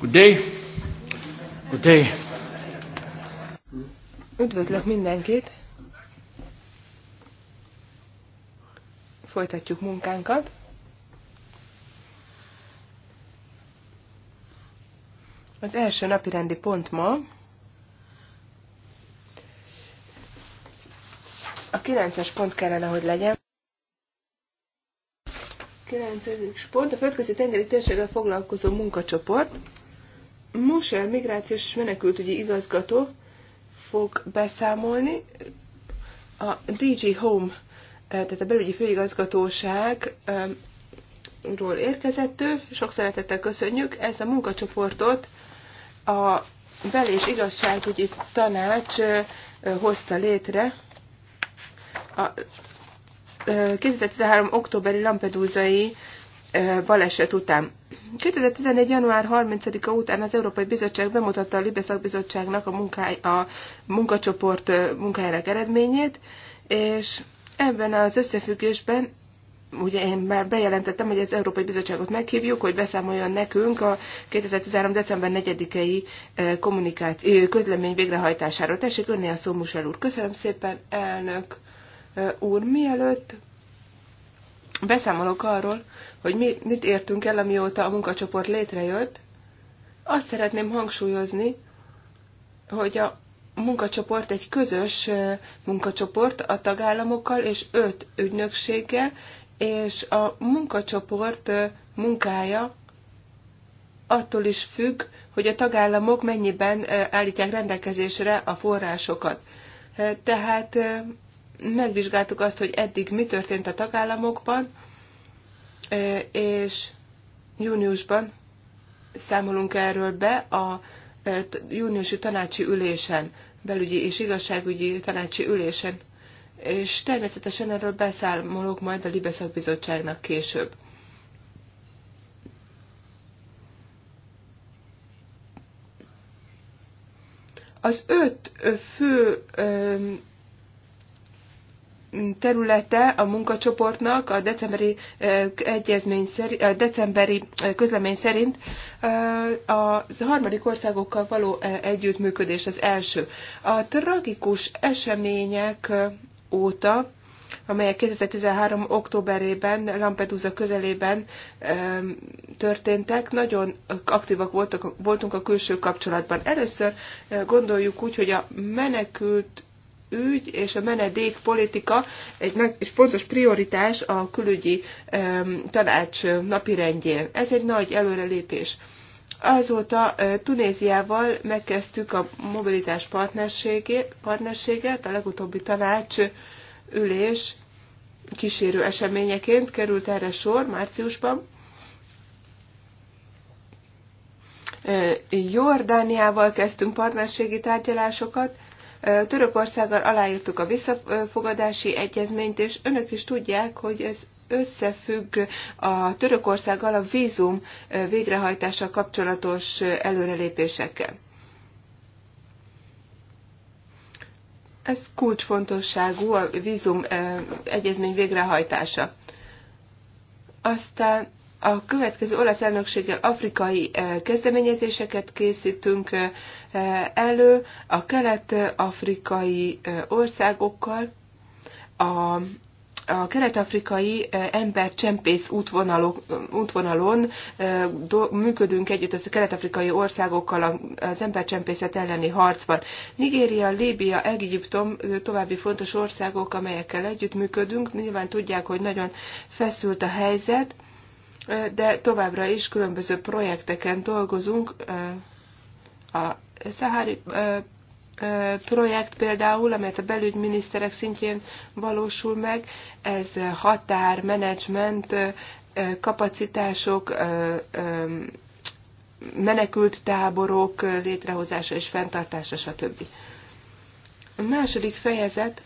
Good day. Good day. Üdvözlök mindenkit. Folytatjuk munkánkat. Az első napi rendi pont ma a kilences pont kellene, hogy legyen. 9. pont a földközi tengeri térséggel foglalkozó munkacsoport. Mosel migrációs és menekültügyi igazgató fog beszámolni. A DG Home, eh, tehát a belügyi főigazgatóság ról érkezett ő, sok szeretettel köszönjük. Ezt a munkacsoportot a bel- és igazságügyi tanács eh, hozta létre. A 2013. Eh, októberi Lampedúzai baleset után. 2011. január 30-a után az Európai Bizottság bemutatta a Libeszak bizottságnak a, munkáj, a munkacsoport munkájának eredményét, és ebben az összefüggésben ugye én már bejelentettem, hogy az Európai Bizottságot meghívjuk, hogy beszámoljon nekünk a 2013. december 4-i közlemény végrehajtásáról. Tessék, önné a szó, Musel úr. Köszönöm szépen, elnök úr. Mielőtt beszámolok arról, hogy mi, mit értünk el, amióta a munkacsoport létrejött, azt szeretném hangsúlyozni, hogy a munkacsoport egy közös munkacsoport a tagállamokkal és öt ügynökséggel, és a munkacsoport munkája attól is függ, hogy a tagállamok mennyiben állítják rendelkezésre a forrásokat. Tehát megvizsgáltuk azt, hogy eddig mi történt a tagállamokban, és júniusban számolunk erről be a júniusi tanácsi ülésen, belügyi és igazságügyi tanácsi ülésen, és természetesen erről beszámolok majd a Libeszak Bizottságnak később. Az öt fő területe a munkacsoportnak a decemberi egyezmény szerint, a decemberi közlemény szerint a harmadik országokkal való együttműködés az első. A tragikus események óta amelyek 2013. októberében Lampedusa közelében történtek, nagyon aktívak voltak, voltunk a külső kapcsolatban. Először gondoljuk úgy, hogy a menekült ügy és a menedékpolitika egy nagy és fontos prioritás a külügyi tanács napirendjén. Ez egy nagy előrelépés. Azóta Tunéziával megkezdtük a mobilitás partnerséget, a legutóbbi tanács ülés kísérő eseményeként került erre sor márciusban. Jordániával kezdtünk partnerségi tárgyalásokat, Törökországgal aláírtuk a visszafogadási egyezményt, és önök is tudják, hogy ez összefügg a Törökországgal a vízum végrehajtása kapcsolatos előrelépésekkel. Ez kulcsfontosságú a vízum egyezmény végrehajtása. Aztán a következő olasz elnökséggel afrikai kezdeményezéseket készítünk, elő a kelet-afrikai országokkal, a, a kelet-afrikai embercsempész útvonalon do, működünk együtt az a kelet-afrikai országokkal az embercsempészet elleni harcban. Nigéria, Líbia, Egyiptom további fontos országok, amelyekkel együtt működünk. Nyilván tudják, hogy nagyon feszült a helyzet, de továbbra is különböző projekteken dolgozunk a Szahári projekt például, amelyet a belügyminiszterek szintjén valósul meg, ez határ, menedzsment, kapacitások, menekült táborok létrehozása és fenntartása, stb. A második fejezet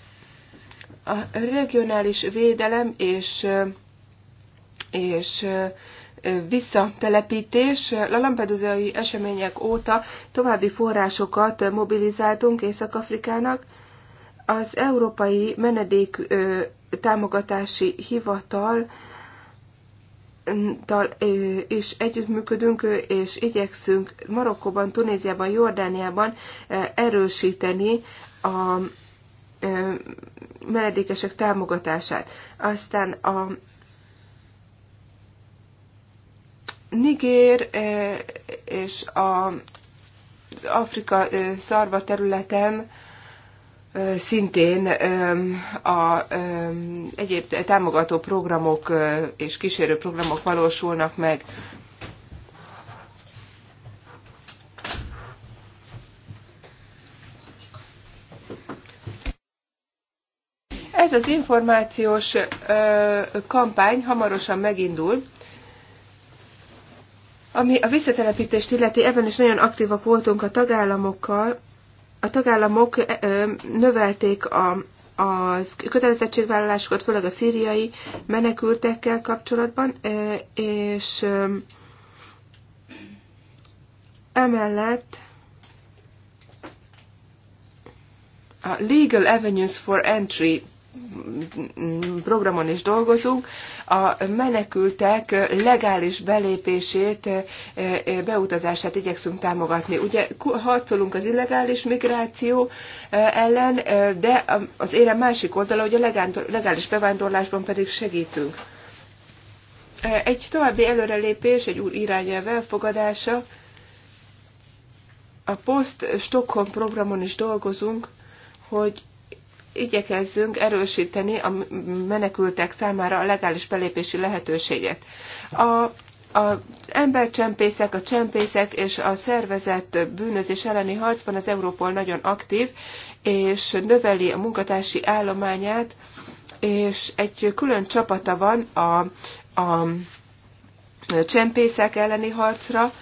a regionális védelem és, és visszatelepítés. A lampedusai események óta további forrásokat mobilizáltunk Észak-Afrikának. Az Európai Menedék Támogatási Hivatal és együttműködünk, és igyekszünk Marokkóban, Tunéziában, Jordániában erősíteni a menedékesek támogatását. Aztán a Nigér eh, és a, az Afrika eh, szarva területen eh, szintén a egyéb támogató programok és kísérő programok valósulnak meg. Ez az információs kampány hamarosan megindul. Ami a visszatelepítést illeti, ebben is nagyon aktívak voltunk a tagállamokkal. A tagállamok növelték a, a kötelezettségvállalásokat, főleg a szíriai menekültekkel kapcsolatban, és emellett a Legal Avenues for Entry programon is dolgozunk, a menekültek legális belépését, e, e, beutazását igyekszünk támogatni. Ugye harcolunk az illegális migráció e, ellen, de az érem másik oldala, hogy a legális bevándorlásban pedig segítünk. Egy további előrelépés, egy új irányelv elfogadása. A Post Stockholm programon is dolgozunk, hogy igyekezzünk erősíteni a menekültek számára a legális belépési lehetőséget. A az embercsempészek, a csempészek és a szervezett bűnözés elleni harcban az Európol nagyon aktív, és növeli a munkatársi állományát, és egy külön csapata van a, a csempészek elleni harcra.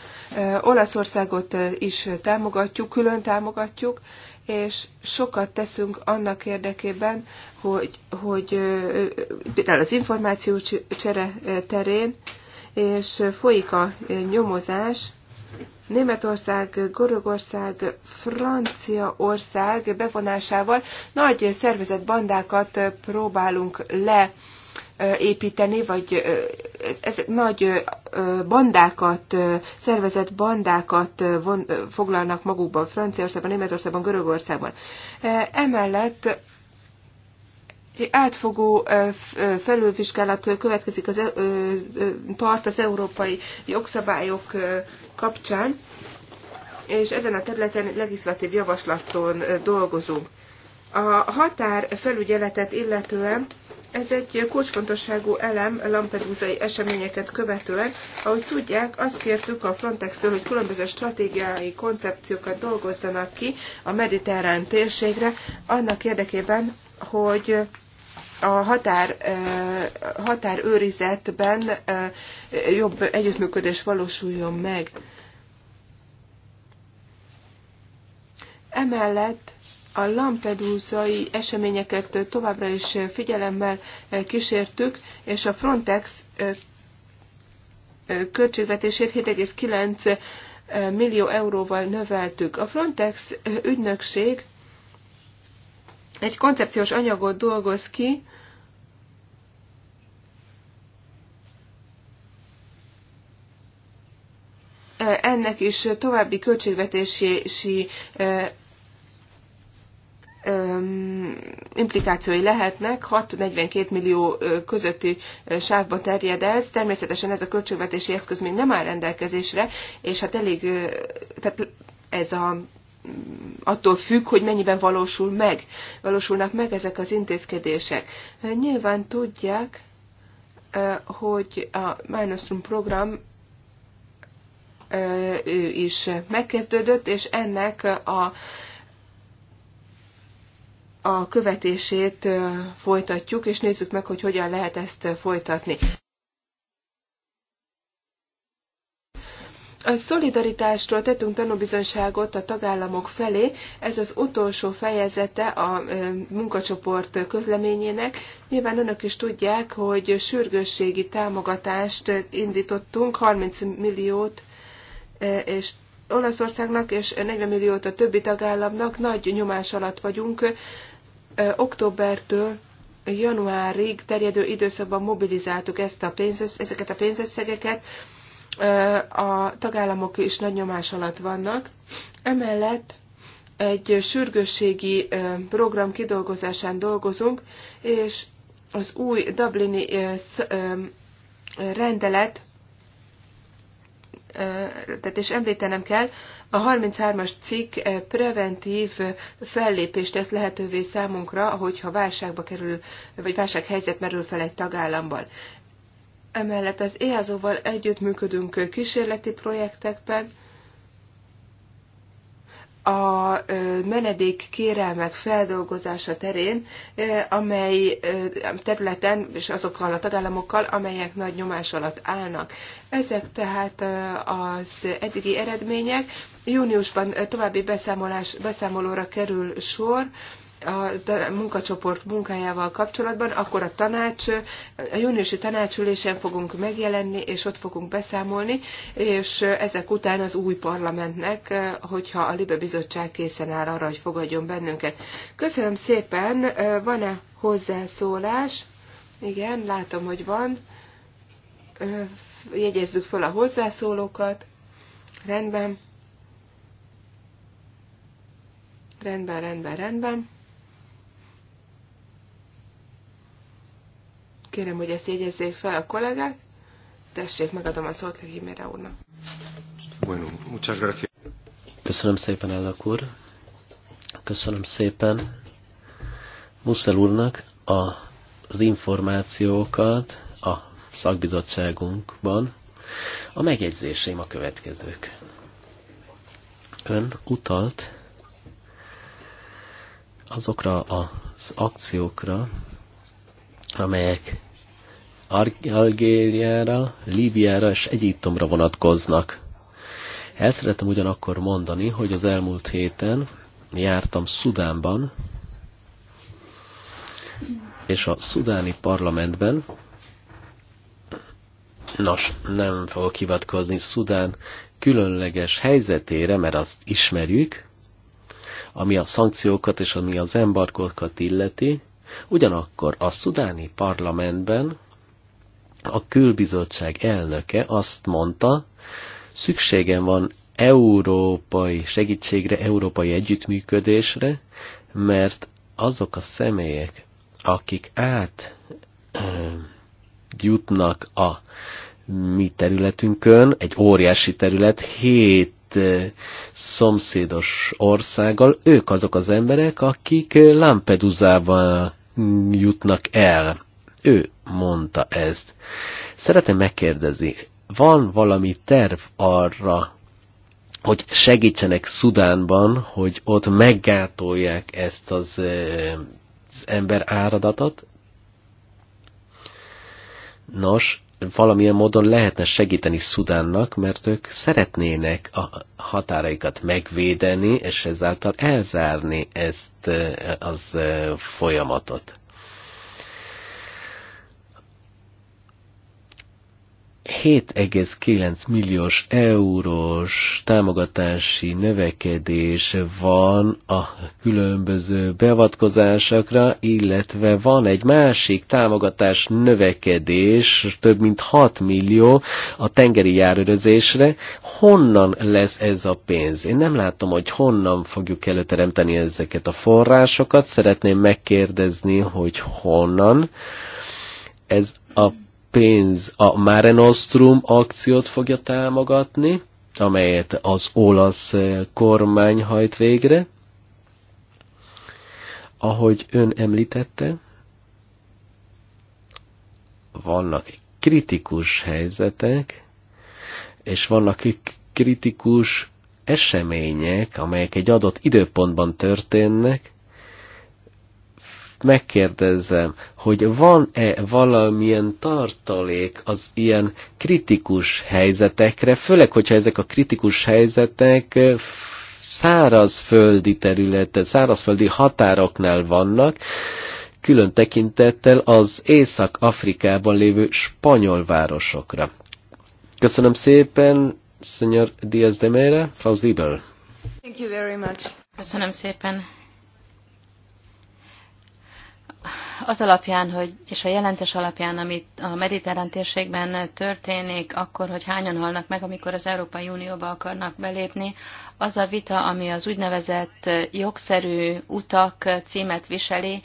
Olaszországot is támogatjuk, külön támogatjuk, és sokat teszünk annak érdekében, hogy, hogy például az információ csere terén, és folyik a nyomozás, Németország, Görögország, Franciaország bevonásával nagy szervezett bandákat próbálunk le építeni, vagy ezek nagy bandákat, szervezett bandákat von, foglalnak magukban Franciaországban, Németországban, Görögországban. Emellett egy átfogó felülvizsgálat következik az, tart az európai jogszabályok kapcsán, és ezen a területen legislatív javaslaton dolgozunk. A határfelügyeletet illetően ez egy kulcsfontosságú elem lampedúzai eseményeket követően. Ahogy tudják, azt kértük a Frontex-től, hogy különböző stratégiai koncepciókat dolgozzanak ki a mediterrán térségre, annak érdekében, hogy a határ, határőrizetben jobb együttműködés valósuljon meg. Emellett a Lampedusai eseményeket továbbra is figyelemmel eh, kísértük, és a Frontex eh, eh, költségvetését 7,9 millió euróval növeltük. A Frontex ügynökség egy koncepciós anyagot dolgoz ki, ennek is további költségvetési implikációi lehetnek, 6-42 millió közötti sávba terjed ez. Természetesen ez a költségvetési eszköz még nem áll rendelkezésre, és hát elég, tehát ez a mm, attól függ, hogy mennyiben valósul meg, valósulnak meg ezek az intézkedések. Nyilván tudják, hogy a Mainostrum program is megkezdődött, és ennek a a követését folytatjuk, és nézzük meg, hogy hogyan lehet ezt folytatni. A szolidaritásról tettünk tanúbizonságot a tagállamok felé. Ez az utolsó fejezete a munkacsoport közleményének. Nyilván önök is tudják, hogy sürgősségi támogatást indítottunk, 30 milliót, és Olaszországnak és 40 milliót a többi tagállamnak nagy nyomás alatt vagyunk, októbertől januárig terjedő időszakban mobilizáltuk ezt a pénzössz, ezeket a pénzösszegeket, a tagállamok is nagy nyomás alatt vannak. Emellett egy sürgősségi program kidolgozásán dolgozunk, és az új Dublini rendelet, tehát és említenem kell, a 33-as cikk eh, preventív eh, fellépést tesz lehetővé számunkra, hogyha válságba kerül, vagy válsághelyzet merül fel egy tagállamban. Emellett az EASO-val együttműködünk eh, kísérleti projektekben, a menedék kérelmek feldolgozása terén, amely területen és azokkal a tagállamokkal, amelyek nagy nyomás alatt állnak. Ezek tehát az eddigi eredmények. Júniusban további beszámolás, beszámolóra kerül sor a munkacsoport munkájával kapcsolatban, akkor a tanács, a júniusi tanácsülésen fogunk megjelenni, és ott fogunk beszámolni, és ezek után az új parlamentnek, hogyha a Libe Bizottság készen áll arra, hogy fogadjon bennünket. Köszönöm szépen, van-e hozzászólás? Igen, látom, hogy van. Jegyezzük fel a hozzászólókat. Rendben. Rendben, rendben, rendben. Kérem, hogy ezt jegyezzék fel a kollégák. Tessék, megadom a szót Legimére úrnak. Köszönöm szépen, elnök úr. Köszönöm szépen Muszel úrnak a, az információkat a szakbizottságunkban. A megjegyzéseim a következők. Ön utalt azokra az akciókra, amelyek Algériára, Líbiára és Egyiptomra vonatkoznak. El szeretem ugyanakkor mondani, hogy az elmúlt héten jártam Szudánban, és a szudáni parlamentben, nos, nem fogok hivatkozni Szudán különleges helyzetére, mert azt ismerjük, ami a szankciókat és ami az embargókat illeti, ugyanakkor a szudáni parlamentben a külbizottság elnöke azt mondta, szükségem van európai segítségre, európai együttműködésre, mert azok a személyek, akik át jutnak a mi területünkön, egy óriási terület, hét szomszédos országgal, ők azok az emberek, akik Lampedusa-ban jutnak el. Ő mondta ezt. Szeretem megkérdezni, van valami terv arra, hogy segítsenek Szudánban, hogy ott meggátolják ezt az, az ember áradatot? Nos, valamilyen módon lehetne segíteni Szudánnak, mert ők szeretnének a határaikat megvédeni, és ezáltal elzárni ezt az folyamatot. 7,9 milliós eurós támogatási növekedés van a különböző beavatkozásokra, illetve van egy másik támogatás növekedés, több mint 6 millió a tengeri járőrözésre. Honnan lesz ez a pénz? Én nem látom, hogy honnan fogjuk előteremteni ezeket a forrásokat. Szeretném megkérdezni, hogy honnan ez a pénz a Mare Nostrum akciót fogja támogatni, amelyet az olasz eh, kormány hajt végre. Ahogy ön említette, vannak kritikus helyzetek, és vannak kritikus események, amelyek egy adott időpontban történnek, megkérdezem, hogy van-e valamilyen tartalék az ilyen kritikus helyzetekre, főleg, hogyha ezek a kritikus helyzetek eh, szárazföldi területen, szárazföldi határoknál vannak, külön tekintettel az Észak-Afrikában lévő spanyol városokra. Köszönöm szépen, Sr. Diaz de Mera, Frau Zibel. Thank you very much. Köszönöm szépen az alapján, hogy, és a jelentés alapján, amit a mediterrán térségben történik, akkor, hogy hányan halnak meg, amikor az Európai Unióba akarnak belépni, az a vita, ami az úgynevezett jogszerű utak címet viseli,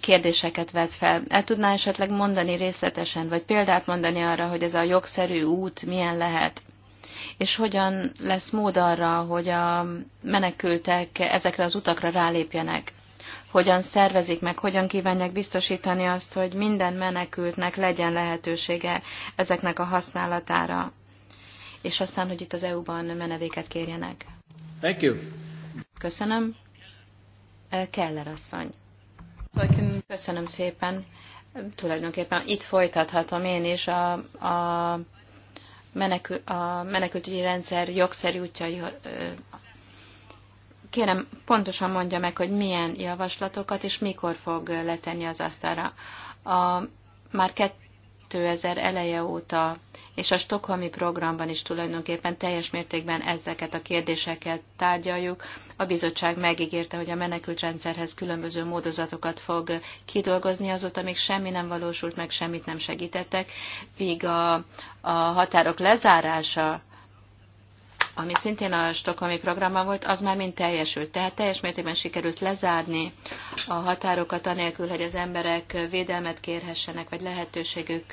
kérdéseket vet fel. El tudná esetleg mondani részletesen, vagy példát mondani arra, hogy ez a jogszerű út milyen lehet? és hogyan lesz mód arra, hogy a menekültek ezekre az utakra rálépjenek hogyan szervezik meg, hogyan kívánják biztosítani azt, hogy minden menekültnek legyen lehetősége ezeknek a használatára, és aztán, hogy itt az EU-ban menedéket kérjenek. Thank you. Köszönöm. Keller asszony. Köszönöm szépen. Tulajdonképpen itt folytathatom én is a, a, menekül, a menekültügyi rendszer jogszerű útjai Kérem, pontosan mondja meg, hogy milyen javaslatokat és mikor fog letenni az asztalra. A, már 2000 eleje óta és a Stockholmi programban is tulajdonképpen teljes mértékben ezeket a kérdéseket tárgyaljuk. A bizottság megígérte, hogy a menekültrendszerhez különböző módozatokat fog kidolgozni, azóta még semmi nem valósult, meg semmit nem segítettek, míg a, a határok lezárása ami szintén a stokholmi programban volt, az már mind teljesült. Tehát teljes mértékben sikerült lezárni a határokat anélkül, hogy az emberek védelmet kérhessenek, vagy lehetőségük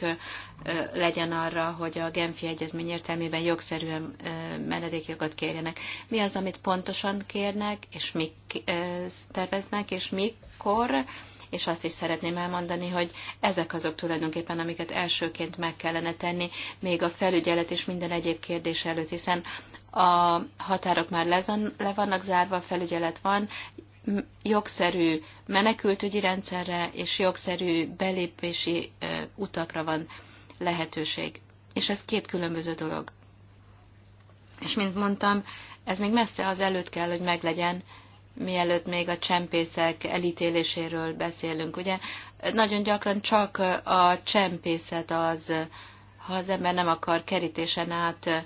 legyen arra, hogy a Genfi Egyezmény értelmében jogszerűen menedékjogot kérjenek. Mi az, amit pontosan kérnek, és mik terveznek, és mikor, és azt is szeretném elmondani, hogy ezek azok tulajdonképpen, amiket elsőként meg kellene tenni, még a felügyelet és minden egyéb kérdés előtt, hiszen a határok már lezan, le vannak zárva, felügyelet van, jogszerű menekültügyi rendszerre és jogszerű belépési utakra van lehetőség. És ez két különböző dolog. És mint mondtam, ez még messze az előtt kell, hogy meglegyen, mielőtt még a csempészek elítéléséről beszélünk. Ugye nagyon gyakran csak a csempészet az, ha az ember nem akar kerítésen át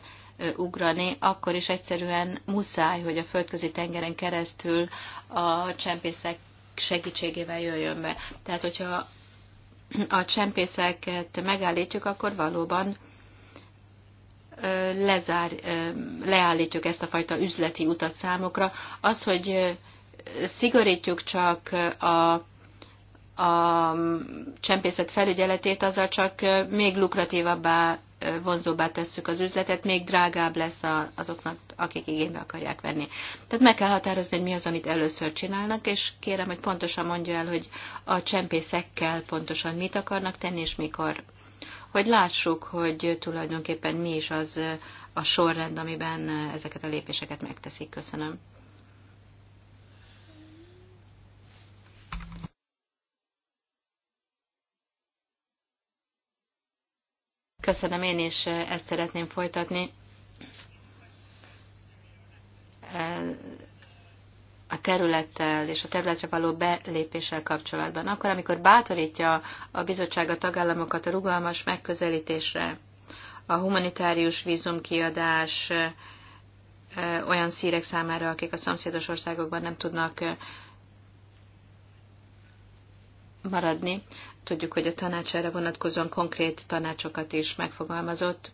ugrani, akkor is egyszerűen muszáj, hogy a földközi tengeren keresztül a csempészek segítségével jöjjön be. Tehát, hogyha a csempészeket megállítjuk, akkor valóban lezár, leállítjuk ezt a fajta üzleti utat számokra. Az, hogy szigorítjuk csak a a csempészet felügyeletét, azzal csak még lukratívabbá, vonzóbbá tesszük az üzletet, még drágább lesz azoknak, akik igénybe akarják venni. Tehát meg kell határozni, hogy mi az, amit először csinálnak, és kérem, hogy pontosan mondja el, hogy a csempészekkel pontosan mit akarnak tenni, és mikor hogy lássuk, hogy tulajdonképpen mi is az a sorrend, amiben ezeket a lépéseket megteszik. Köszönöm. Köszönöm, én is ezt szeretném folytatni a területtel és a területre való belépéssel kapcsolatban. Akkor, amikor bátorítja a bizottság a tagállamokat a rugalmas megközelítésre, a humanitárius vízumkiadás olyan szírek számára, akik a szomszédos országokban nem tudnak maradni. Tudjuk, hogy a tanács erre vonatkozóan konkrét tanácsokat is megfogalmazott.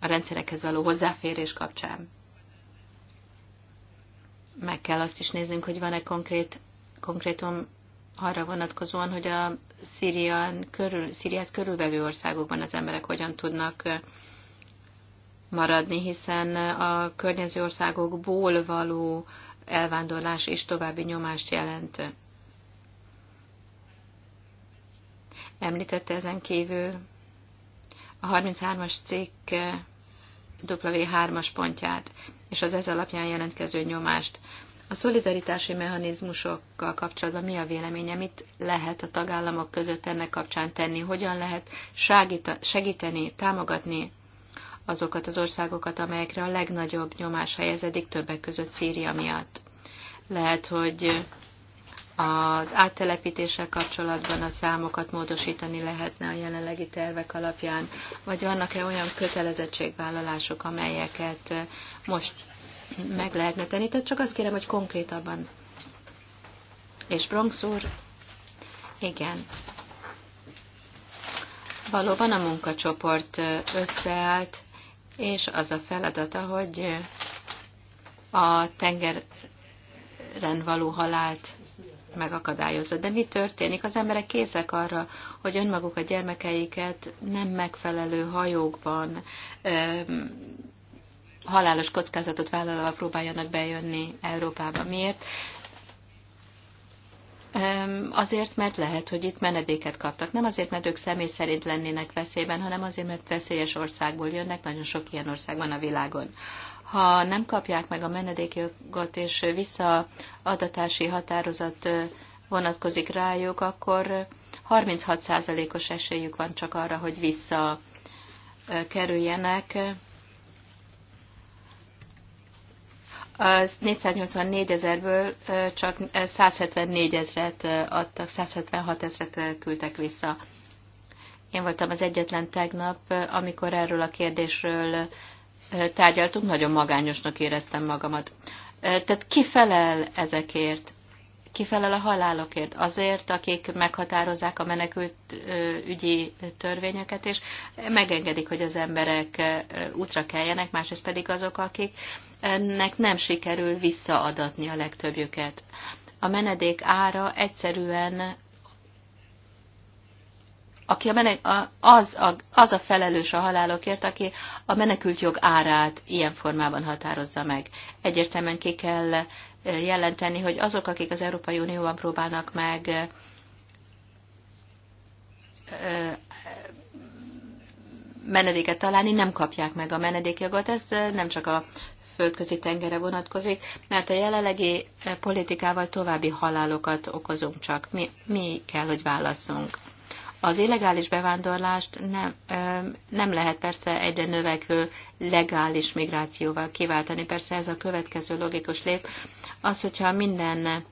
A rendszerekhez való hozzáférés kapcsán meg kell azt is néznünk, hogy van-e konkrét, konkrétum arra vonatkozóan, hogy a Szírián körül, Szíriát körülvevő országokban az emberek hogyan tudnak maradni, hiszen a környező országokból való elvándorlás és további nyomást jelent. Említette ezen kívül a 33-as cikk W3-as pontját és az ez alapján jelentkező nyomást. A szolidaritási mechanizmusokkal kapcsolatban mi a véleménye, mit lehet a tagállamok között ennek kapcsán tenni, hogyan lehet segíteni, támogatni azokat az országokat, amelyekre a legnagyobb nyomás helyezedik többek között Szíria miatt. Lehet, hogy az áttelepítéssel kapcsolatban a számokat módosítani lehetne a jelenlegi tervek alapján, vagy vannak-e olyan kötelezettségvállalások, amelyeket eh, most meg lehetne tenni? Tehát csak azt kérem, hogy konkrétabban. És Bronx úr, igen. Valóban a munkacsoport eh, összeállt, és az a feladata, hogy eh, a tengeren való halált megakadályozza. De mi történik? Az emberek készek arra, hogy önmaguk a gyermekeiket nem megfelelő hajókban öm, halálos kockázatot vállalva próbáljanak bejönni Európába. Miért? Azért, mert lehet, hogy itt menedéket kaptak. Nem azért, mert ők személy szerint lennének veszélyben, hanem azért, mert veszélyes országból jönnek, nagyon sok ilyen ország van a világon ha nem kapják meg a menedékjogot és visszaadatási határozat vonatkozik rájuk, akkor 36%-os esélyük van csak arra, hogy visszakerüljenek. Az 484 ezerből csak 174 ezret adtak, 176 ezret küldtek vissza. Én voltam az egyetlen tegnap, amikor erről a kérdésről tárgyaltunk, nagyon magányosnak éreztem magamat. Tehát ki felel ezekért? Ki felel a halálokért? Azért, akik meghatározzák a menekült ügyi törvényeket, és megengedik, hogy az emberek útra keljenek, másrészt pedig azok, akiknek nem sikerül visszaadatni a legtöbbjüket. A menedék ára egyszerűen aki a menek, az, a, az a felelős a halálokért, aki a menekült jog árát ilyen formában határozza meg. Egyértelműen ki kell eh, jelenteni, hogy azok, akik az Európai Unióban próbálnak meg eh, eh, menedéket találni, nem kapják meg a menedékjogot. Ez nem csak a földközi tengere vonatkozik, mert a jelenlegi politikával további halálokat okozunk csak. Mi, mi kell, hogy válaszunk. Az illegális bevándorlást nem, nem lehet persze egyre növekvő legális migrációval kiváltani. Persze ez a következő logikus lép. Az, hogyha minden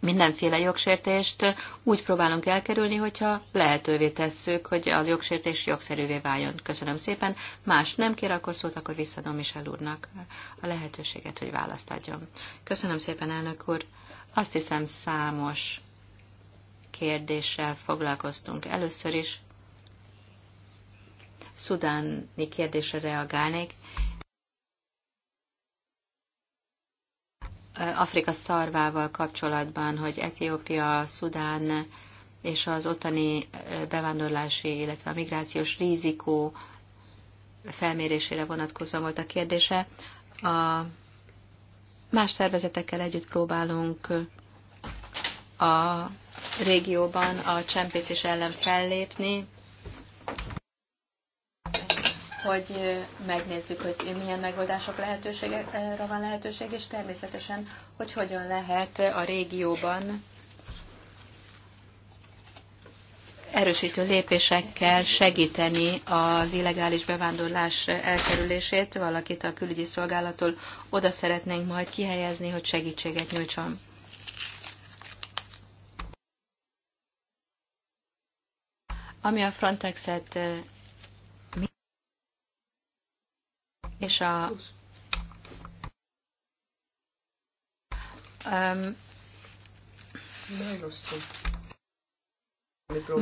mindenféle jogsértést úgy próbálunk elkerülni, hogyha lehetővé tesszük, hogy a jogsértés jogszerűvé váljon. Köszönöm szépen. Más nem kér, akkor szót, akkor visszadom Michel úrnak a lehetőséget, hogy választ adjon. Köszönöm szépen, elnök úr. Azt hiszem számos kérdéssel foglalkoztunk először is. Szudáni kérdésre reagálnék. Afrika szarvával kapcsolatban, hogy Etiópia, Szudán és az ottani bevándorlási, illetve a migrációs rizikó felmérésére vonatkozóan volt a kérdése. A más szervezetekkel együtt próbálunk a régióban a csempészés ellen fellépni, hogy megnézzük, hogy milyen megoldások lehetőségekre van lehetőség, és természetesen, hogy hogyan lehet a régióban erősítő lépésekkel segíteni az illegális bevándorlás elkerülését. Valakit a külügyi szolgálattól oda szeretnénk majd kihelyezni, hogy segítséget nyújtson. Ami a Frontexet és a um,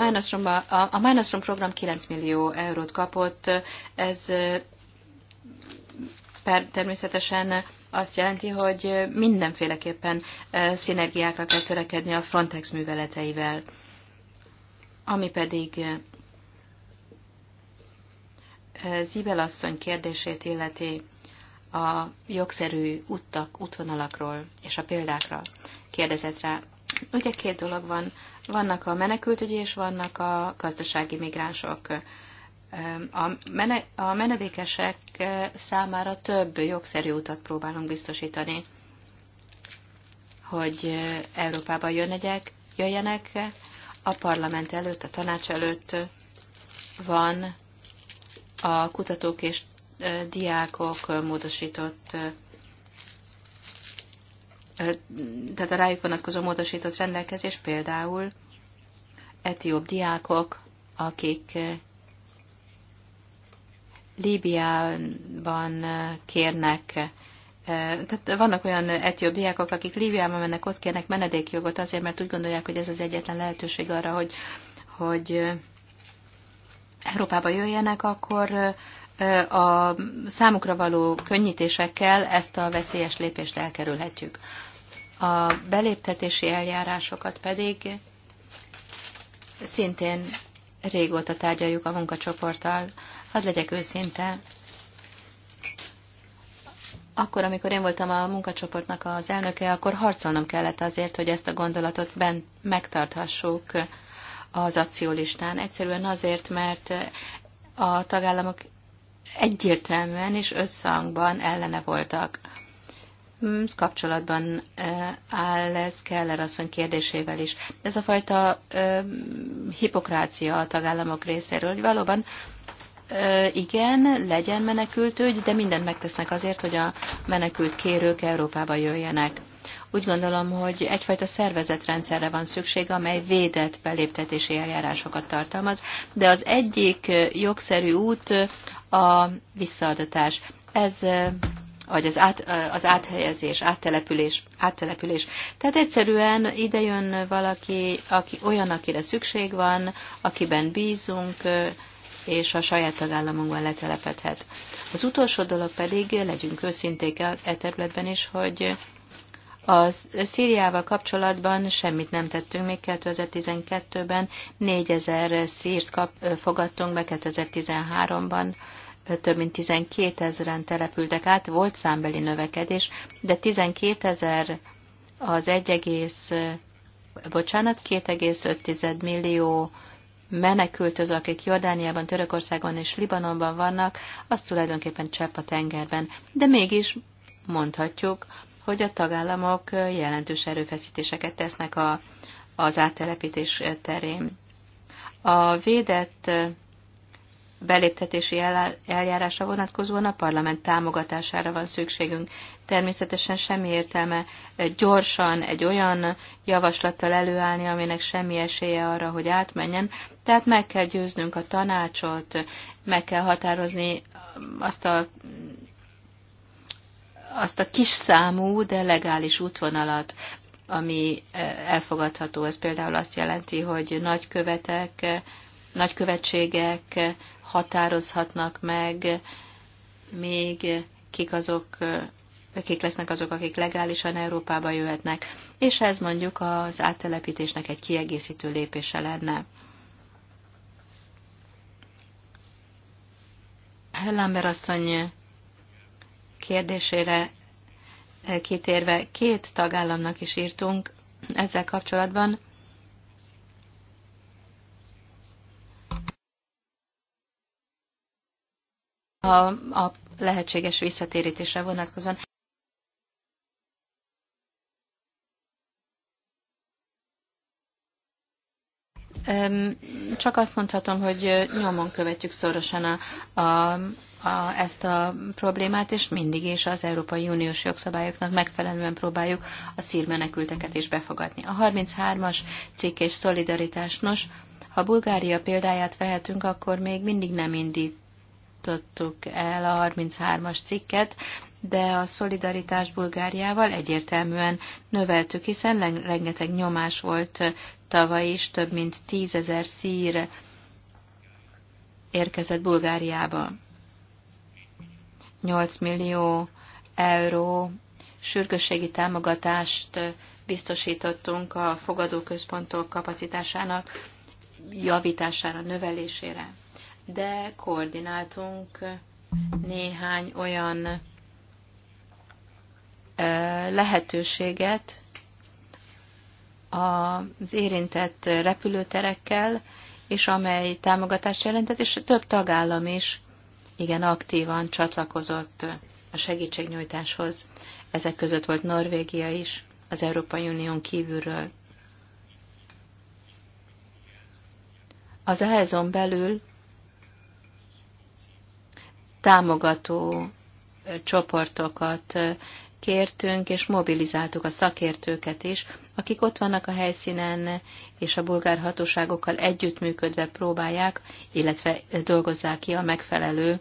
a, a Minusrom program 9 millió eurót kapott, ez per, természetesen azt jelenti, hogy mindenféleképpen szinergiákra kell törekedni a Frontex műveleteivel. Ami pedig Zibel asszony kérdését illeti a jogszerű uttak, útvonalakról és a példákra kérdezett rá. Ugye két dolog van. Vannak a menekültügyi és vannak a gazdasági migránsok. A, mene, a menedékesek számára több jogszerű utat próbálunk biztosítani, hogy Európába jönnek, jöjjenek, a parlament előtt, a tanács előtt van a kutatók és diákok módosított tehát a rájuk vonatkozó módosított rendelkezés például etióp diákok, akik Líbiában kérnek tehát vannak olyan etióp diákok, akik Líbiába mennek, ott kérnek menedékjogot azért, mert úgy gondolják, hogy ez az egyetlen lehetőség arra, hogy, hogy Európába jöjjenek, akkor a számukra való könnyítésekkel ezt a veszélyes lépést elkerülhetjük. A beléptetési eljárásokat pedig szintén régóta tárgyaljuk a munkacsoporttal. Hadd legyek őszinte, akkor, amikor én voltam a munkacsoportnak az elnöke, akkor harcolnom kellett azért, hogy ezt a gondolatot bent megtarthassuk az akciólistán. Egyszerűen azért, mert a tagállamok egyértelműen és összhangban ellene voltak. Hmm, kapcsolatban e, áll ez Keller asszony kérdésével is. Ez a fajta e, hipokrácia a tagállamok részéről, hogy valóban igen, legyen menekültügy, de mindent megtesznek azért, hogy a menekült kérők Európába jöjjenek. Úgy gondolom, hogy egyfajta szervezetrendszerre van szükség, amely védett beléptetési eljárásokat tartalmaz, de az egyik jogszerű út a visszaadatás. Ez vagy az, át, az áthelyezés, áttelepülés, áttelepülés. Tehát egyszerűen ide jön valaki, aki, olyan, akire szükség van, akiben bízunk, és a saját tagállamunkban letelepedhet. Az utolsó dolog pedig, legyünk őszinték e, e területben is, hogy a Szíriával kapcsolatban semmit nem tettünk még 2012-ben, 4000 szírt kap, fogadtunk be 2013-ban, több mint 12 ezeren települtek át, volt számbeli növekedés, de 12 ezer az 1, bocsánat, 2,5 millió menekültöz, akik Jordániában, Törökországban és Libanonban vannak, az tulajdonképpen csepp a tengerben. De mégis mondhatjuk, hogy a tagállamok jelentős erőfeszítéseket tesznek a, az áttelepítés terén. A védett beléptetési eljárásra vonatkozóan a parlament támogatására van szükségünk. Természetesen semmi értelme gyorsan egy olyan javaslattal előállni, aminek semmi esélye arra, hogy átmenjen. Tehát meg kell győznünk a tanácsot, meg kell határozni azt a azt a kis számú, de legális útvonalat, ami eh, elfogadható. Ez például azt jelenti, hogy nagykövetek követek nagykövetségek határozhatnak meg még kik azok, kik lesznek azok, akik legálisan Európába jöhetnek, és ez mondjuk az áttelepítésnek egy kiegészítő lépése lenne. Lamber asszony kérdésére kitérve két tagállamnak is írtunk ezzel kapcsolatban, a, a lehetséges visszatérítésre vonatkozóan. Csak azt mondhatom, hogy nyomon követjük szorosan a, a, a, ezt a problémát, és mindig is az Európai Uniós jogszabályoknak megfelelően próbáljuk a szírmenekülteket is befogadni. A 33-as cikk és szolidaritás, nos, ha Bulgária példáját vehetünk, akkor még mindig nem indít jutottuk el a 33-as cikket, de a szolidaritás Bulgáriával egyértelműen növeltük, hiszen rengeteg nyomás volt tavaly is, több mint tízezer szír érkezett Bulgáriába. 8 millió euró sürgősségi támogatást biztosítottunk a fogadóközpontok kapacitásának javítására, növelésére de koordináltunk néhány olyan lehetőséget az érintett repülőterekkel, és amely támogatást jelentett, és több tagállam is igen aktívan csatlakozott a segítségnyújtáshoz. Ezek között volt Norvégia is, az Európai Unión kívülről. Az ehhezon belül támogató csoportokat kértünk, és mobilizáltuk a szakértőket is, akik ott vannak a helyszínen, és a bulgár hatóságokkal együttműködve próbálják, illetve dolgozzák ki a megfelelő,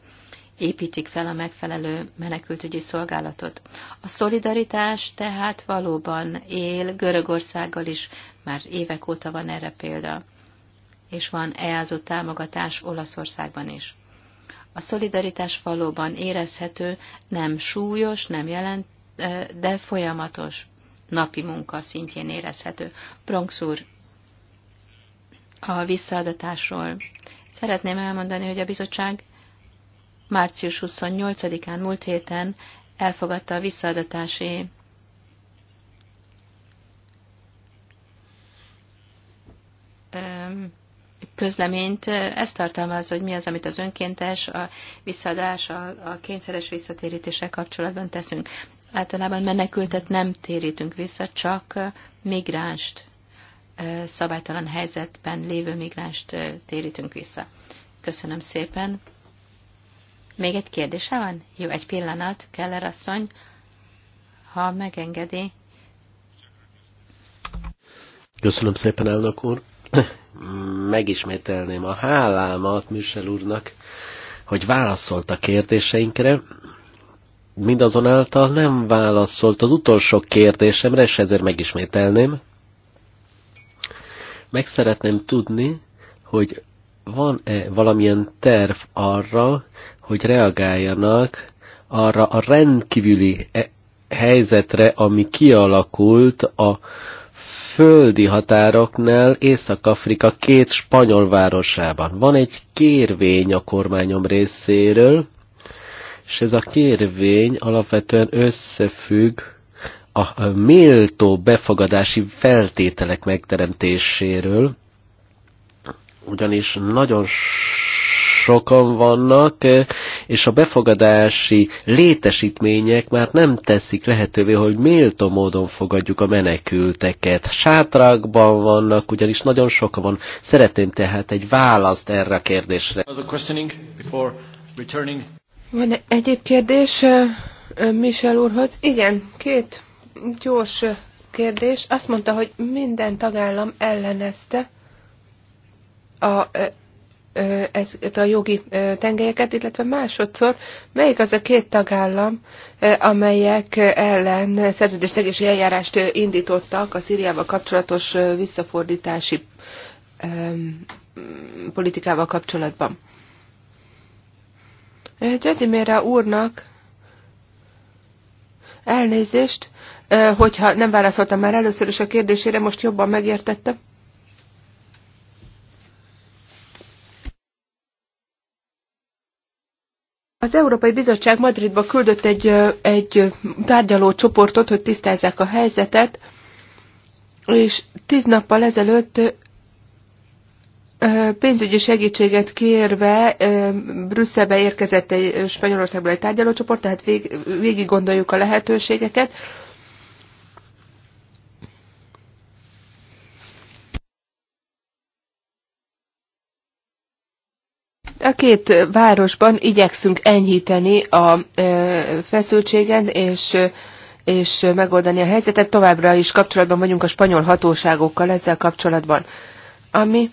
építik fel a megfelelő menekültügyi szolgálatot. A szolidaritás tehát valóban él Görögországgal is, már évek óta van erre példa, és van EASO támogatás Olaszországban is. A szolidaritás valóban érezhető, nem súlyos, nem jelent, de folyamatos napi munka szintjén érezhető. Bronx úr, a visszaadatásról szeretném elmondani, hogy a bizottság március 28-án múlt héten elfogadta a visszaadatási um, közleményt ezt tartalmaz, hogy mi az, amit az önkéntes, a visszadás, a, a kényszeres visszatérítéssel kapcsolatban teszünk. Általában menekültet nem térítünk vissza, csak migránst, szabálytalan helyzetben lévő migránst térítünk vissza. Köszönöm szépen. Még egy kérdése van? Jó, egy pillanat, Keller asszony, ha megengedi. Köszönöm szépen, elnök úr megismételném a hálámat Michel úrnak, hogy válaszolt a kérdéseinkre, mindazonáltal nem válaszolt az utolsó kérdésemre, és ezért megismételném. Meg szeretném tudni, hogy van-e valamilyen terv arra, hogy reagáljanak arra a rendkívüli e- helyzetre, ami kialakult a földi határoknál Észak-Afrika két spanyol városában. Van egy kérvény a kormányom részéről, és ez a kérvény alapvetően összefügg a méltó befogadási feltételek megteremtéséről, ugyanis nagyon sokan vannak, eh, és a befogadási létesítmények már nem teszik lehetővé, hogy méltó módon fogadjuk a menekülteket. Sátrakban vannak, ugyanis nagyon sokan van. Szeretném tehát egy választ erre a kérdésre. Van egyéb kérdés eh, eh, Michel úrhoz? Igen, két gyors kérdés. Azt mondta, hogy minden tagállam ellenezte a ezt a jogi tengelyeket, illetve másodszor, melyik az a két tagállam, amelyek ellen szerződéstegési eljárást indítottak a Szíriával kapcsolatos visszafordítási politikával kapcsolatban. Gyözimére úrnak elnézést, hogyha nem válaszoltam már először is a kérdésére, most jobban megértettem. Az Európai Bizottság Madridba küldött egy, egy tárgyaló csoportot, hogy tisztázzák a helyzetet, és tíz nappal ezelőtt pénzügyi segítséget kérve Brüsszelbe érkezett egy Spanyolországból egy tárgyalócsoport, tehát vég, végig gondoljuk a lehetőségeket. A két városban igyekszünk enyhíteni a feszültségen, és és megoldani a helyzetet. Továbbra is kapcsolatban vagyunk a spanyol hatóságokkal ezzel kapcsolatban. Ami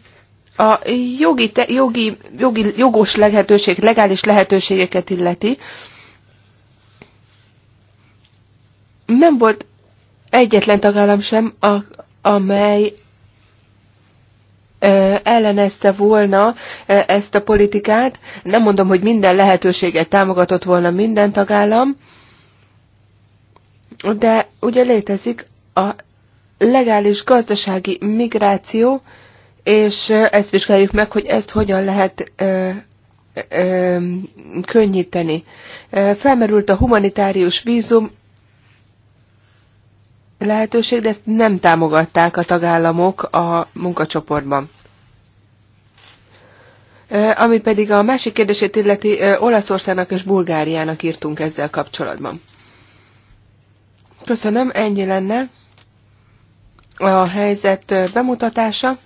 a jogi, te, jogi, jogi jogos lehetőség, legális lehetőségeket illeti, nem volt egyetlen tagállam sem, a, amely ellenezte volna ezt a politikát. Nem mondom, hogy minden lehetőséget támogatott volna minden tagállam, de ugye létezik a legális gazdasági migráció, és ezt vizsgáljuk meg, hogy ezt hogyan lehet könnyíteni. Felmerült a humanitárius vízum, lehetőség, de ezt nem támogatták a tagállamok a munkacsoportban. Ami pedig a másik kérdését illeti, Olaszországnak és Bulgáriának írtunk ezzel kapcsolatban. Köszönöm, ennyi lenne a helyzet bemutatása.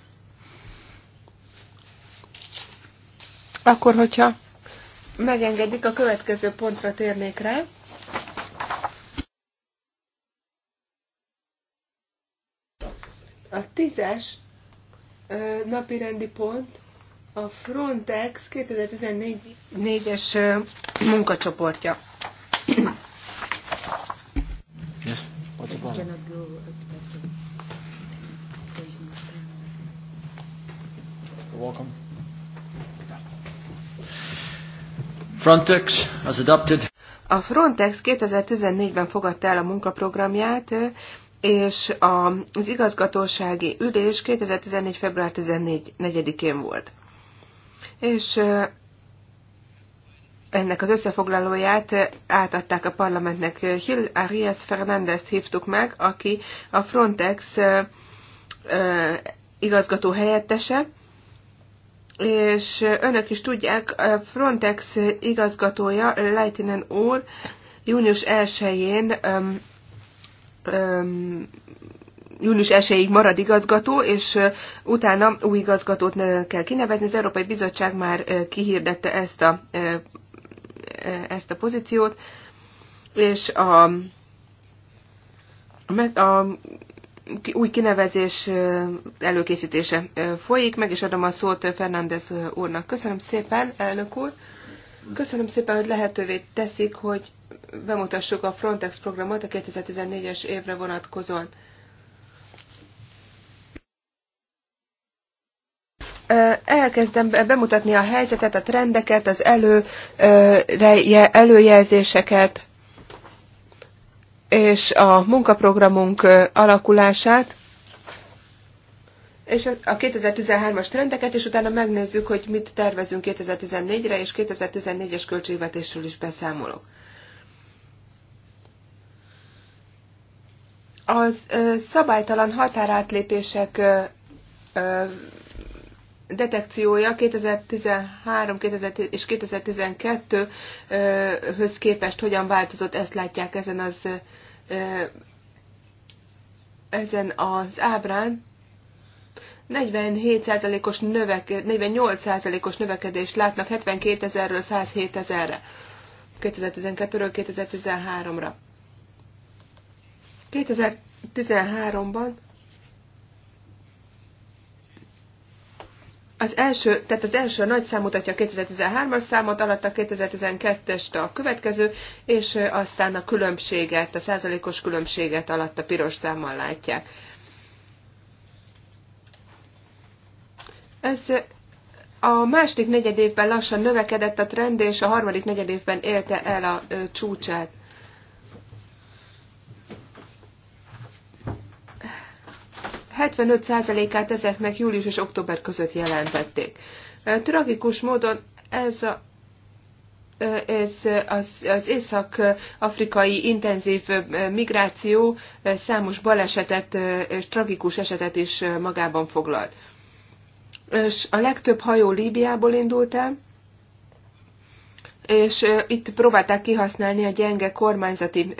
Akkor, hogyha megengedik, a következő pontra térnék rá. A tízes napi rendi pont a Frontex 2014-es munkacsoportja. Frontex has adopted. A Frontex 2014-ben fogadta el a munkaprogramját, és az igazgatósági ülés 2014. február 14-én volt. És ennek az összefoglalóját átadták a parlamentnek. Hill Arias fernandez hívtuk meg, aki a Frontex igazgató helyettese, és önök is tudják, a Frontex igazgatója, Leitinen úr, június 1-én június 1 marad igazgató, és utána új igazgatót kell kinevezni. Az Európai Bizottság már kihirdette ezt a, ezt a pozíciót, és a, a új kinevezés előkészítése folyik. Meg is adom a szót Fernández úrnak. Köszönöm szépen, elnök úr! Köszönöm szépen, hogy lehetővé teszik, hogy bemutassuk a Frontex programot a 2014-es évre vonatkozóan. Elkezdem bemutatni a helyzetet, a trendeket, az elő, előjelzéseket és a munkaprogramunk alakulását és a 2013-as trendeket, és utána megnézzük, hogy mit tervezünk 2014-re, és 2014-es költségvetésről is beszámolok. Az szabálytalan határátlépések detekciója 2013 és 2012-höz képest hogyan változott, ezt látják ezen az ezen az ábrán. 47%-os növeke, 48%-os növekedést látnak 72 ezerről 107 ezerre 2012-ről 2013-ra. 2013-ban az első, tehát az első nagy szám mutatja a 2013-as számot, alatt a 2012-est a következő, és aztán a különbséget, a százalékos különbséget alatt a piros számmal látják. Ez a második negyedévben lassan növekedett a trend, és a harmadik negyedévben élte el a csúcsát. át ezeknek július és október között jelentették. Tragikus módon ez a ez az, az észak-afrikai intenzív migráció számos balesetet és tragikus esetet is magában foglalt és a legtöbb hajó Líbiából indult el, és itt próbálták kihasználni a gyenge kormányzati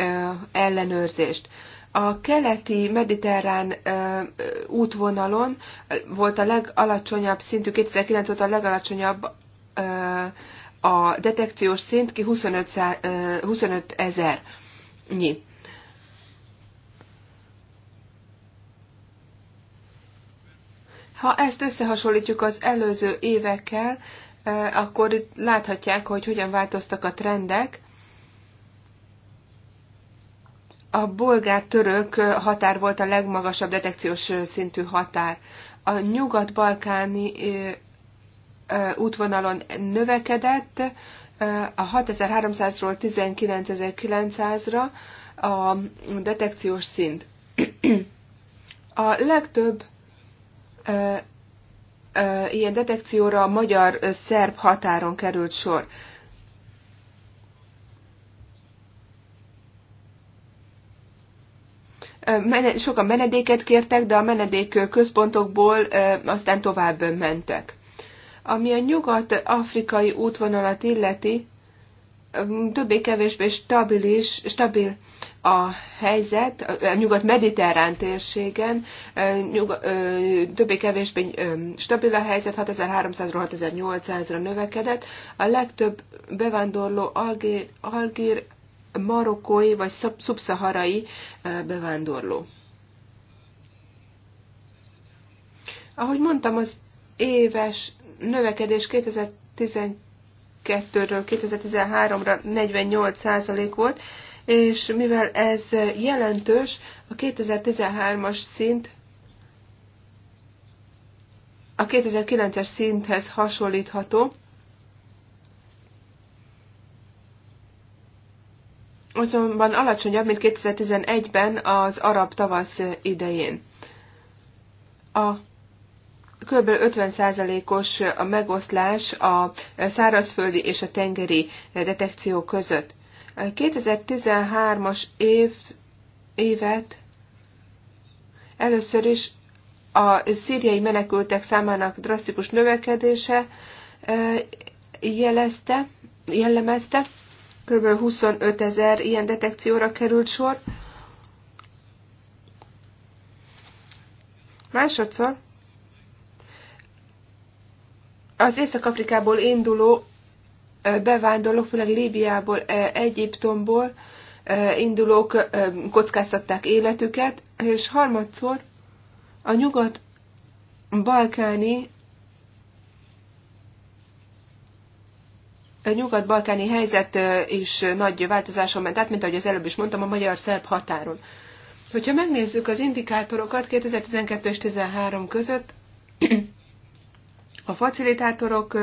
ellenőrzést. A keleti mediterrán útvonalon volt a legalacsonyabb szintű, 2009 óta a legalacsonyabb a detekciós szint, ki 25 ezer. 25 000 nyi. Ha ezt összehasonlítjuk az előző évekkel, e, akkor itt láthatják, hogy hogyan változtak a trendek. A bolgár-török határ volt a legmagasabb detekciós szintű határ. A nyugat-balkáni e, e, útvonalon növekedett, a 6300-ról 19900-ra a detekciós szint. A legtöbb ilyen detekcióra a magyar-szerb határon került sor. sokan menedéket kértek, de a menedék központokból aztán tovább mentek. Ami a nyugat-afrikai útvonalat illeti, többé-kevésbé stabilis, stabil a helyzet a nyugat-mediterrán térségen, többé-kevésbé stabil a helyzet, 6300-ról 6800-ra növekedett. A legtöbb bevándorló algér, algér marokkói vagy szubszaharai bevándorló. Ahogy mondtam, az éves növekedés 2012-ről 2013-ra 48% volt, és mivel ez jelentős, a 2013-as szint a 2009-es szinthez hasonlítható. Azonban alacsonyabb, mint 2011-ben az arab tavasz idején. A kb. 50%-os a megoszlás a szárazföldi és a tengeri detekció között. 2013-as év, évet először is a szíriai menekültek számának drasztikus növekedése e, jelezte, jellemezte. Kb. 25 ezer ilyen detekcióra került sor. Másodszor az Észak-Afrikából induló bevándorlók, főleg Líbiából, e, Egyiptomból e, indulók e, kockáztatták életüket, és harmadszor a nyugat-balkáni a nyugat-balkáni helyzet is nagy változáson ment át, mint ahogy az előbb is mondtam, a magyar-szerb határon. Hogyha megnézzük az indikátorokat 2012 és 2013 között, a facilitátorok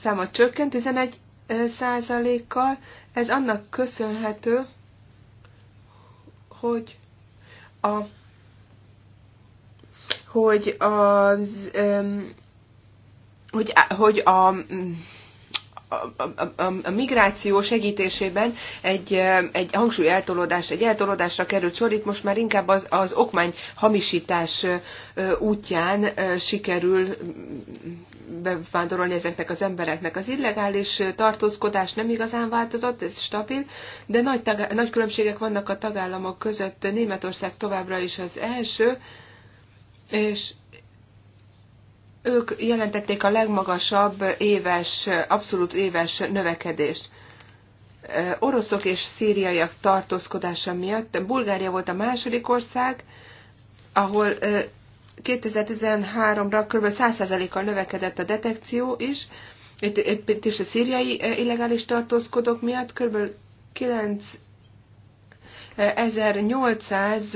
száma csökkent 11 százalékkal. Ez annak köszönhető, hogy a hogy az, hogy, hogy a a, a, a migráció segítésében egy, egy hangsúly eltolódás, egy eltolódásra került sor, itt most már inkább az, az okmány hamisítás útján sikerül mm, bevándorolni ezeknek az embereknek. Az illegális tartózkodás nem igazán változott, ez stabil, de nagy, tag, nagy különbségek vannak a tagállamok között. Németország továbbra is az első, és ők jelentették a legmagasabb éves, abszolút éves növekedést. Oroszok és szíriaiak tartózkodása miatt Bulgária volt a második ország, ahol 2013-ra kb. 100%-kal növekedett a detekció is, itt, is a szíriai illegális tartózkodók miatt kb. 9 1800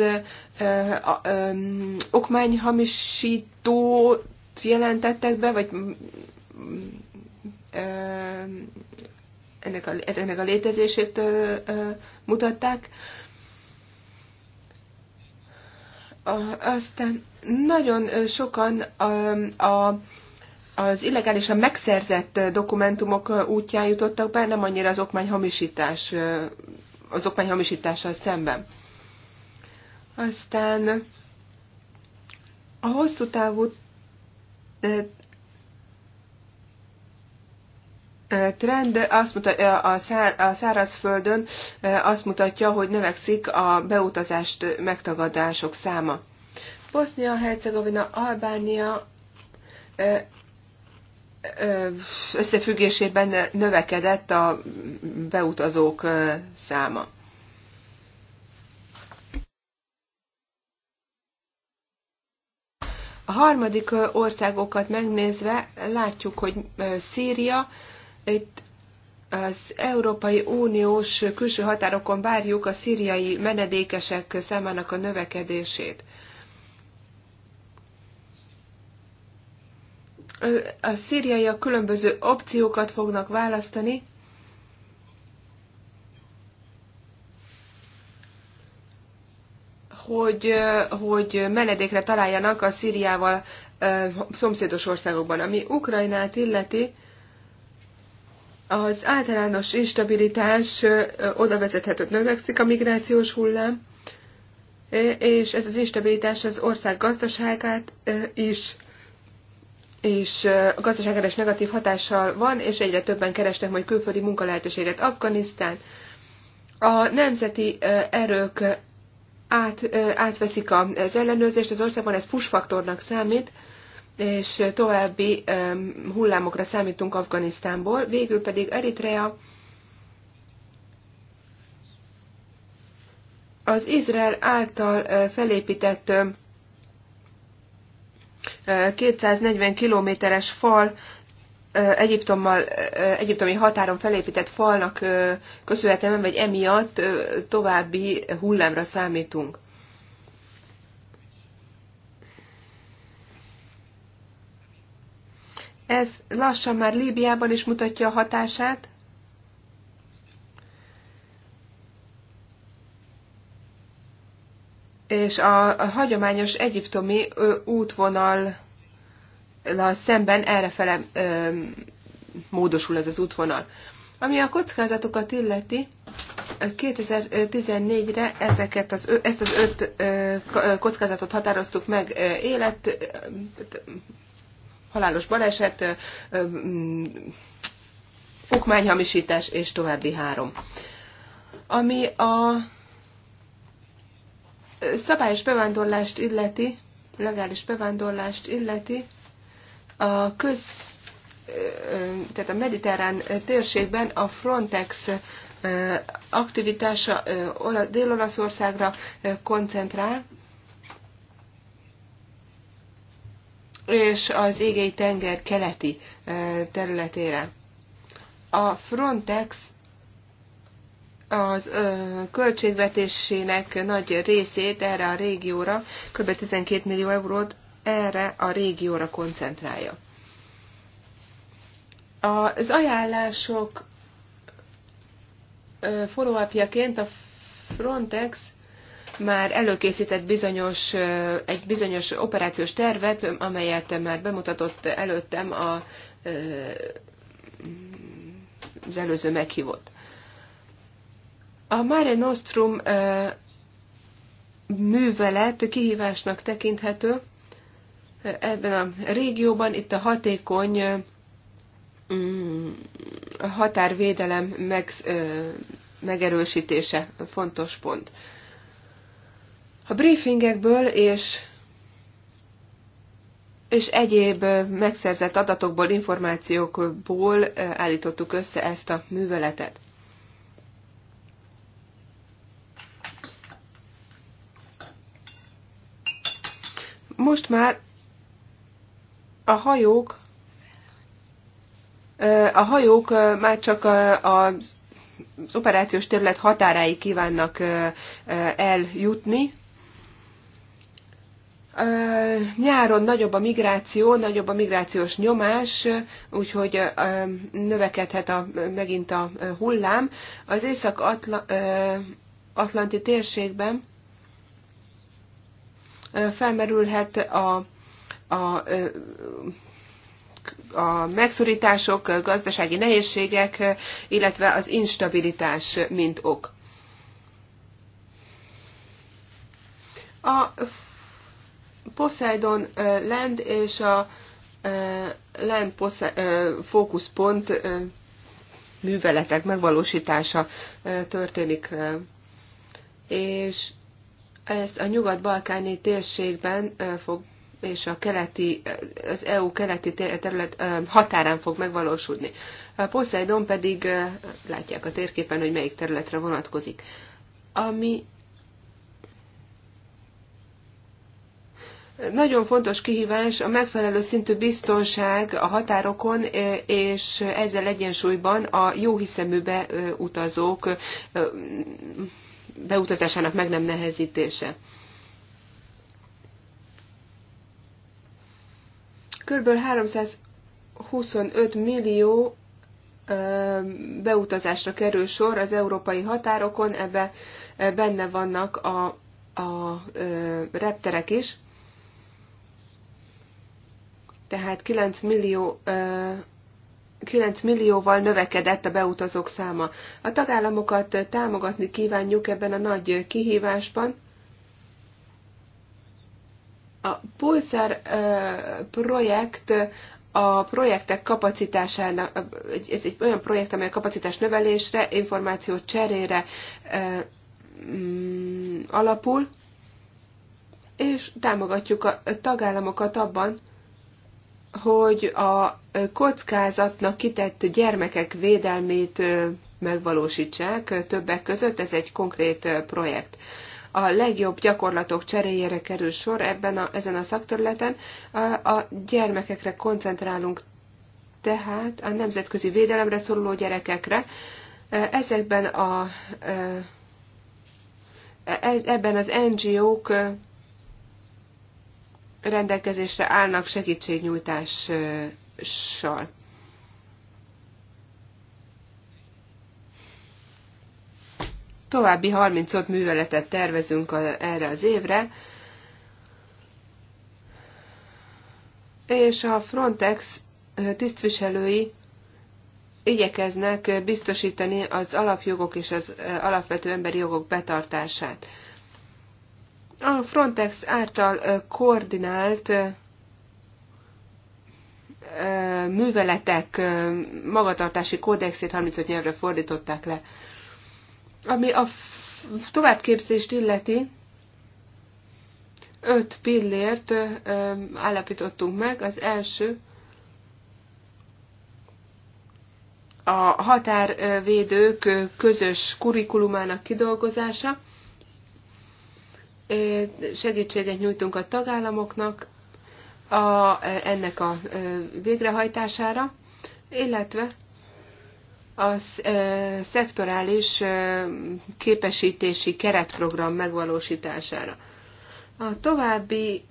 okmányhamisító jelentettek be, vagy mm, ennek a, ennek a létezését mutatták. Aztán nagyon sokan a, a az illegálisan megszerzett dokumentumok útján jutottak be, nem annyira az okmányhamisítás, az okmányhamisítással szemben. Aztán a hosszú távú trend azt mutatja, a szárazföldön azt mutatja, hogy növekszik a beutazást megtagadások száma. bosnia hercegovina Albánia összefüggésében növekedett a beutazók száma. A harmadik országokat megnézve látjuk, hogy Szíria, itt az Európai Uniós külső határokon várjuk a szíriai menedékesek számának a növekedését. A szíriaiak különböző opciókat fognak választani, hogy, hogy menedékre találjanak a Szíriával szomszédos országokban. Ami Ukrajnát illeti, az általános instabilitás oda vezethető, növekszik a migrációs hullám, és ez az instabilitás az ország gazdaságát is és a gazdaságára is negatív hatással van, és egyre többen keresnek majd külföldi munkalehetőséget. Afganisztán, a nemzeti erők át, átveszik az ellenőrzést az országban, ez push faktornak számít, és további hullámokra számítunk Afganisztánból. Végül pedig Eritrea az Izrael által felépített 240 kilométeres fal Egyiptommal, egyiptomi határon felépített falnak köszönhetően, vagy emiatt további hullámra számítunk. Ez lassan már Líbiában is mutatja a hatását. És a hagyományos egyiptomi útvonal szemben errefele módosul ez az útvonal. Ami a kockázatokat illeti, 2014-re ezeket az, ezt az öt kockázatot határoztuk meg élet, halálos baleset, okmányhamisítás és további három. Ami a szabályos bevándorlást illeti, legális bevándorlást illeti, a köz, tehát a mediterrán térségben a Frontex aktivitása Dél-Olaszországra koncentrál, és az égei tenger keleti területére. A Frontex az ö, költségvetésének nagy részét erre a régióra, kb. 12 millió eurót erre a régióra koncentrálja. Az ajánlások follow a Frontex már előkészített bizonyos, egy bizonyos operációs tervet, amelyet már bemutatott előttem a, az előző meghívott. A Mare Nostrum művelet kihívásnak tekinthető, ebben a régióban, itt a hatékony mm, határvédelem meg, megerősítése fontos pont. A briefingekből és és egyéb megszerzett adatokból, információkból állítottuk össze ezt a műveletet. Most már a hajók a hajók már csak az operációs terület határáig kívánnak eljutni. Nyáron nagyobb a migráció, nagyobb a migrációs nyomás, úgyhogy növekedhet a, megint a hullám. Az Észak-Atlanti térségben felmerülhet a a, a megszorítások, gazdasági nehézségek, illetve az instabilitás mint ok. A Poseidon Land és a Land fókuszpont műveletek megvalósítása történik, és ezt a nyugat-balkáni térségben fog és a keleti, az EU keleti terület határán fog megvalósulni. A Poseidon pedig látják a térképen, hogy melyik területre vonatkozik. Ami Nagyon fontos kihívás a megfelelő szintű biztonság a határokon, és ezzel egyensúlyban a hiszemű utazók beutazásának meg nem nehezítése. Kb. 325 millió beutazásra kerül sor az európai határokon, ebbe benne vannak a, a repterek is. Tehát 9 millió 9 millióval növekedett a beutazók száma. A tagállamokat támogatni kívánjuk ebben a nagy kihívásban, a Pulsar projekt a projektek kapacitásának, ez egy olyan projekt, amely a kapacitás növelésre, információ cserére mm, alapul, és támogatjuk a tagállamokat abban, hogy a kockázatnak kitett gyermekek védelmét megvalósítsák többek között, ez egy konkrét projekt a legjobb gyakorlatok cseréjére kerül sor ebben a, ezen a szakterületen. A, a gyermekekre koncentrálunk tehát a nemzetközi védelemre szoruló gyerekekre. E, ezekben a e, e, ebben az NGO-k rendelkezésre állnak segítségnyújtással. További 35 műveletet tervezünk erre az évre, és a Frontex tisztviselői igyekeznek biztosítani az alapjogok és az alapvető emberi jogok betartását. A Frontex által koordinált műveletek magatartási kódexét 35 nyelvre fordították le. Ami a továbbképzést illeti, öt pillért állapítottunk meg. Az első a határvédők közös kurikulumának kidolgozása. Segítséget nyújtunk a tagállamoknak a, ennek a végrehajtására, illetve a szektorális képesítési keretprogram megvalósítására. A további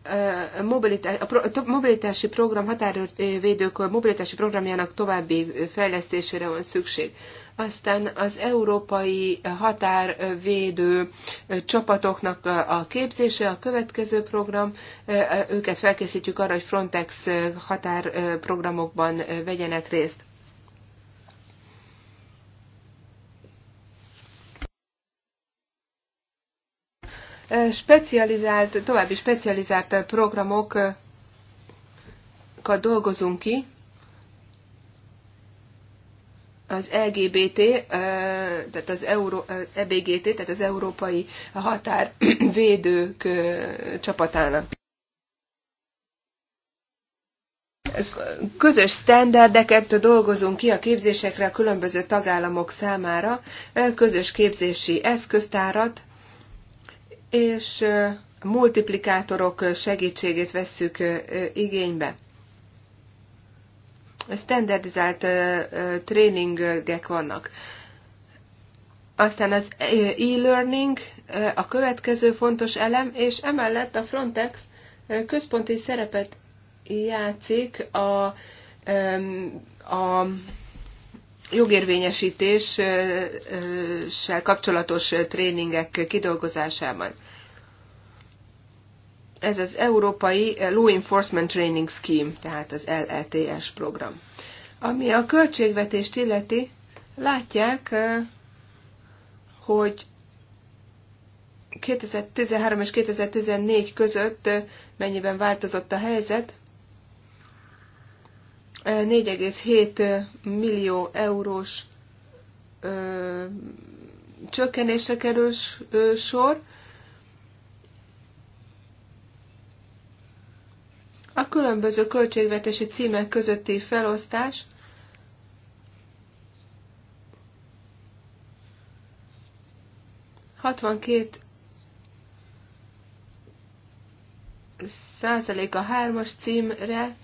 a mobilitási program határvédők mobilitási programjának további fejlesztésére van szükség. Aztán az európai határvédő csapatoknak a képzése a következő program. Őket felkészítjük arra, hogy Frontex határprogramokban vegyenek részt. specializált, további specializált programokat dolgozunk ki, az LGBT, tehát az Euró, EBGT, tehát az Európai Határvédők csapatának. Közös standardeket dolgozunk ki a képzésekre a különböző tagállamok számára, közös képzési eszköztárat, és multiplikátorok segítségét vesszük igénybe. Standardizált tréningek vannak. Aztán az e-learning a következő fontos elem, és emellett a Frontex központi szerepet játszik a, a jogérvényesítéssel kapcsolatos tréningek kidolgozásában ez az Európai Law Enforcement Training Scheme, tehát az LETS program. Ami a költségvetést illeti, látják, hogy 2013 és 2014 között mennyiben változott a helyzet. 4,7 millió eurós ö, csökkenésre kerül sor, A különböző költségvetési címek közötti felosztás hatvankét százalék a hármas címre,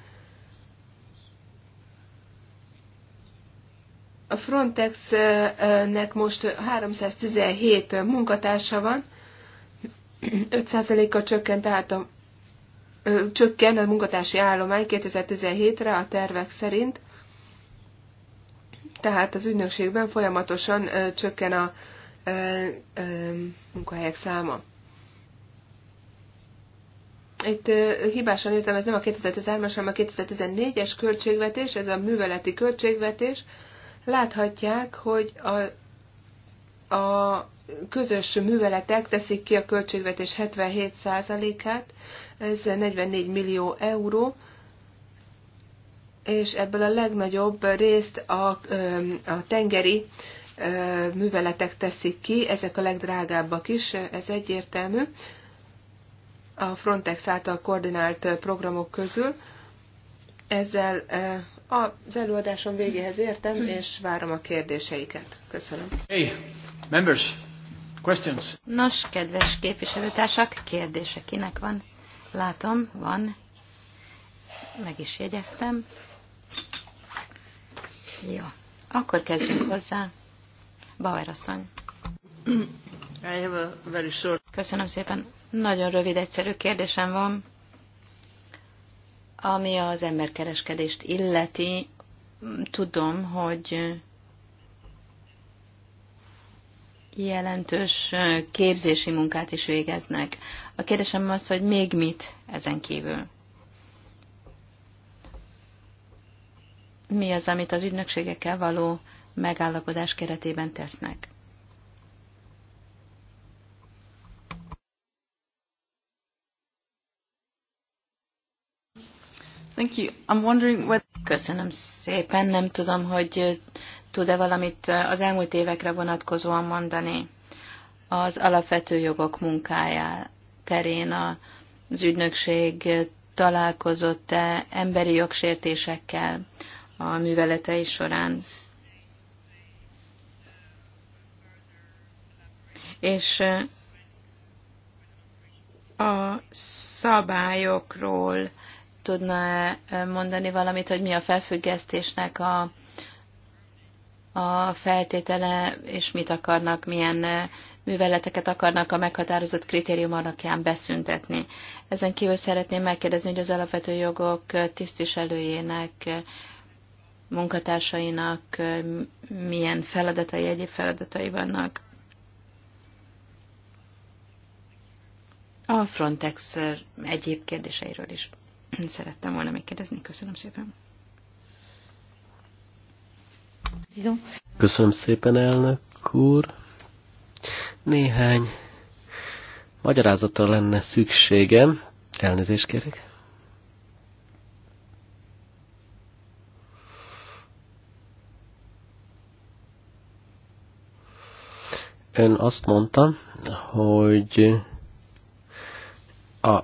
A Frontexnek most 317 munkatársa van, 5 százaléka csökkent tehát a csökken a munkatársi állomány 2017-re a tervek szerint, tehát az ügynökségben folyamatosan csökken a munkahelyek száma. Itt hibásan írtam, ez nem a 2013-as, hanem a 2014-es költségvetés, ez a műveleti költségvetés. Láthatják, hogy a, a közös műveletek teszik ki a költségvetés 77%-át, ez 44 millió euró, és ebből a legnagyobb részt a, a tengeri műveletek teszik ki, ezek a legdrágábbak is, ez egyértelmű, a Frontex által koordinált programok közül. Ezzel az előadásom végéhez értem, és várom a kérdéseiket. Köszönöm. Hey, members, questions. Nos, kedves képviselőtársak, kérdése kinek van? Látom, van. Meg is jegyeztem. Jó. Akkor kezdjünk hozzá. Bauer asszony. Köszönöm szépen. Nagyon rövid, egyszerű kérdésem van, ami az emberkereskedést illeti. Tudom, hogy jelentős képzési munkát is végeznek. A kérdésem az, hogy még mit ezen kívül? Mi az, amit az ügynökségekkel való megállapodás keretében tesznek? Thank you. I'm wondering Köszönöm szépen. Nem tudom, hogy tud-e valamit eh, az elmúlt évekre vonatkozóan mondani az alapvető jogok munkájá terén az ügynökség találkozott-e emberi jogsértésekkel a műveletei során. És eh, a szabályokról tudna -e eh, mondani valamit, hogy mi a felfüggesztésnek a a feltétele, és mit akarnak, milyen eh, műveleteket akarnak a meghatározott kritérium alapján beszüntetni. Ezen kívül szeretném megkérdezni, hogy az alapvető jogok eh, tisztviselőjének, eh, munkatársainak milyen feladatai, egyéb feladatai vannak. A Frontex egyéb kérdéseiről is szerettem volna megkérdezni. Köszönöm szépen. Köszönöm szépen, elnök úr. Néhány magyarázatra lenne szükségem. Elnézést kérek. Ön azt mondta, hogy a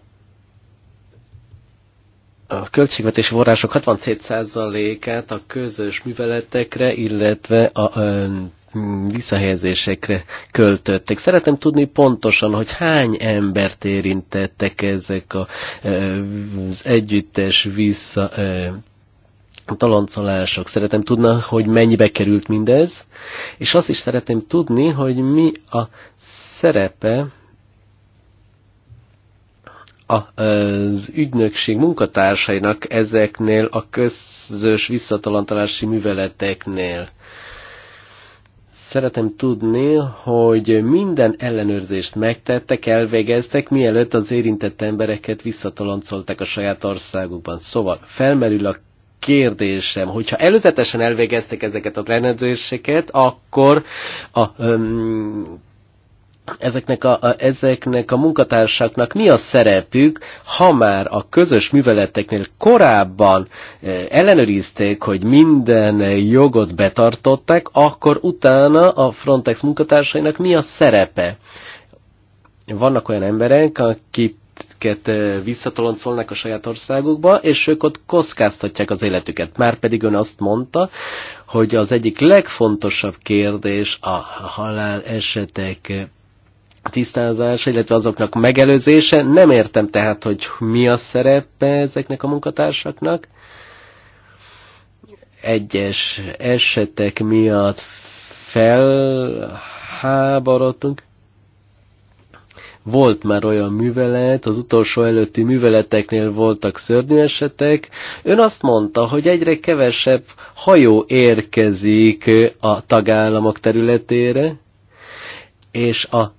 a költségvetési források 67 át a közös műveletekre, illetve a visszahelyezésekre költöttek. Szeretem tudni pontosan, hogy hány embert érintettek ezek a, az együttes vissza taloncolások. Szeretem tudni, hogy mennyibe került mindez, és azt is szeretném tudni, hogy mi a szerepe az ügynökség munkatársainak ezeknél a közös visszatalantalási műveleteknél. Szeretem tudni, hogy minden ellenőrzést megtettek, elvégeztek, mielőtt az érintett embereket visszatalancolták a saját országukban. Szóval felmerül a kérdésem, hogyha előzetesen elvégeztek ezeket a ellenőrzéseket, akkor a um, ezeknek a, a, ezeknek a munkatársaknak mi a szerepük, ha már a közös műveleteknél korábban eh, ellenőrizték, hogy minden jogot betartották, akkor utána a Frontex munkatársainak mi a szerepe? Vannak olyan emberek, akik akiket eh, visszatoloncolnak a saját országukba, és ők ott kockáztatják az életüket. Márpedig ön azt mondta, hogy az egyik legfontosabb kérdés a halál esetek tisztázása, illetve azoknak megelőzése. Nem értem tehát, hogy mi a szerepe ezeknek a munkatársaknak. Egyes esetek miatt felháborodtunk. Volt már olyan művelet, az utolsó előtti műveleteknél voltak szörnyű esetek. Ön azt mondta, hogy egyre kevesebb hajó érkezik a tagállamok területére, és a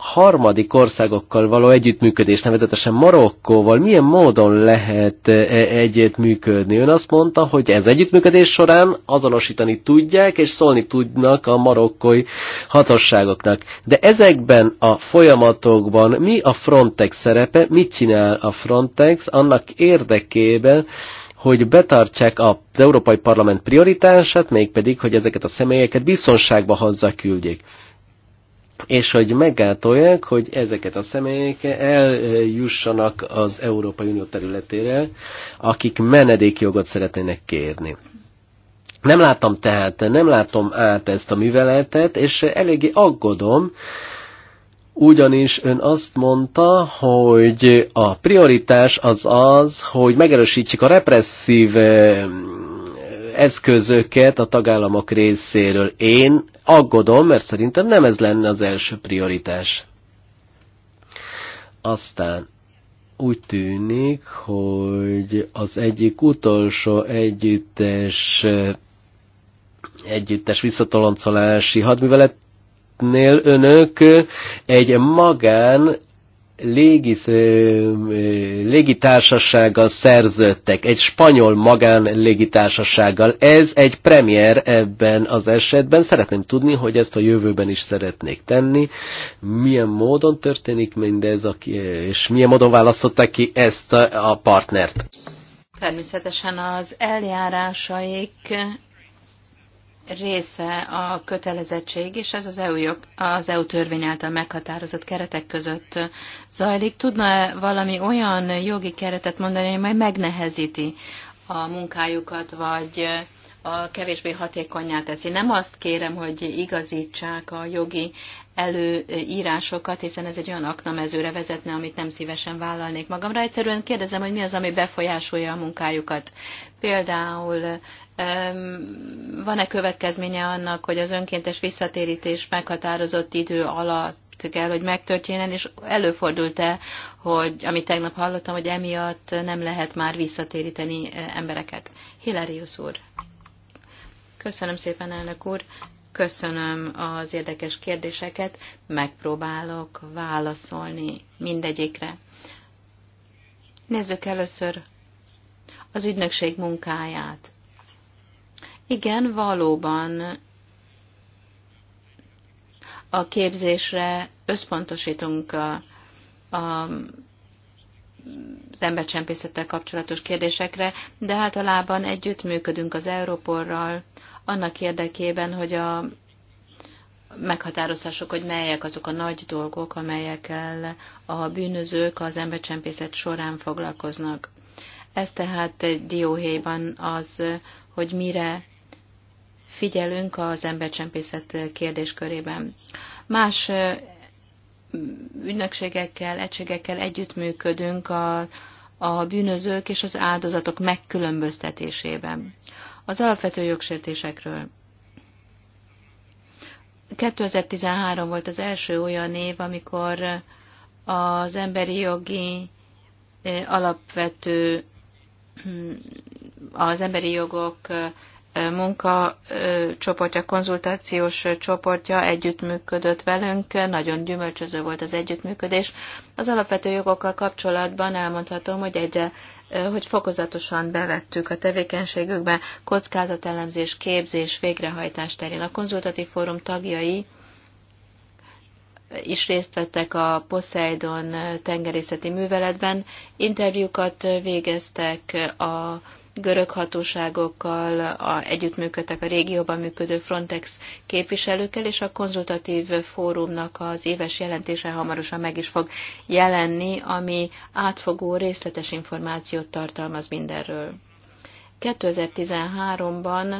harmadik országokkal való együttműködés, nevezetesen Marokkóval milyen módon lehet e, e, együttműködni? Ön azt mondta, hogy ez együttműködés során azonosítani tudják, és szólni tudnak a marokkói hatosságoknak. De ezekben a folyamatokban mi a Frontex szerepe, mit csinál a Frontex annak érdekében, hogy betartsák az Európai Parlament prioritását, mégpedig, hogy ezeket a személyeket biztonságba hozzá küldjék és hogy meggátolják, hogy ezeket a személyek eljussanak az Európai Unió területére, akik menedékjogot szeretnének kérni. Nem látom tehát, nem látom át ezt a műveletet, és eléggé aggodom, ugyanis ön azt mondta, hogy a prioritás az az, hogy megerősítsük a represszív eh, eszközöket a tagállamok részéről. Én aggodom, mert szerintem nem ez lenne az első prioritás. Aztán úgy tűnik, hogy az egyik utolsó együttes együttes visszatoloncolási hadműveletnél önök egy magán légis, légitársasággal szerződtek, egy spanyol magán légitársasággal. Ez egy premier ebben az esetben. Szeretném tudni, hogy ezt a jövőben is szeretnék tenni. Milyen módon történik mindez, és milyen módon választották ki ezt a partnert? Természetesen az eljárásaik része a kötelezettség, és ez az EU, jog, az EU törvény által meghatározott keretek között zajlik. tudna -e valami olyan jogi keretet mondani, amely megnehezíti a munkájukat, vagy a kevésbé hatékonyá teszi. Nem azt kérem, hogy igazítsák a jogi előírásokat, hiszen ez egy olyan aknamezőre vezetne, amit nem szívesen vállalnék magamra. Egyszerűen kérdezem, hogy mi az, ami befolyásolja a munkájukat. Például van-e következménye annak, hogy az önkéntes visszatérítés meghatározott idő alatt kell, hogy megtörténjen, és előfordult-e, hogy, amit tegnap hallottam, hogy emiatt nem lehet már visszatéríteni eh, embereket. Hilarius úr. Köszönöm szépen, elnök úr. Köszönöm az érdekes kérdéseket. Megpróbálok válaszolni mindegyikre. Nézzük először az ügynökség munkáját. Igen, valóban a képzésre összpontosítunk a, a az embercsempészettel kapcsolatos kérdésekre, de általában együttműködünk az Európorral annak érdekében, hogy a meghatározások, hogy melyek azok a nagy dolgok, amelyekkel a bűnözők az embercsempészet során foglalkoznak. Ez tehát dióhéjban az, hogy mire figyelünk az embercsempészet kérdéskörében. Más ügynökségekkel, egységekkel együttműködünk a, a bűnözők és az áldozatok megkülönböztetésében. Az alapvető jogsértésekről. 2013 volt az első olyan év, amikor az emberi jogi alapvető, az emberi jogok munkacsoportja, konzultációs csoportja együttműködött velünk, nagyon gyümölcsöző volt az együttműködés. Az alapvető jogokkal kapcsolatban elmondhatom, hogy egyre hogy fokozatosan bevettük a tevékenységükbe kockázatelemzés, képzés, végrehajtás terén. A konzultatív fórum tagjai is részt vettek a Poseidon tengerészeti műveletben, interjúkat végeztek a görög hatóságokkal, a, együttműködtek a régióban működő Frontex képviselőkkel, és a konzultatív fórumnak az éves jelentése hamarosan meg is fog jelenni, ami átfogó részletes információt tartalmaz mindenről. 2013-ban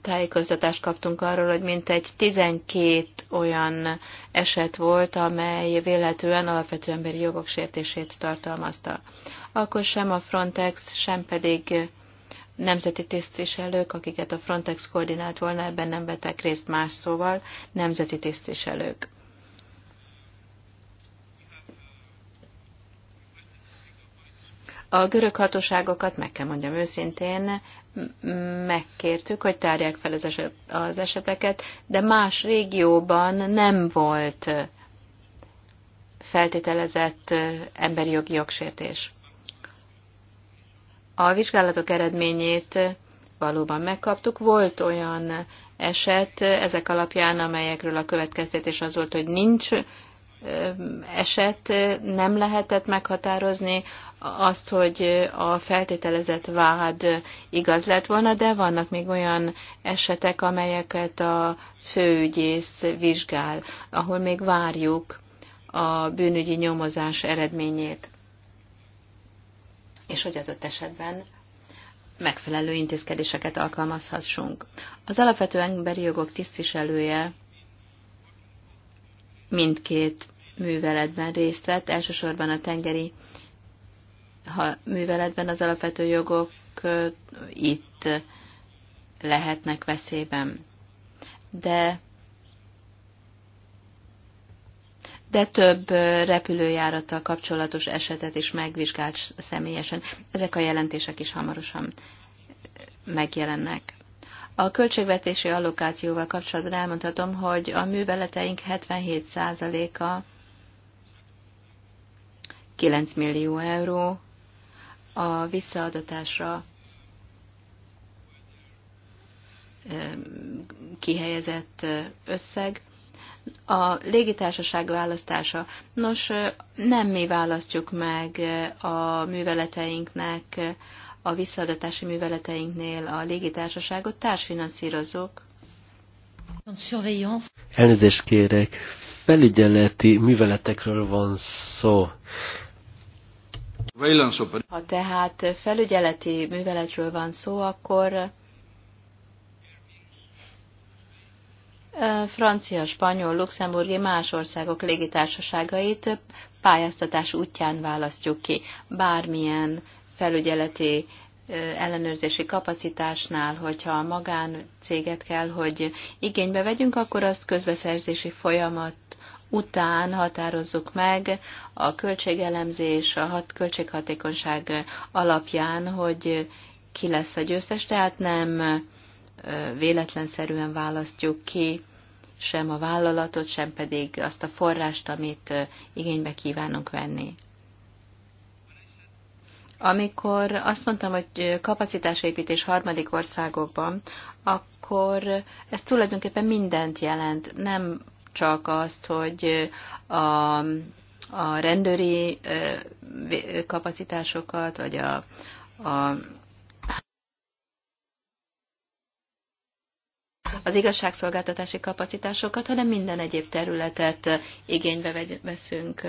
tájékoztatást kaptunk arról, hogy mintegy 12 olyan eset volt, amely véletően alapvető emberi jogok sértését tartalmazta. Akkor sem a Frontex, sem pedig nemzeti tisztviselők, akiket a Frontex koordinált volna, ebben nem vettek részt más szóval, nemzeti tisztviselők. A görög hatóságokat, meg kell mondjam őszintén, megkértük, hogy tárják fel az, eset, az eseteket, de más régióban nem volt feltételezett emberi jogi jogsértés. A vizsgálatok eredményét valóban megkaptuk. Volt olyan eset ezek alapján, amelyekről a következtetés az volt, hogy nincs eset nem lehetett meghatározni azt, hogy a feltételezett vád igaz lett volna, de vannak még olyan esetek, amelyeket a főügyész vizsgál, ahol még várjuk a bűnügyi nyomozás eredményét. És hogy adott esetben megfelelő intézkedéseket alkalmazhassunk. Az alapvető emberi jogok tisztviselője mindkét műveletben részt vett, elsősorban a tengeri ha műveletben az alapvető jogok itt lehetnek veszélyben. De de több repülőjárattal kapcsolatos esetet is megvizsgált személyesen. Ezek a jelentések is hamarosan megjelennek. A költségvetési allokációval kapcsolatban elmondhatom, hogy a műveleteink 77%-a 9 millió euró a visszaadatásra kihelyezett összeg. A légitársaság választása. Nos, nem mi választjuk meg a műveleteinknek a visszaadatási műveleteinknél a légitársaságot társfinanszírozók. Elnézést kérek, felügyeleti műveletekről van szó. Ha tehát felügyeleti műveletről van szó, akkor francia, spanyol, luxemburgi más országok légitársaságait pályáztatás útján választjuk ki. Bármilyen felügyeleti ellenőrzési kapacitásnál, hogyha a magáncéget kell, hogy igénybe vegyünk, akkor azt közbeszerzési folyamat után határozzuk meg a költségelemzés, a hat, költséghatékonyság alapján, hogy ki lesz a győztes, tehát nem véletlenszerűen választjuk ki sem a vállalatot, sem pedig azt a forrást, amit igénybe kívánunk venni. Amikor azt mondtam, hogy kapacitásépítés harmadik országokban, akkor ez tulajdonképpen mindent jelent, nem csak azt, hogy a, a rendőri kapacitásokat, vagy a, a az igazságszolgáltatási kapacitásokat, hanem minden egyéb területet igénybe veszünk.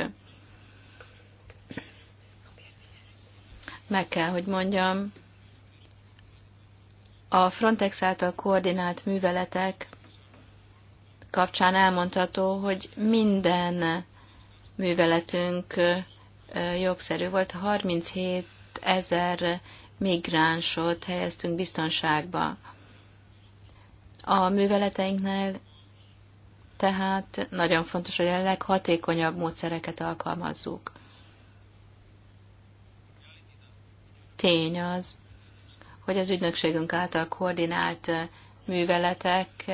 meg kell, hogy mondjam, a Frontex által koordinált műveletek kapcsán elmondható, hogy minden műveletünk jogszerű volt. 37 ezer migránsot helyeztünk biztonságba. A műveleteinknél tehát nagyon fontos, hogy a leghatékonyabb módszereket alkalmazzuk. Tény az, hogy az ügynökségünk által koordinált műveletek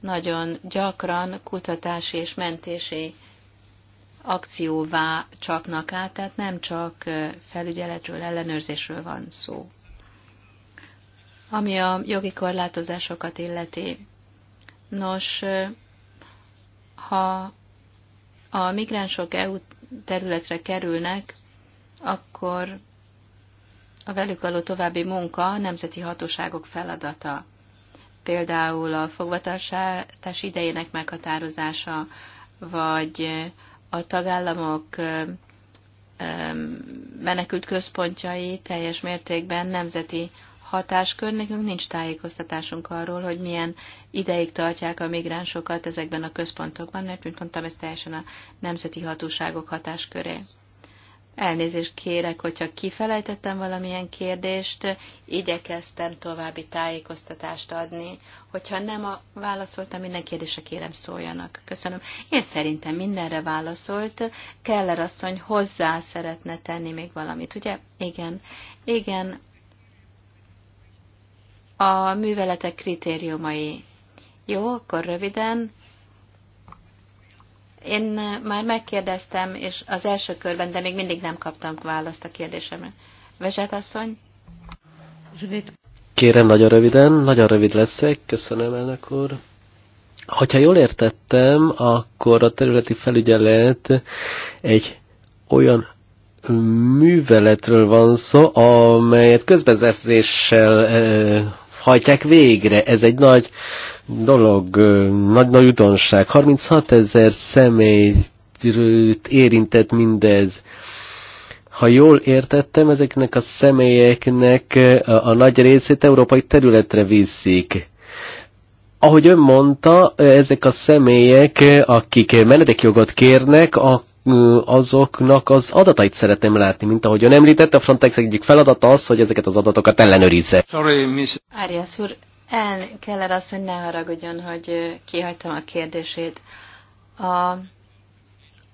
nagyon gyakran kutatási és mentési akcióvá csapnak át, tehát nem csak felügyeletről, ellenőrzésről van szó. Ami a jogi korlátozásokat illeti, nos, ha a migránsok EU területre kerülnek, akkor a velük való további munka a nemzeti hatóságok feladata. Például a fogvatartás idejének meghatározása, vagy a tagállamok menekült központjai teljes mértékben nemzeti hatáskör, nekünk nincs tájékoztatásunk arról, hogy milyen ideig tartják a migránsokat ezekben a központokban, mert, mint mondtam, ez teljesen a nemzeti hatóságok hatásköré. Elnézést kérek, hogyha kifelejtettem valamilyen kérdést, igyekeztem további tájékoztatást adni. Hogyha nem a válaszoltam minden kérdésre, kérem szóljanak. Köszönöm. Én szerintem mindenre válaszolt. Keller asszony hozzá szeretne tenni még valamit, ugye? Igen. Igen. A műveletek kritériumai. Jó, akkor röviden én eh, már megkérdeztem, és az első körben, de még mindig nem kaptam választ a kérdésemre. Vezet asszony? Kérem nagyon röviden, nagyon rövid leszek, köszönöm elnök úr. Hogyha jól értettem, akkor a területi felügyelet egy olyan műveletről van szó, amelyet közbeszerzéssel eh, hajtják végre. Ez egy nagy dolog, nagy nagy udonság. 36 ezer személyt érintett mindez. Ha jól értettem, ezeknek a személyeknek a, a nagy részét európai területre viszik ahogy ön mondta, ezek a személyek, akik menedekjogot kérnek, a azoknak az adatait szeretném látni, mint ahogyan említette, a Frontex egyik feladata az, hogy ezeket az adatokat ellenőrizze. Sorry, miss. Arias úr, el kellene azt, hogy ne haragudjon, hogy kihagytam a kérdését. A,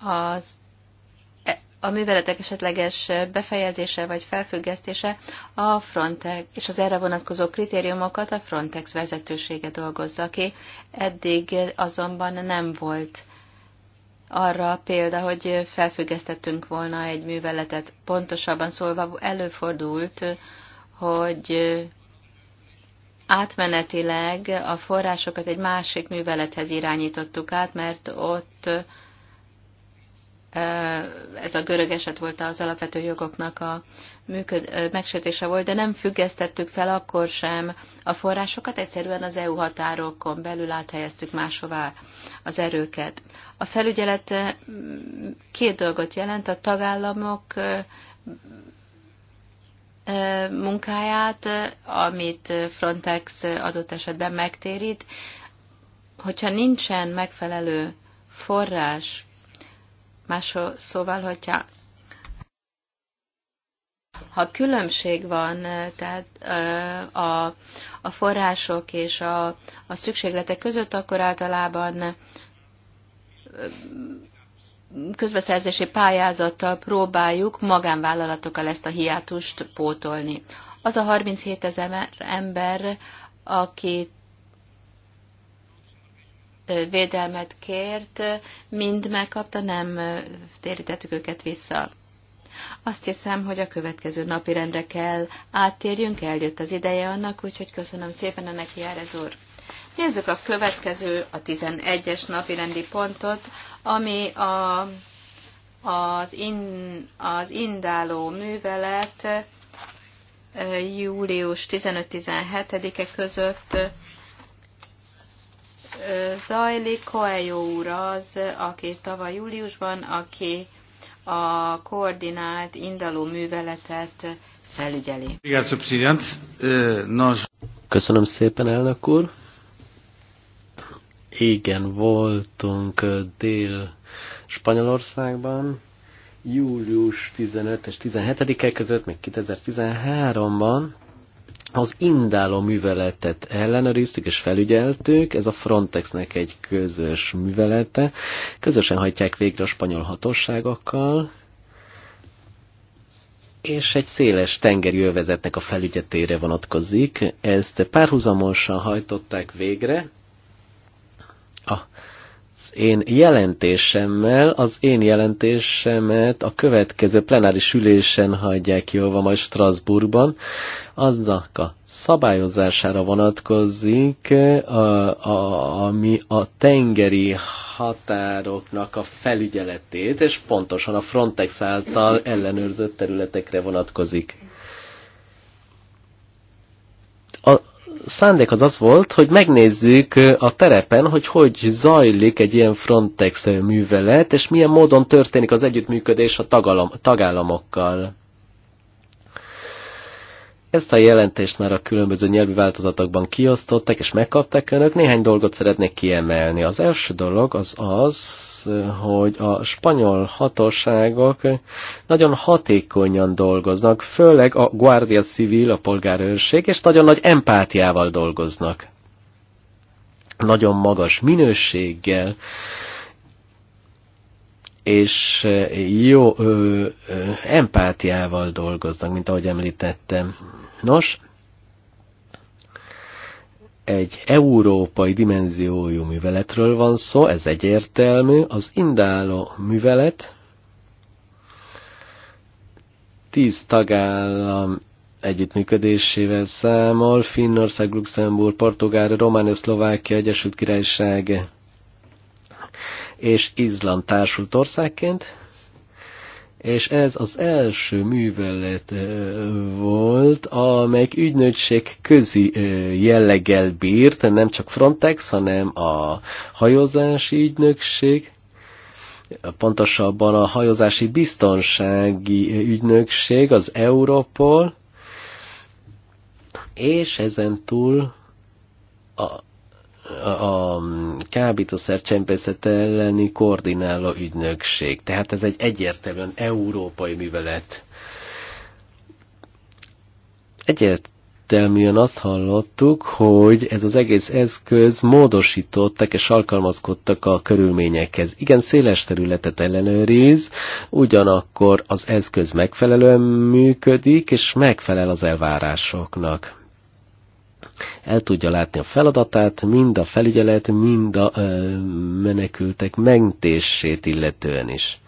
az, e, a műveletek esetleges befejezése vagy felfüggesztése a Frontex és az erre vonatkozó kritériumokat a Frontex vezetősége dolgozza ki. Eddig azonban nem volt arra példa, hogy felfüggesztettünk volna egy műveletet. Pontosabban szólva előfordult, hogy átmenetileg a forrásokat egy másik művelethez irányítottuk át, mert ott ez a görög eset volt az alapvető jogoknak a működ, megsértése volt, de nem függesztettük fel akkor sem a forrásokat, egyszerűen az EU határokon belül áthelyeztük máshová az erőket. A felügyelet két dolgot jelent, a tagállamok munkáját, amit Frontex adott esetben megtérít, hogyha nincsen megfelelő forrás máshol szóval, hogyha ha különbség van eh, tehát eh, a, a források és a, a szükségletek között, akkor általában eh, közbeszerzési pályázattal próbáljuk magánvállalatokkal ezt a hiátust pótolni. Az a 37 ezer ember, akit védelmet kért, mind megkapta, nem térítettük őket vissza. Azt hiszem, hogy a következő napi rendre kell áttérjünk, eljött az ideje annak, úgyhogy köszönöm szépen a neki Járez úr. Nézzük a következő, a 11-es napi rendi pontot, ami a, az, in, az indáló művelet július 15-17-e között zajlik. Coelho úr az, aki tavaly júliusban, aki a koordinált indaló műveletet felügyeli. Eh, Köszönöm szépen, elnök úr. Igen, voltunk eh, dél Spanyolországban, július 15 és 17-e között, még 2013-ban, az indáló műveletet ellenőriztük és felügyeltük, ez a Frontexnek egy közös művelete, közösen hajtják végre a spanyol hatóságokkal, és egy széles tengeri övezetnek a felügyetére vonatkozik. Ezt párhuzamosan hajtották végre a én jelentésemmel, az én jelentésemet a következő plenáris ülésen hagyják jóva majd Strasbourgban, aznak a szabályozására vonatkozik, a, a, ami a tengeri határoknak a felügyeletét, és pontosan a Frontex által ellenőrzött területekre vonatkozik. A, szándék az az volt, hogy megnézzük a terepen, hogy hogy zajlik egy ilyen Frontex művelet, és milyen módon történik az együttműködés a tagalom, tagállamokkal. Ezt a jelentést már a különböző nyelvi változatokban kiosztották, és megkapták önök. Néhány dolgot szeretnék kiemelni. Az első dolog az az, hogy a spanyol hatóságok nagyon hatékonyan dolgoznak, főleg a Guardia Civil, a polgárőrség, és nagyon nagy empátiával dolgoznak. Nagyon magas minőséggel, és jó ö, ö, empátiával dolgoznak, mint ahogy említettem. Nos, egy európai dimenziójú műveletről van szó, ez egyértelmű, az indáló művelet tíz tagállam együttműködésével számol, Finnország, Luxemburg, Portugál, Románia, Szlovákia, Egyesült Királyság és Izland társult országként és ez az első művelet volt, amely ügynökség közi jelleggel bírt, nem csak Frontex, hanem a hajózási ügynökség, pontosabban a hajózási biztonsági ügynökség, az Europol, és ezen túl a a kábítószer csempészet elleni koordináló ügynökség. Tehát ez egy egyértelműen európai művelet. egyértelműen azt hallottuk, hogy ez az egész eszköz módosítottak és alkalmazkodtak a körülményekhez. Igen, széles területet ellenőriz, ugyanakkor az eszköz megfelelően működik, és megfelel az elvárásoknak el tudja látni a feladatát, mind a felügyelet, mind a ö, menekültek mentését illetően is.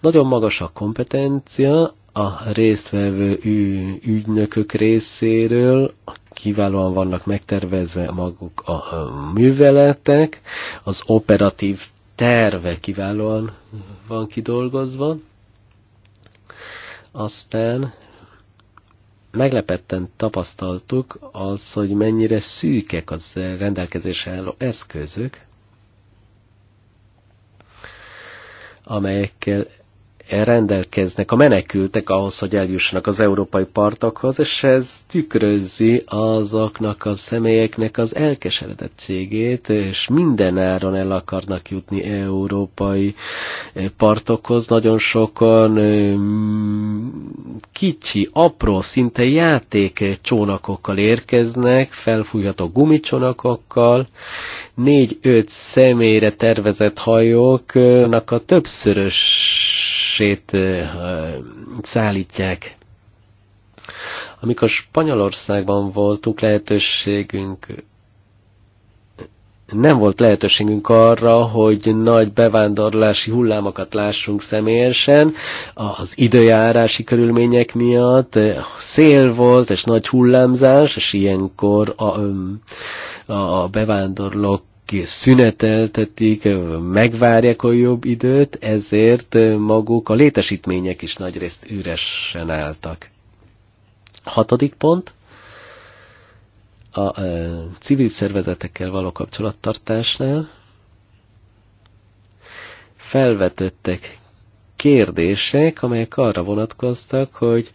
Nagyon magas a kompetencia a résztvevő ügynökök részéről, kiválóan vannak megtervezve maguk a műveletek, az operatív terve kiválóan van kidolgozva, aztán meglepetten tapasztaltuk az, hogy mennyire szűkek az rendelkezésre álló eszközök, amelyekkel rendelkeznek a menekültek ahhoz, hogy eljussanak az európai partokhoz, és ez tükrözi azoknak a személyeknek az elkeseredettségét, és mindenáron el akarnak jutni európai eh, partokhoz. Nagyon sokan eh, kicsi, apró, szinte játék eh, csónakokkal érkeznek, felfújható gumicsónakokkal, négy öt személyre tervezett hajóknak a többszörösét szállítják. Amikor Spanyolországban voltunk, lehetőségünk nem volt lehetőségünk arra, hogy nagy bevándorlási hullámokat lássunk személyesen, az időjárási körülmények miatt szél volt, és nagy hullámzás, és ilyenkor a, a bevándorlók szüneteltetik, megvárják a jobb időt, ezért maguk a létesítmények is nagyrészt üresen álltak. Hatodik pont, a e, civil szervezetekkel való kapcsolattartásnál felvetődtek kérdések, amelyek arra vonatkoztak, hogy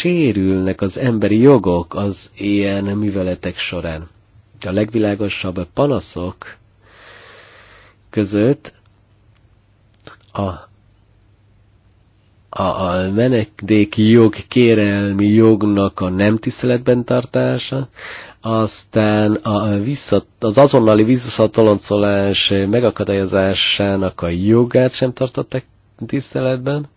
sérülnek az emberi jogok az ilyen műveletek során. A legvilágosabb panaszok között a a, a menekdéki jog, kérelmi jognak a nem tiszteletben tartása, aztán a visszat, az azonnali visszatoloncolás megakadályozásának a jogát sem tartották tiszteletben,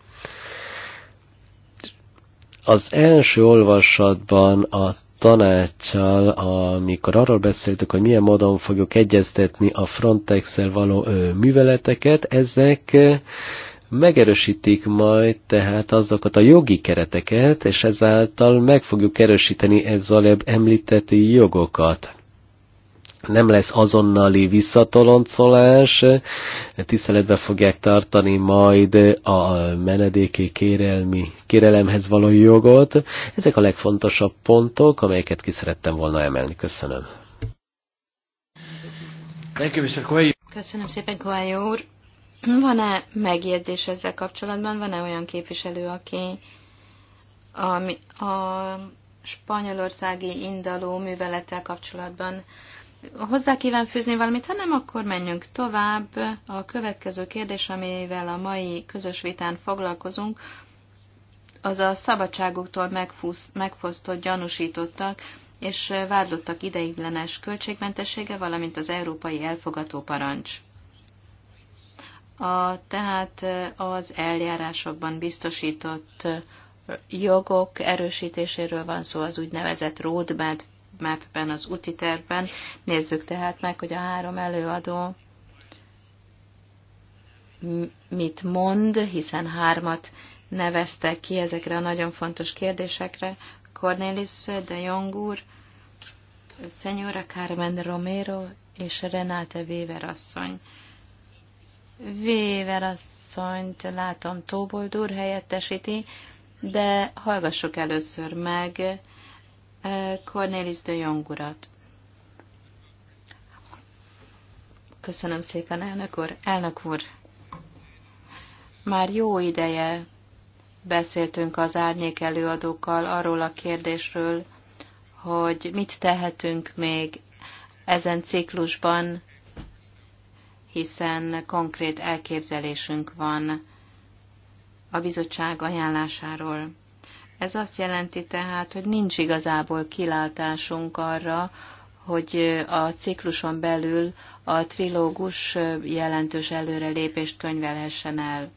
az első olvasatban a tanácssal, amikor arról beszéltük, hogy milyen módon fogjuk egyeztetni a frontex való ö, műveleteket, ezek megerősítik majd tehát azokat a jogi kereteket, és ezáltal meg fogjuk erősíteni ezzel említett jogokat nem lesz azonnali visszatoloncolás, tiszteletbe fogják tartani majd a menedéki kérelmi, kérelemhez való jogot. Ezek a legfontosabb pontok, amelyeket ki szerettem volna emelni. Köszönöm. Köszönöm szépen, Kovályó úr. Van-e megjegyzés ezzel kapcsolatban? Van-e olyan képviselő, aki a, a spanyolországi indaló művelettel kapcsolatban hozzá kíván fűzni valamit, hanem akkor menjünk tovább. A következő kérdés, amivel a mai közös vitán foglalkozunk, az a szabadságuktól megfosztott gyanúsítottak és vádlottak ideiglenes költségmentessége, valamint az európai elfogató parancs. A, tehát az eljárásokban biztosított jogok erősítéséről van szó, az úgynevezett roadmap mapben, az úti tervben. Nézzük tehát meg, hogy a három előadó mit mond, hiszen hármat neveztek ki ezekre a nagyon fontos kérdésekre. Cornelis de Jong úr, Senyora Carmen Romero és Renate Weber asszony. Weber asszonyt látom Tóboldúr helyettesíti, de hallgassuk először meg Cornelis de Jong urat. Köszönöm szépen, elnök úr. Elnök úr, már jó ideje beszéltünk az árnyék előadókkal arról a kérdésről, hogy mit tehetünk még ezen ciklusban, hiszen konkrét elképzelésünk van a bizottság ajánlásáról. Ez azt jelenti tehát, hogy nincs igazából kilátásunk arra, hogy a cikluson belül a trilógus jelentős előrelépést könyvelhessen el.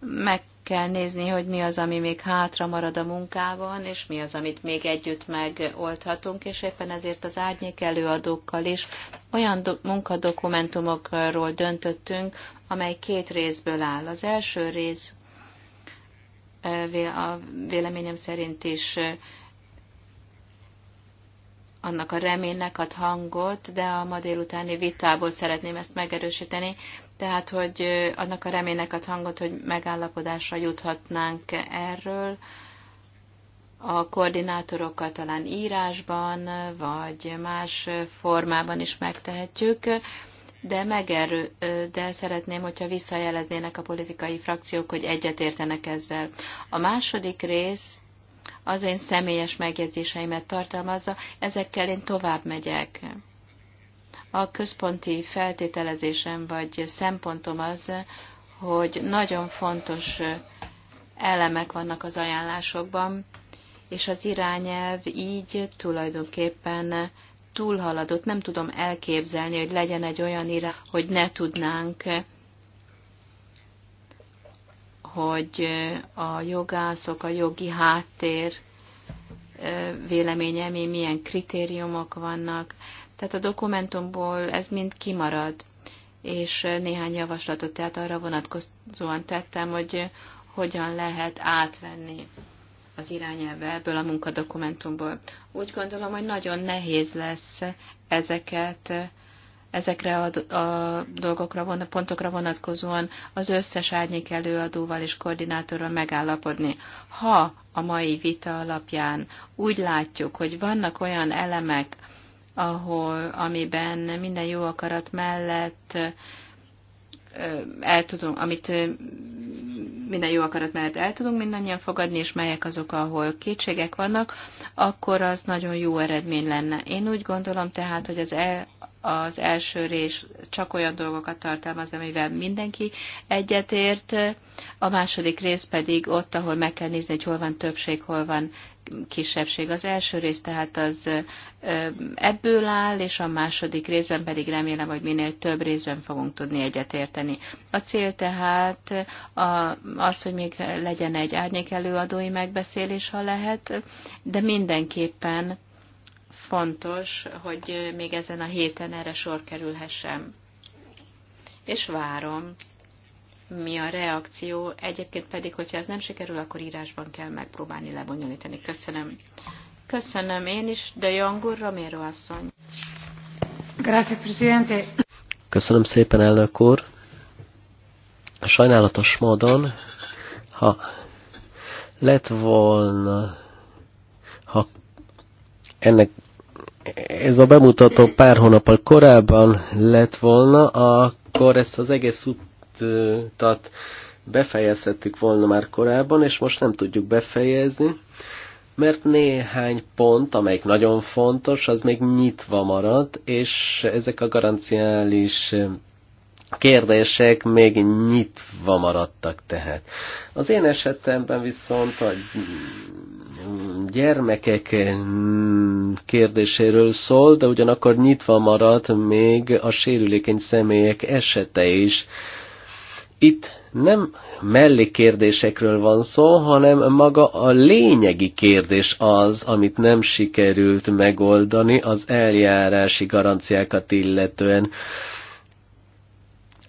Meg kell nézni, hogy mi az, ami még hátra marad a munkában, és mi az, amit még együtt megoldhatunk, és éppen ezért az árnyék előadókkal is olyan do- munkadokumentumokról döntöttünk, amely két részből áll. Az első rész a véleményem szerint is annak a reménynek ad hangot, de a ma délutáni vitából szeretném ezt megerősíteni, tehát, hogy annak a reménynek ad hangot, hogy megállapodásra juthatnánk erről, a koordinátorokat talán írásban, vagy más formában is megtehetjük de megerő, de szeretném, hogyha visszajeleznének a politikai frakciók, hogy egyetértenek ezzel. A második rész az én személyes megjegyzéseimet tartalmazza, ezekkel én tovább megyek. A központi feltételezésem vagy szempontom az, hogy nagyon fontos elemek vannak az ajánlásokban, és az irányelv így tulajdonképpen túlhaladott. Nem tudom elképzelni, hogy legyen egy olyan ira, hogy ne tudnánk hogy a jogászok, a jogi háttér véleménye, mi milyen kritériumok vannak. Tehát a dokumentumból ez mind kimarad, és néhány javaslatot tehát arra vonatkozóan tettem, hogy hogyan lehet átvenni az irányelve ebből a munkadokumentumból. Úgy gondolom, hogy nagyon nehéz lesz ezeket ezekre a, a dolgokra, von, pontokra vonatkozóan az összes árnyék előadóval és koordinátorral megállapodni. Ha a mai vita alapján úgy látjuk, hogy vannak olyan elemek, ahol, amiben minden jó akarat mellett el tudunk, amit minden jó akarat mellett el tudunk mindannyian fogadni, és melyek azok, ahol kétségek vannak, akkor az nagyon jó eredmény lenne. Én úgy gondolom tehát, hogy az, el, az első rész csak olyan dolgokat tartalmaz, amivel mindenki egyetért, a második rész pedig ott, ahol meg kell nézni, hogy hol van többség, hol van kisebbség. Az első rész tehát az ebből áll, és a második részben pedig remélem, hogy minél több részben fogunk tudni egyetérteni. A cél tehát az, hogy még legyen egy árnyék előadói megbeszélés, ha lehet, de mindenképpen fontos, hogy még ezen a héten erre sor kerülhessem. És várom mi a reakció. Egyébként pedig, hogyha ez nem sikerül, akkor írásban kell megpróbálni lebonyolítani. Köszönöm. Köszönöm én is, de Jangur Romero asszony. Grazie, Presidente. Köszönöm szépen, elnök úr. Sajnálatos módon, ha lett volna, ha ennek ez a bemutató pár hónappal korábban lett volna, akkor ezt az egész projektet befejezhettük volna már korábban, és most nem tudjuk befejezni, mert néhány pont, amelyik nagyon fontos, az még nyitva maradt, és ezek a garanciális kérdések még nyitva maradtak tehát. Az én esetemben viszont a gyermekek kérdéséről szól, de ugyanakkor nyitva maradt még a sérülékeny személyek esete is itt nem kérdésekről van szó, hanem maga a lényegi kérdés az, amit nem sikerült megoldani az eljárási garanciákat illetően.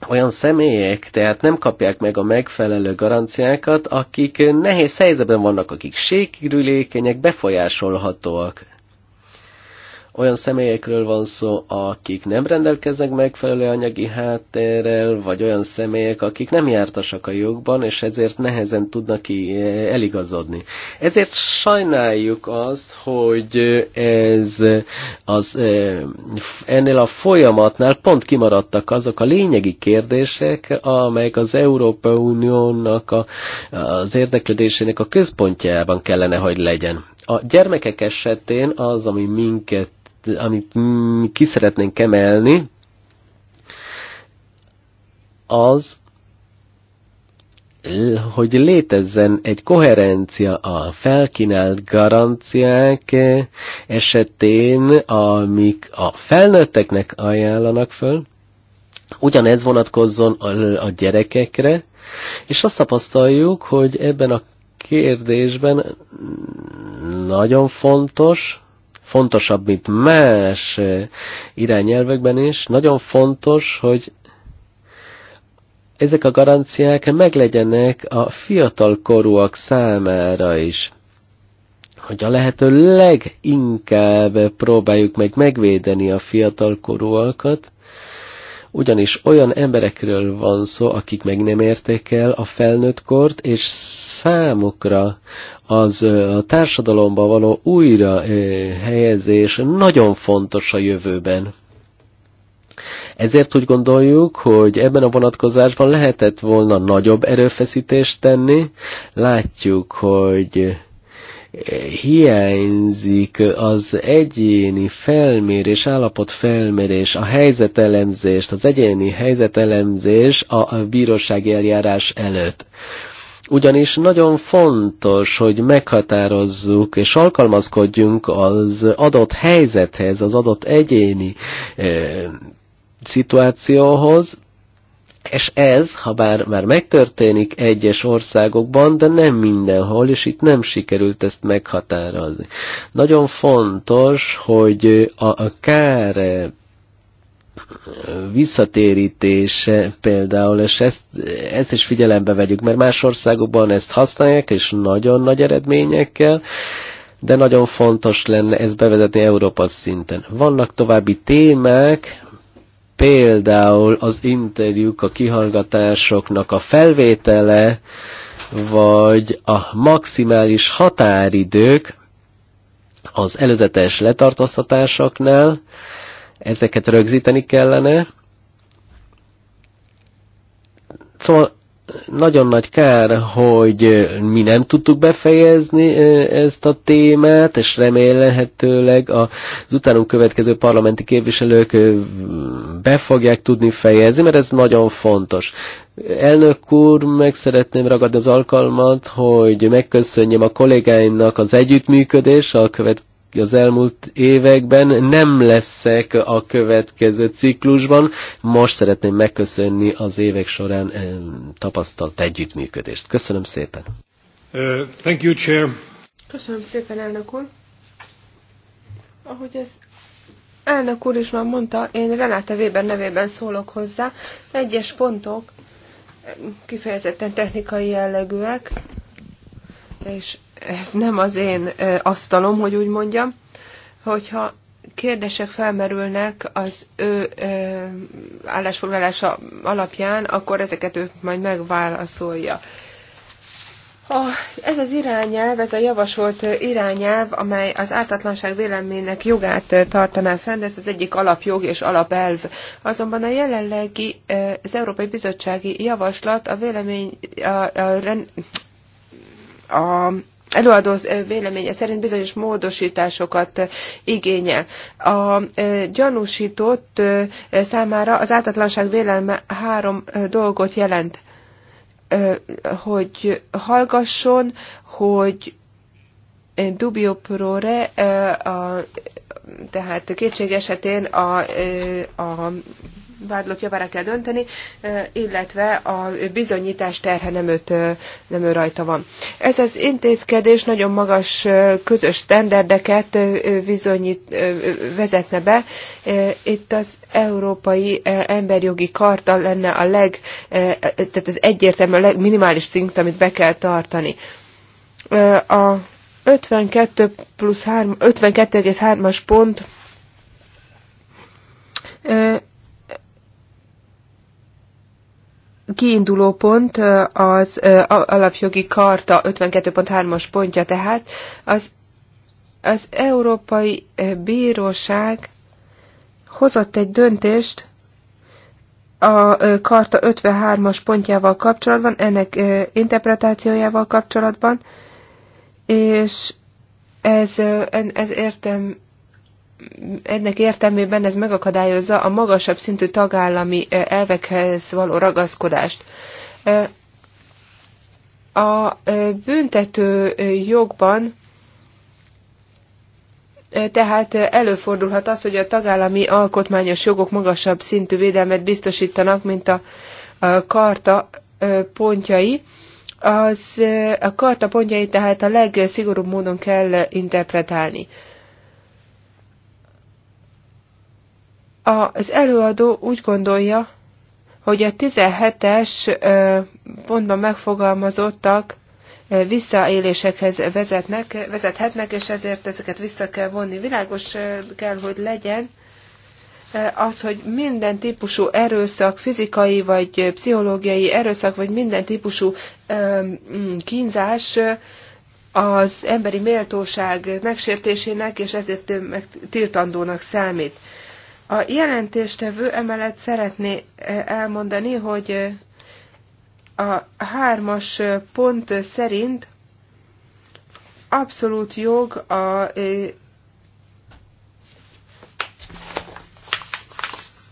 Olyan személyek tehát nem kapják meg a megfelelő garanciákat, akik nehéz helyzetben vannak, akik sérülékenyek, befolyásolhatóak olyan személyekről van szó, akik nem rendelkeznek megfelelő anyagi hátterrel, vagy olyan személyek, akik nem jártasak a jogban, és ezért nehezen tudnak ki eligazodni. Ezért sajnáljuk azt, hogy ez az, ennél a folyamatnál pont kimaradtak azok a lényegi kérdések, amelyek az Európai Uniónak a, az érdeklődésének a központjában kellene, hogy legyen. A gyermekek esetén az, ami minket amit mi ki szeretnénk emelni, az, hogy létezzen egy koherencia a felkínált garanciák esetén, amik a felnőtteknek ajánlanak föl, ugyanez vonatkozzon a gyerekekre, és azt tapasztaljuk, hogy ebben a kérdésben nagyon fontos, fontosabb, mint más irányelvekben is. Nagyon fontos, hogy ezek a garanciák meglegyenek a fiatal korúak számára is hogy a lehető leginkább próbáljuk meg megvédeni a fiatal korúakat, ugyanis olyan emberekről van szó, akik meg nem érték el a felnőtt kort, és számukra az a társadalomba való újra helyezés nagyon fontos a jövőben. Ezért úgy gondoljuk, hogy ebben a vonatkozásban lehetett volna nagyobb erőfeszítést tenni. Látjuk, hogy hiányzik az egyéni felmérés, állapotfelmérés, a helyzetelemzést, az egyéni helyzetelemzés a bírósági eljárás előtt. Ugyanis nagyon fontos, hogy meghatározzuk és alkalmazkodjunk az adott helyzethez, az adott egyéni e, szituációhoz, és ez, ha bár már megtörténik egyes országokban, de nem mindenhol, és itt nem sikerült ezt meghatározni. Nagyon fontos, hogy a, a kár visszatérítése például, és ezt, ezt is figyelembe vegyük, mert más országokban ezt használják, és nagyon nagy eredményekkel, de nagyon fontos lenne ezt bevezetni Európa szinten. Vannak további témák, például az interjúk, a kihallgatásoknak a felvétele, vagy a maximális határidők az előzetes letartóztatásoknál, ezeket rögzíteni kellene. Szóval nagyon nagy kár, hogy mi nem tudtuk befejezni ezt a témát, és remélhetőleg az utánunk következő parlamenti képviselők be fogják tudni fejezni, mert ez nagyon fontos. Elnök úr, meg szeretném ragadni az alkalmat, hogy megköszönjem a kollégáimnak az együttműködés a következő az elmúlt években, nem leszek a következő ciklusban. Most szeretném megköszönni az évek során eh, tapasztalt együttműködést. Köszönöm szépen! Uh, thank you, Chair. Köszönöm szépen, elnök úr! Ahogy ez elnök úr is már mondta, én Renáta Weber nevében szólok hozzá. Egyes pontok eh, kifejezetten technikai jellegűek, és ez nem az én asztalom, hogy úgy mondjam, hogyha kérdések felmerülnek az ő ö, állásfoglalása alapján, akkor ezeket ő majd megválaszolja. A, ez az irányelv, ez a javasolt irányelv, amely az ártatlanság véleménynek jogát tartaná fenn, ez az egyik alapjog és alapelv. Azonban a jelenlegi az Európai Bizottsági Javaslat a vélemény, a, a, a, a előadó véleménye szerint bizonyos módosításokat igényel. A gyanúsított számára az ártatlanság vélelme három dolgot jelent, hogy hallgasson, hogy dubio prore, tehát kétség esetén a, a vádlott javára kell dönteni, illetve a bizonyítás terhe nem, őt, nem ő rajta van. Ez az intézkedés nagyon magas közös standardeket bizonyít, vezetne be. Itt az Európai Emberjogi Karta lenne a leg, tehát az egyértelmű, a legminimális szint, amit be kell tartani. A 52 plusz 3, 52,3-as pont kiinduló pont az alapjogi karta 52.3-as pontja, tehát az, az Európai Bíróság hozott egy döntést a karta 53-as pontjával kapcsolatban, ennek interpretációjával kapcsolatban, és ez, ez értem, ennek értelmében ez megakadályozza a magasabb szintű tagállami elvekhez való ragaszkodást. A büntető jogban tehát előfordulhat az, hogy a tagállami alkotmányos jogok magasabb szintű védelmet biztosítanak, mint a, karta pontjai. Az, a karta pontjai tehát a legszigorúbb módon kell interpretálni. Az előadó úgy gondolja, hogy a 17-es pontban megfogalmazottak visszaélésekhez vezetnek, vezethetnek, és ezért ezeket vissza kell vonni. Világos kell, hogy legyen az, hogy minden típusú erőszak, fizikai vagy pszichológiai erőszak, vagy minden típusú kínzás az emberi méltóság megsértésének, és ezért tiltandónak számít. A jelentéstevő emellett szeretné eh, elmondani, hogy eh, a hármas eh, pont szerint abszolút jog a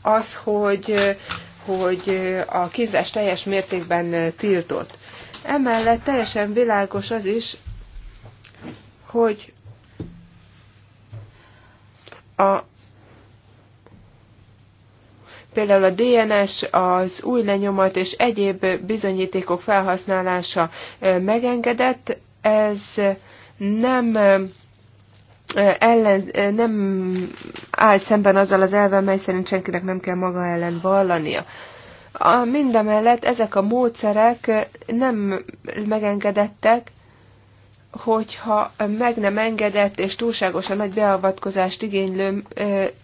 az, hogy, hogy a kínzás teljes mértékben tiltott. Emellett teljesen világos az is, hogy a például a DNS, az új lenyomat és egyéb bizonyítékok felhasználása megengedett. Ez nem ellen, nem áll szemben azzal az elvel, mely szerint senkinek nem kell maga ellen vallania. A mindemellett ezek a módszerek nem megengedettek, hogyha meg nem engedett és túlságosan nagy beavatkozást igénylő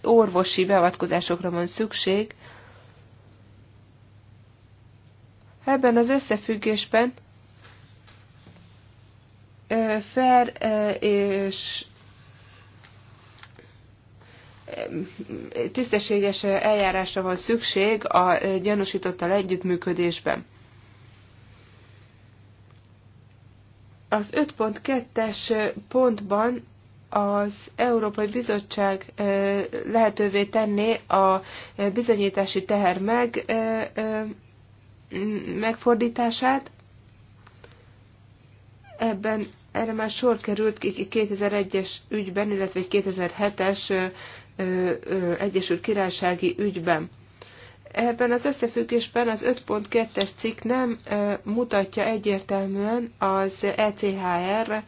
orvosi beavatkozásokra van szükség, Ebben az összefüggésben Fer és tisztességes eljárásra van szükség a gyanúsítottal együttműködésben. Az 5.2-es pontban az Európai Bizottság lehetővé tenné a bizonyítási teher meg megfordítását. Ebben erre már sor került 2001-es ügyben, illetve egy 2007-es Egyesült Királysági ügyben. Ebben az összefüggésben az 5.2-es cikk nem mutatja egyértelműen az ECHR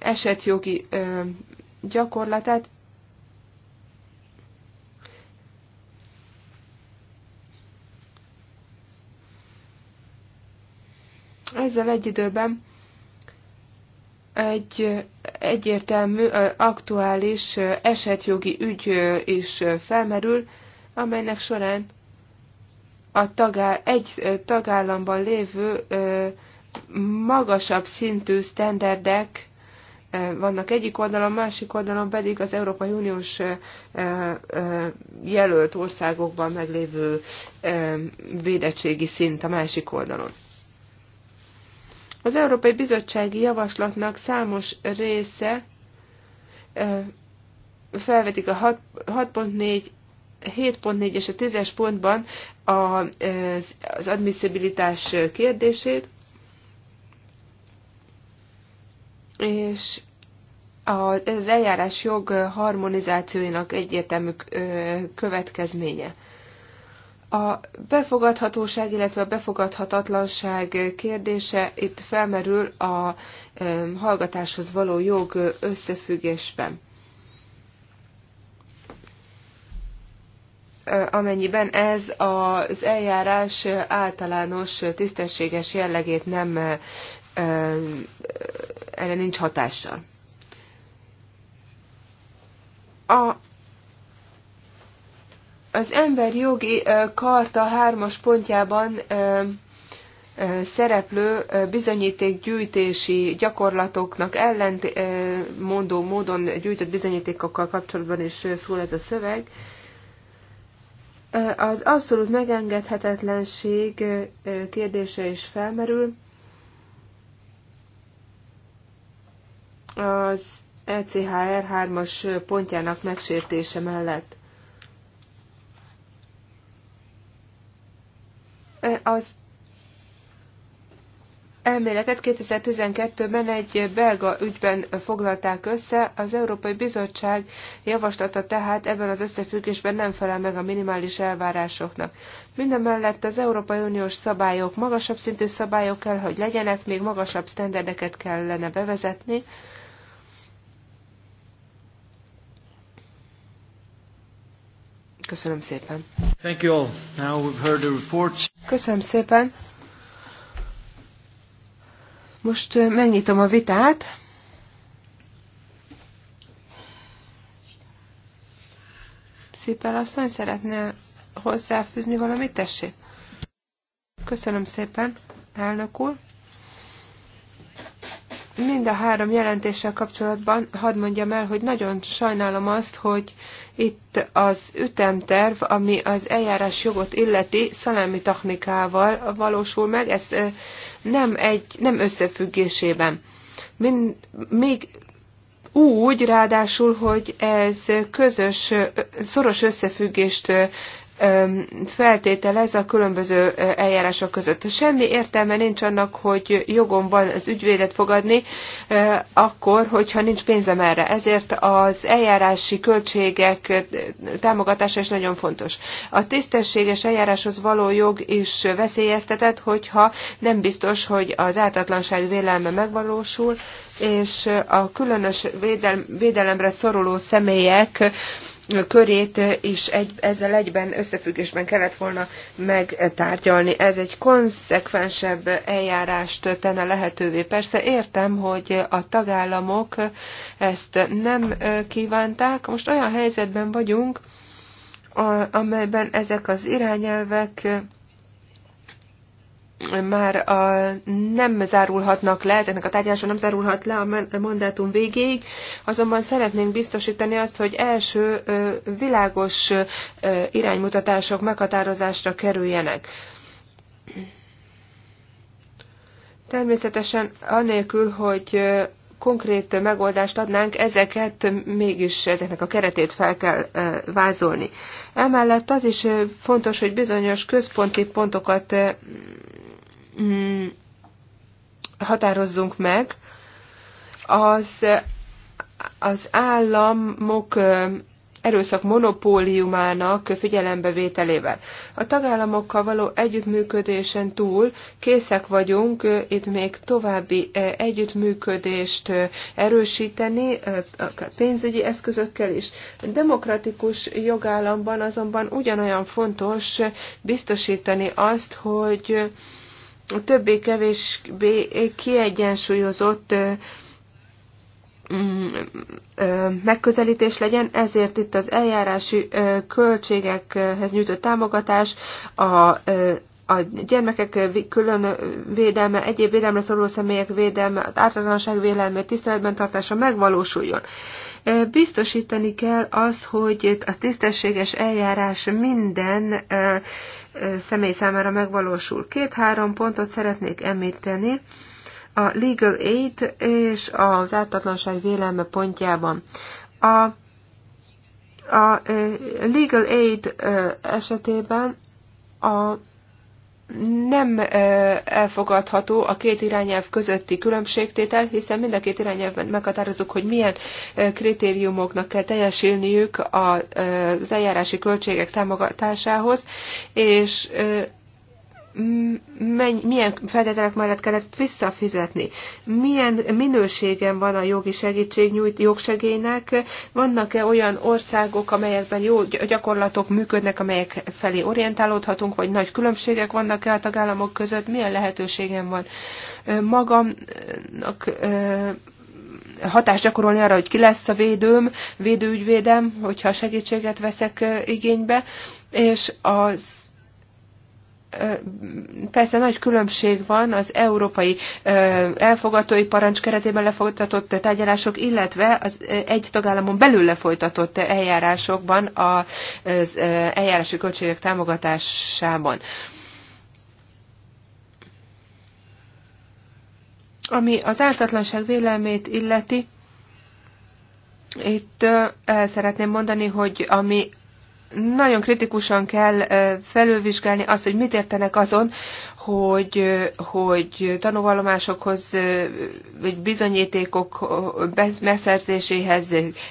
esetjogi gyakorlatát, ezzel egy időben egy egyértelmű, aktuális esetjogi ügy is felmerül, amelynek során a tagá- egy tagállamban lévő magasabb szintű sztenderdek vannak egyik oldalon, másik oldalon pedig az Európai Uniós jelölt országokban meglévő védettségi szint a másik oldalon. Az Európai Bizottsági Javaslatnak számos része felvetik a 6.4 7.4 és a 10-es pontban az, az admisszibilitás kérdését, és az eljárás jog harmonizációinak egyértelmű következménye. A befogadhatóság, illetve a befogadhatatlanság kérdése itt felmerül a hallgatáshoz való jog összefüggésben. amennyiben ez az eljárás általános tisztességes jellegét nem erre nincs hatással. A az emberi jogi karta hármas pontjában szereplő bizonyítékgyűjtési gyakorlatoknak ellentmondó módon gyűjtött bizonyítékokkal kapcsolatban is szól ez a szöveg. Az abszolút megengedhetetlenség kérdése is felmerül. Az ECHR 3-as pontjának megsértése mellett. Az elméletet 2012-ben egy belga ügyben foglalták össze, az Európai Bizottság javaslata tehát ebben az összefüggésben nem felel meg a minimális elvárásoknak. Mindemellett az Európai Uniós szabályok magasabb szintű szabályok kell, hogy legyenek, még magasabb sztenderdeket kellene bevezetni, Köszönöm szépen. Thank you all. Now we've heard the reports. Köszönöm szépen. Most megnyitom a vitát. Szépen asszony szeretne hozzáfűzni valamit, tessék. Köszönöm szépen, elnök úr mind a három jelentéssel kapcsolatban hadd mondjam el, hogy nagyon sajnálom azt, hogy itt az ütemterv, ami az eljárás jogot illeti, szalámi technikával valósul meg, ez nem, egy, nem összefüggésében. Mind, még úgy, ráadásul, hogy ez közös, szoros összefüggést feltételez a különböző eljárások között. Semmi értelme nincs annak, hogy jogom van az ügyvédet fogadni, akkor, hogyha nincs pénzem erre. Ezért az eljárási költségek támogatása is nagyon fontos. A tisztességes eljáráshoz való jog is veszélyeztetett, hogyha nem biztos, hogy az ártatlanság vélelme megvalósul, és a különös védelemre szoruló személyek körét is egy, ezzel egyben összefüggésben kellett volna megtárgyalni. Ez egy konszekvensebb eljárást tenne lehetővé. Persze értem, hogy a tagállamok ezt nem kívánták. Most olyan helyzetben vagyunk, amelyben ezek az irányelvek már a, nem zárulhatnak le, ezeknek a tárgyalása nem zárulhat le a mandátum végéig, azonban szeretnénk biztosítani azt, hogy első világos iránymutatások meghatározásra kerüljenek. Természetesen anélkül, hogy konkrét megoldást adnánk, ezeket mégis ezeknek a keretét fel kell vázolni. Emellett az is fontos, hogy bizonyos központi pontokat mm, határozzunk meg. Az, az államok erőszak monopóliumának figyelembevételével. A tagállamokkal való együttműködésen túl készek vagyunk itt még további együttműködést erősíteni pénzügyi eszközökkel is. A demokratikus jogállamban azonban ugyanolyan fontos biztosítani azt, hogy többé-kevésbé kiegyensúlyozott megközelítés legyen, ezért itt az eljárási költségekhez nyújtott támogatás, a a gyermekek külön védelme, egyéb védelemre szoruló személyek védelme, az általánosság védelme, tiszteletben tartása megvalósuljon. Biztosítani kell azt, hogy a tisztességes eljárás minden személy számára megvalósul. Két-három pontot szeretnék említeni a Legal Aid és az ártatlanság vélelme pontjában. A, a Legal Aid esetében a nem elfogadható a két irányelv közötti különbségtétel, hiszen mind a két irányelvben meghatározunk, hogy milyen kritériumoknak kell teljesülniük az eljárási költségek támogatásához, és menny, milyen feltételek mellett kell ezt visszafizetni, milyen minőségen van a jogi segítség nyújt jogsegélynek, vannak-e olyan országok, amelyekben jó gyakorlatok működnek, amelyek felé orientálódhatunk, vagy nagy különbségek vannak-e a tagállamok között, milyen lehetőségem van magamnak hatást gyakorolni arra, hogy ki lesz a védőm, védőügyvédem, hogyha segítséget veszek igénybe, és az persze nagy különbség van az európai elfogatói parancs keretében lefolytatott tárgyalások, illetve az egy tagállamon belül lefolytatott eljárásokban az eljárási költségek támogatásában. Ami az ártatlanság vélelmét illeti, itt el szeretném mondani, hogy ami nagyon kritikusan kell felülvizsgálni azt, hogy mit értenek azon, hogy, hogy tanúvallomásokhoz, vagy bizonyítékok beszerzéséhez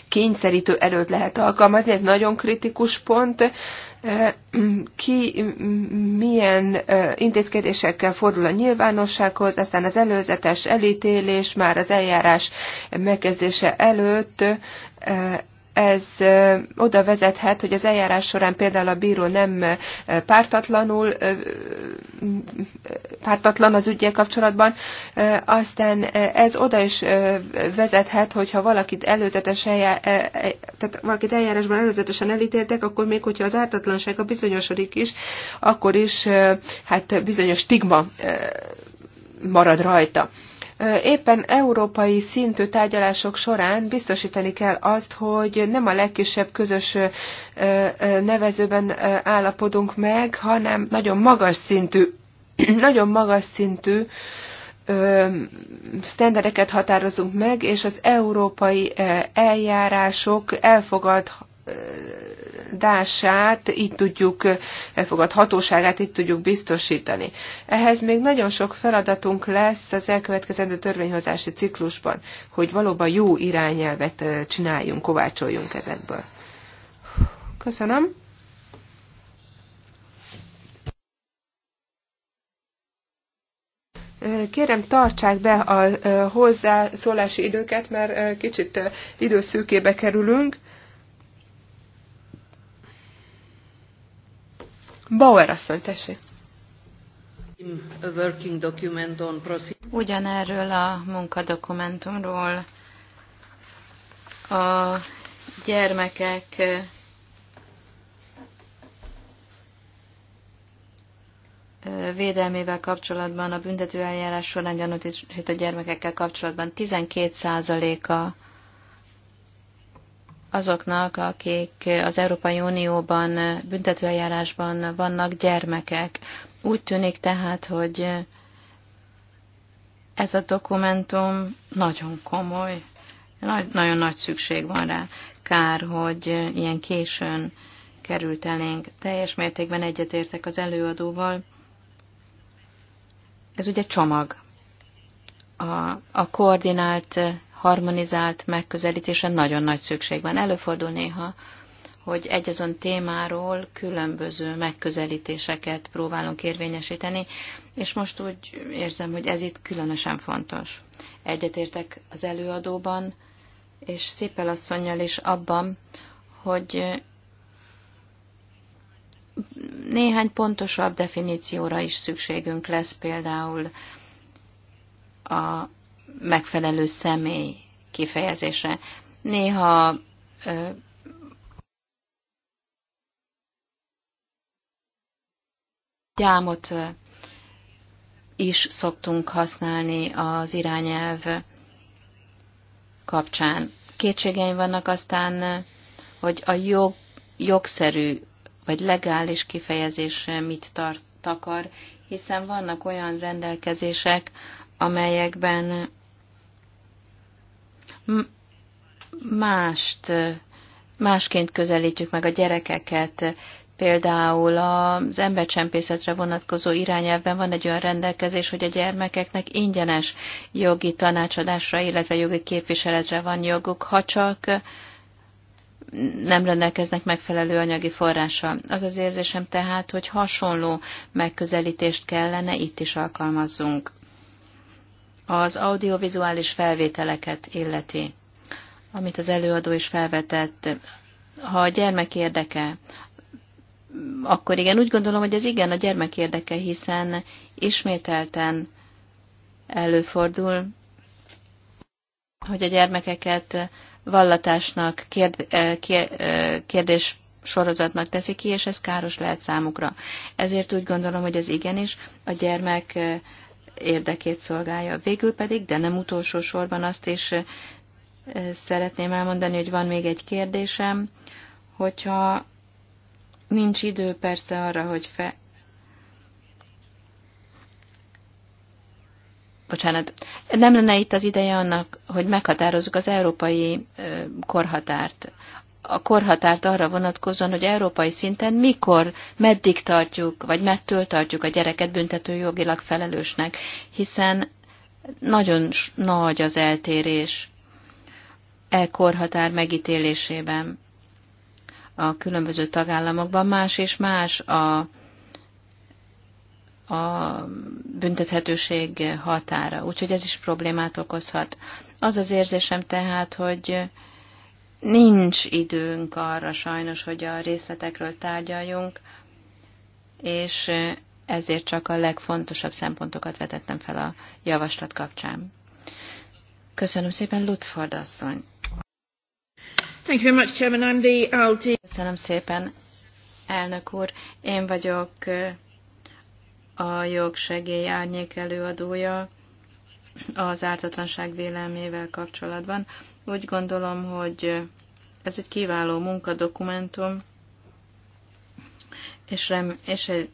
kényszerítő erőt lehet alkalmazni. Ez nagyon kritikus pont. Ki milyen intézkedésekkel fordul a nyilvánossághoz, aztán az előzetes elítélés már az eljárás megkezdése előtt ez oda vezethet, hogy az eljárás során például a bíró nem pártatlanul, pártatlan az ügyel kapcsolatban, aztán ez oda is vezethet, hogyha valakit előzetesen, e, e, tehát valakit eljárásban előzetesen elítéltek, akkor még hogyha az ártatlanság a bizonyosodik is, akkor is hát bizonyos stigma marad rajta. Éppen európai szintű tárgyalások során biztosítani kell azt, hogy nem a legkisebb közös nevezőben állapodunk meg, hanem nagyon magas szintű, nagyon magas szintű sztendereket határozunk meg, és az európai eljárások elfogad elfogadását, itt tudjuk, elfogadhatóságát itt tudjuk biztosítani. Ehhez még nagyon sok feladatunk lesz az elkövetkezendő törvényhozási ciklusban, hogy valóban jó irányelvet csináljunk, kovácsoljunk ezekből. Köszönöm. Kérem, tartsák be a hozzászólási időket, mert kicsit időszűkébe kerülünk. Bauer asszony, tessék. Ugyanerről a munkadokumentumról a gyermekek védelmével kapcsolatban, a büntetőeljárás során gyanúsított gyermekekkel kapcsolatban 12%-a azoknak, akik az Európai Unióban büntetőeljárásban vannak gyermekek. Úgy tűnik tehát, hogy ez a dokumentum nagyon komoly, nagy, nagyon nagy szükség van rá. Kár, hogy ilyen későn került elénk. Teljes mértékben egyetértek az előadóval. Ez ugye csomag. A, a koordinált harmonizált megközelítése nagyon nagy szükség van. Előfordul néha, hogy egyazon témáról különböző megközelítéseket próbálunk érvényesíteni, és most úgy érzem, hogy ez itt különösen fontos. Egyetértek az előadóban, és Szépel asszonynal is abban, hogy néhány pontosabb definícióra is szükségünk lesz, például a megfelelő személy kifejezése. Néha gyámot is szoktunk használni az irányelv kapcsán. Kétségeim vannak aztán, hogy a jog, jogszerű vagy legális kifejezés mit tart, takar, hiszen vannak olyan rendelkezések, amelyekben mást, másként közelítjük meg a gyerekeket. Például az embercsempészetre vonatkozó irányelvben van egy olyan rendelkezés, hogy a gyermekeknek ingyenes jogi tanácsadásra, illetve jogi képviseletre van joguk, ha csak nem rendelkeznek megfelelő anyagi forrással. Az az érzésem tehát, hogy hasonló megközelítést kellene itt is alkalmazzunk az audiovizuális felvételeket illeti, amit az előadó is felvetett, ha a gyermek érdeke, akkor igen, úgy gondolom, hogy ez igen a gyermek érdeke, hiszen ismételten előfordul, hogy a gyermekeket vallatásnak, kérd, eh, eh, kérdés sorozatnak teszik ki, és ez káros lehet számukra. Ezért úgy gondolom, hogy ez igenis a gyermek eh, érdekét szolgálja. Végül pedig, de nem utolsó sorban azt is szeretném elmondani, hogy van még egy kérdésem, hogyha nincs idő persze arra, hogy fe... Bocsánat, nem lenne itt az ideje annak, hogy meghatározzuk az európai korhatárt a korhatárt arra vonatkozóan, hogy európai szinten mikor, meddig tartjuk, vagy mettől tartjuk a gyereket büntető jogilag felelősnek, hiszen nagyon nagy az eltérés e korhatár megítélésében a különböző tagállamokban. Más és más a, a büntethetőség határa, úgyhogy ez is problémát okozhat. Az az érzésem tehát, hogy Nincs időnk arra sajnos, hogy a részletekről tárgyaljunk, és ezért csak a legfontosabb szempontokat vetettem fel a javaslat kapcsán. Köszönöm szépen, Lutford asszony. Thank you very much, Chairman. I'm the LG. Köszönöm szépen, elnök úr. Én vagyok eh, a jogsegély árnyék előadója az ártatlanság vélelmével kapcsolatban. Úgy gondolom, hogy ez egy kiváló munkadokumentum, és, rem, és egy,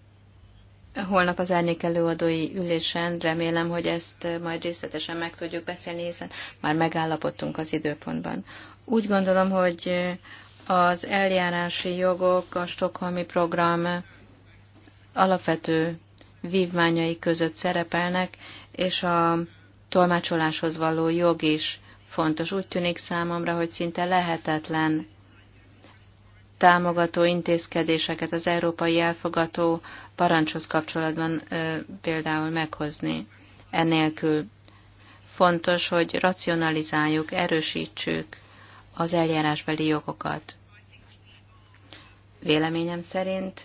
holnap az árnyék előadói ülésen remélem, hogy ezt majd részletesen meg tudjuk beszélni, hiszen már megállapodtunk az időpontban. Úgy gondolom, hogy az eljárási jogok a stokholmi program alapvető vívmányai között szerepelnek, és a tolmácsoláshoz való jog is fontos. Úgy tűnik számomra, hogy szinte lehetetlen támogató intézkedéseket az európai elfogató parancshoz kapcsolatban ö, például meghozni. Ennélkül fontos, hogy racionalizáljuk, erősítsük az eljárásbeli jogokat. Véleményem szerint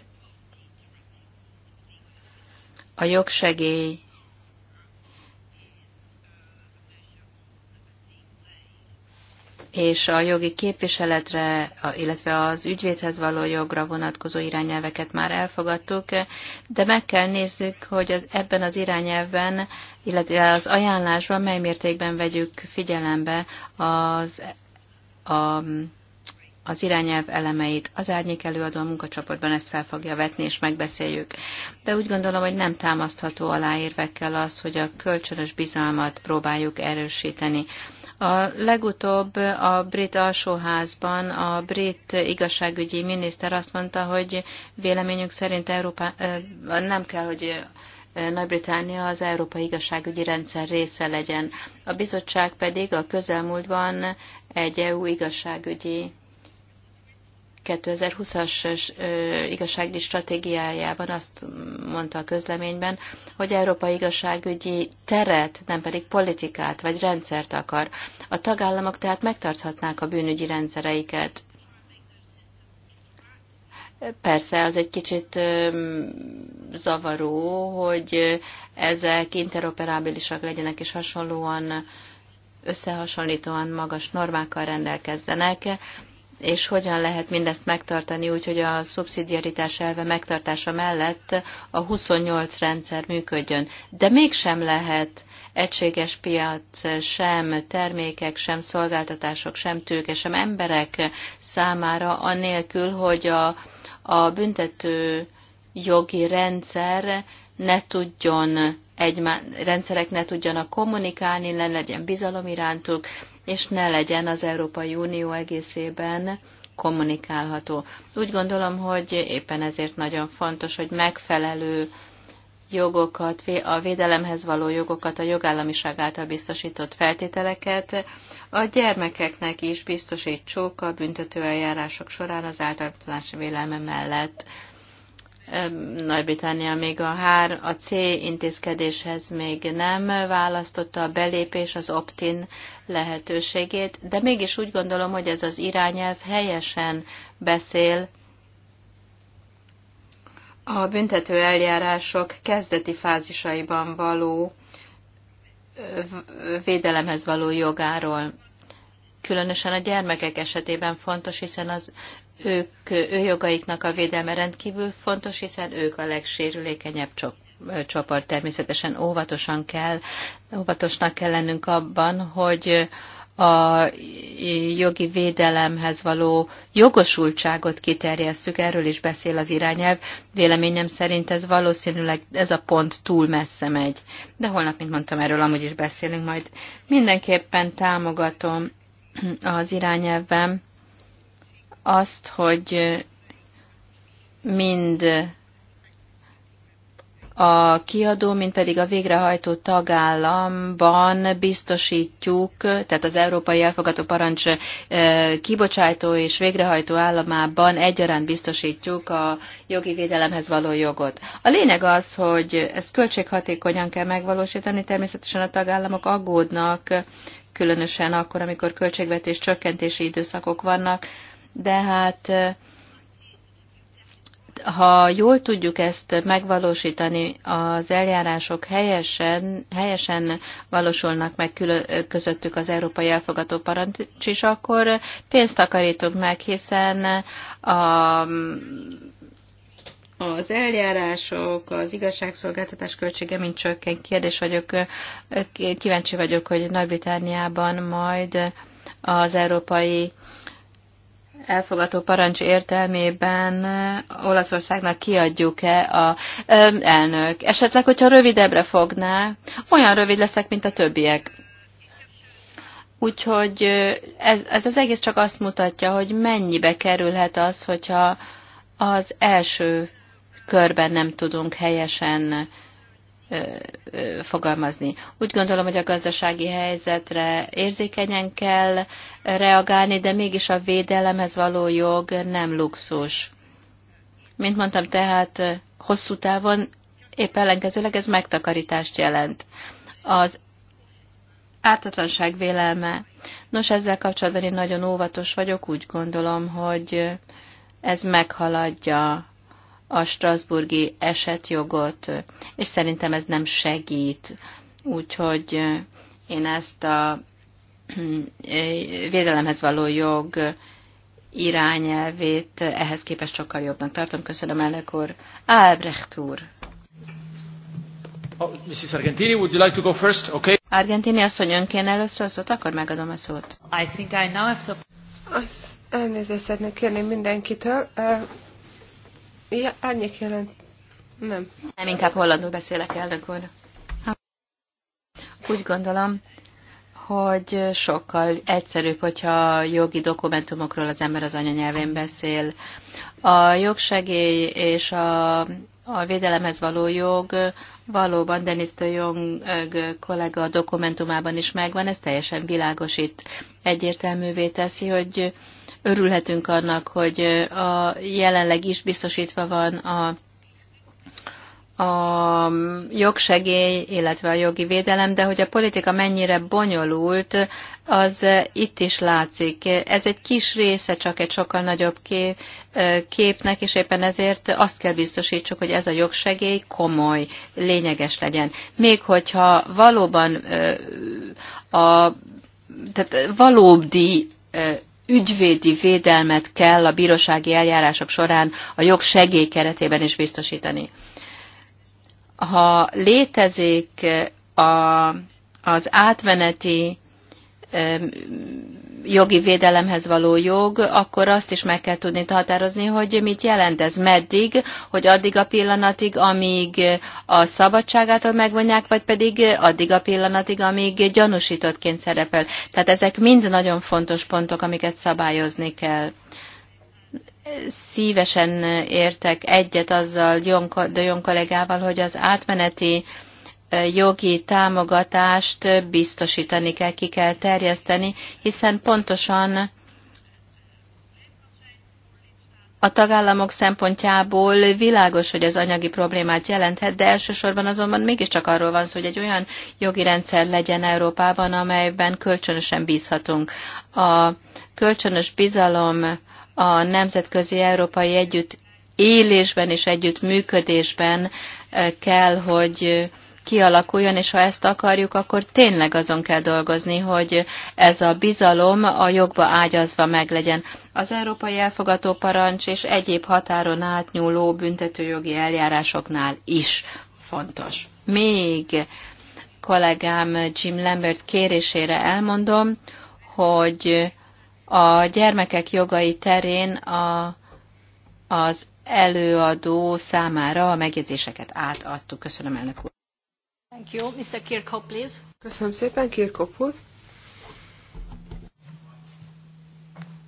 a jogsegély és a jogi képviseletre, illetve az ügyvédhez való jogra vonatkozó irányelveket már elfogadtuk, de meg kell nézzük, hogy az, ebben az irányelvben, illetve az ajánlásban mely mértékben vegyük figyelembe az, a, az irányelv elemeit. Az árnyék előadó a munkacsoportban ezt fel fogja vetni, és megbeszéljük. De úgy gondolom, hogy nem támasztható aláérvekkel az, hogy a kölcsönös bizalmat próbáljuk erősíteni a legutóbb a brit alsóházban a brit igazságügyi miniszter azt mondta, hogy véleményük szerint Európa, nem kell, hogy nagy británia az európai igazságügyi rendszer része legyen. A bizottság pedig a közelmúltban egy EU igazságügyi 2020-as igazságügyi stratégiájában azt mondta a közleményben, hogy Európa igazságügyi teret, nem pedig politikát vagy rendszert akar. A tagállamok tehát megtarthatnák a bűnügyi rendszereiket. Persze, az egy kicsit zavaró, hogy ezek interoperábilisak legyenek, és hasonlóan összehasonlítóan magas normákkal rendelkezzenek, és hogyan lehet mindezt megtartani úgy, hogy a szubszidiaritás elve megtartása mellett a 28 rendszer működjön. De mégsem lehet egységes piac sem termékek, sem szolgáltatások, sem tőke, sem emberek számára, anélkül, hogy a, a büntető jogi rendszer ne tudjon egymá, rendszerek ne tudjanak kommunikálni, ne legyen bizalom irántuk, és ne legyen az Európai Unió egészében kommunikálható. Úgy gondolom, hogy éppen ezért nagyon fontos, hogy megfelelő jogokat, a védelemhez való jogokat, a jogállamiság által biztosított feltételeket a gyermekeknek is biztosítsuk a büntetőeljárások során az általános vélelme mellett. Nagy-Britannia még a, hár, a C intézkedéshez még nem választotta a belépés az opt-in lehetőségét, de mégis úgy gondolom, hogy ez az irányelv helyesen beszél a büntető eljárások kezdeti fázisaiban való védelemhez való jogáról. Különösen a gyermekek esetében fontos, hiszen az ők, ő jogaiknak a védelme rendkívül fontos, hiszen ők a legsérülékenyebb csoport csoport természetesen óvatosan kell, óvatosnak kell lennünk abban, hogy a jogi védelemhez való jogosultságot kiterjesszük, erről is beszél az irányelv. Véleményem szerint ez valószínűleg ez a pont túl messze megy. De holnap, mint mondtam, erről amúgy is beszélünk majd. Mindenképpen támogatom az irányelvben azt, hogy mind a kiadó, mind pedig a végrehajtó tagállamban biztosítjuk, tehát az Európai Elfogató Parancs eh, kibocsátó és végrehajtó államában egyaránt biztosítjuk a jogi védelemhez való jogot. A lényeg az, hogy ezt költséghatékonyan kell megvalósítani, természetesen a tagállamok aggódnak, különösen akkor, amikor költségvetés csökkentési időszakok vannak, de hát ha jól tudjuk ezt megvalósítani, az eljárások helyesen, helyesen valósulnak meg külön, közöttük az európai elfogató parancs is, akkor pénzt takarítunk meg, hiszen a, az eljárások, az igazságszolgáltatás költsége mind csökken. Kérdés vagyok, kíváncsi vagyok, hogy Nagy-Britániában majd az európai elfogató parancs értelmében Olaszországnak kiadjuk-e a ö, elnök. Esetleg, hogyha rövidebbre fogná, olyan rövid leszek, mint a többiek. Úgyhogy ez, ez az egész csak azt mutatja, hogy mennyibe kerülhet az, hogyha az első körben nem tudunk helyesen fogalmazni. Úgy gondolom, hogy a gazdasági helyzetre érzékenyen kell reagálni, de mégis a védelemhez való jog nem luxus. Mint mondtam, tehát hosszú távon épp ellenkezőleg ez megtakarítást jelent. Az ártatlanság vélelme. Nos, ezzel kapcsolatban én nagyon óvatos vagyok, úgy gondolom, hogy ez meghaladja a Strasburgi esetjogot, és szerintem ez nem segít. Úgyhogy én ezt a védelemhez való jog irányelvét ehhez képest sokkal jobbnak tartom. Köszönöm, elnök úr. Albrecht úr. Oh, Mrs. Argentini, would you like to go first? Okay. Argentini asszony, ön kéne először a szót, akkor megadom a szót. I think I now have to... Azt elnézést szeretnék kérni mindenkitől. Ja, árnyék jelent. Nem. Nem, inkább hollandul beszélek, el, akkor. Úgy gondolom, hogy sokkal egyszerűbb, hogyha jogi dokumentumokról az ember az anyanyelvén beszél. A jogsegély és a, a védelemhez való jog valóban Denis de Jong kollega dokumentumában is megvan, ez teljesen világosít, egyértelművé teszi, hogy örülhetünk annak, hogy a jelenleg is biztosítva van a a jogsegély, illetve a jogi védelem, de hogy a politika mennyire bonyolult, az itt is látszik. Ez egy kis része csak egy sokkal nagyobb képnek, és éppen ezért azt kell biztosítsuk, hogy ez a jogsegély komoly, lényeges legyen. Még hogyha valóban a, tehát valódi ügyvédi védelmet kell a bírósági eljárások során a jogsegély keretében is biztosítani. Ha létezik eh, a, az átmeneti eh, jogi védelemhez való jog, akkor azt is meg kell tudni határozni, hogy mit jelent ez meddig, hogy addig a pillanatig, amíg a szabadságától megvonják, vagy pedig addig a pillanatig, amíg gyanúsítottként szerepel. Tehát ezek mind nagyon fontos pontok, amiket szabályozni kell szívesen értek egyet azzal de jön kollégával, hogy az átmeneti jogi támogatást biztosítani kell, ki kell terjeszteni, hiszen pontosan a tagállamok szempontjából világos, hogy ez anyagi problémát jelenthet, de elsősorban azonban mégiscsak arról van szó, hogy egy olyan jogi rendszer legyen Európában, amelyben kölcsönösen bízhatunk. A kölcsönös bizalom a nemzetközi európai együtt élésben és együtt működésben eh, kell, hogy kialakuljon, és ha ezt akarjuk, akkor tényleg azon kell dolgozni, hogy ez a bizalom a jogba ágyazva meglegyen. Az európai elfogató parancs és egyéb határon átnyúló büntetőjogi eljárásoknál is fontos. Még kollégám Jim Lambert kérésére elmondom, hogy a gyermekek jogai terén a, az előadó számára a megjegyzéseket átadtuk. Köszönöm, elnök úr. Thank you. Mr. please. Köszönöm szépen, Kirkhope úr.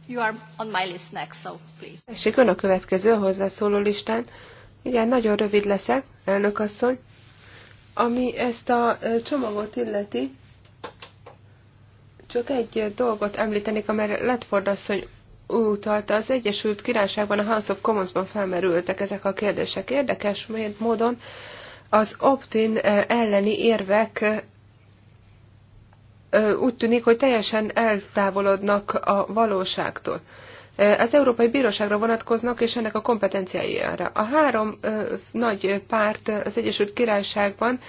You are on my list next, so please. Tessék, ön a következő a hozzászóló listán. Igen, nagyon rövid leszek, elnök asszony. Ami ezt a csomagot illeti, csak egy dolgot említenék, amelyre Letford asszony utalta, az Egyesült Királyságban, a House of Commons-ban felmerültek ezek a kérdések. Érdekes módon az optin eh, elleni érvek eh, eh, úgy tűnik, hogy teljesen eltávolodnak a valóságtól. Az Európai Bíróságra vonatkoznak, és ennek a kompetenciájára. A három nagy párt az Egyesült Királyságban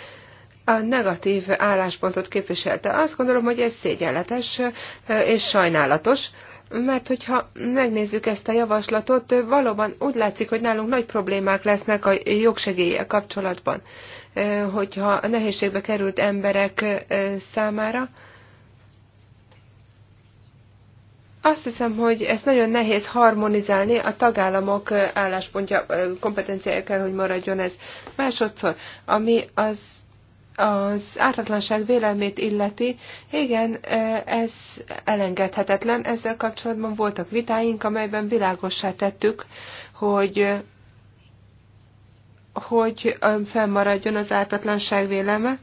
a negatív álláspontot képviselte. Azt gondolom, hogy ez szégyenletes és sajnálatos. Mert hogyha megnézzük ezt a javaslatot, valóban úgy látszik, hogy nálunk nagy problémák lesznek a jogsegélye kapcsolatban, hogyha a nehézségbe került emberek számára. Azt hiszem, hogy ezt nagyon nehéz harmonizálni, a tagállamok álláspontja, kompetenciája kell, hogy maradjon ez. Másodszor, ami az az ártatlanság vélelmét illeti, igen, ez elengedhetetlen. Ezzel kapcsolatban voltak vitáink, amelyben világossá tettük, hogy hogy fennmaradjon az ártatlanság véleme.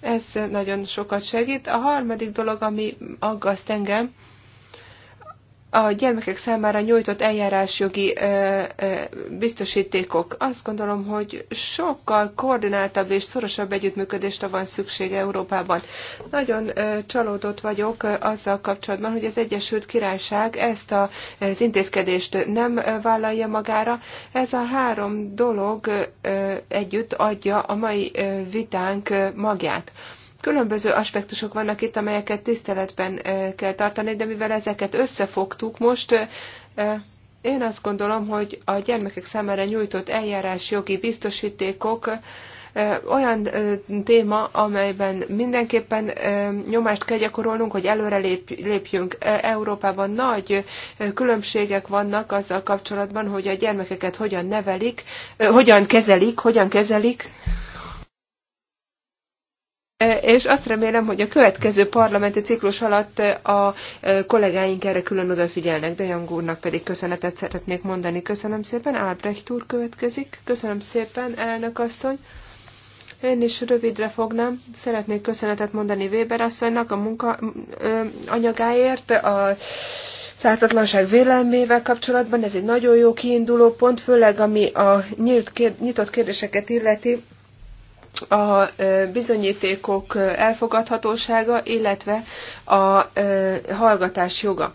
Ez nagyon sokat segít. A harmadik dolog, ami aggaszt engem, a gyermekek számára nyújtott eljárásjogi ö, ö, biztosítékok. Azt gondolom, hogy sokkal koordináltabb és szorosabb együttműködésre van szükség Európában. Nagyon ö, csalódott vagyok ö, azzal kapcsolatban, hogy az Egyesült Királyság ezt a, az intézkedést nem ö, vállalja magára. Ez a három dolog ö, együtt adja a mai ö, vitánk ö, magját. Ö, Különböző aspektusok vannak itt, amelyeket tiszteletben kell tartani, de mivel ezeket összefogtuk most, én azt gondolom, hogy a gyermekek számára nyújtott eljárás jogi biztosítékok olyan téma, amelyben mindenképpen nyomást kell gyakorolnunk, hogy előre lépjünk. Európában nagy különbségek vannak azzal kapcsolatban, hogy a gyermekeket hogyan nevelik, hogyan kezelik, hogyan kezelik. E, és azt remélem, hogy a következő parlamenti ciklus alatt e, a e, kollégáink erre külön odafigyelnek. De Jang úrnak pedig köszönetet szeretnék mondani. Köszönöm szépen. Albrecht úr következik. Köszönöm szépen, elnök asszony. Én is rövidre fognám. Szeretnék köszönetet mondani Weber asszonynak a munka anyagáért, a szártatlanság vélelmével kapcsolatban. Ez egy nagyon jó kiinduló pont, főleg ami a nyílt, kér, nyitott kérdéseket illeti a bizonyítékok elfogadhatósága, illetve a hallgatás joga.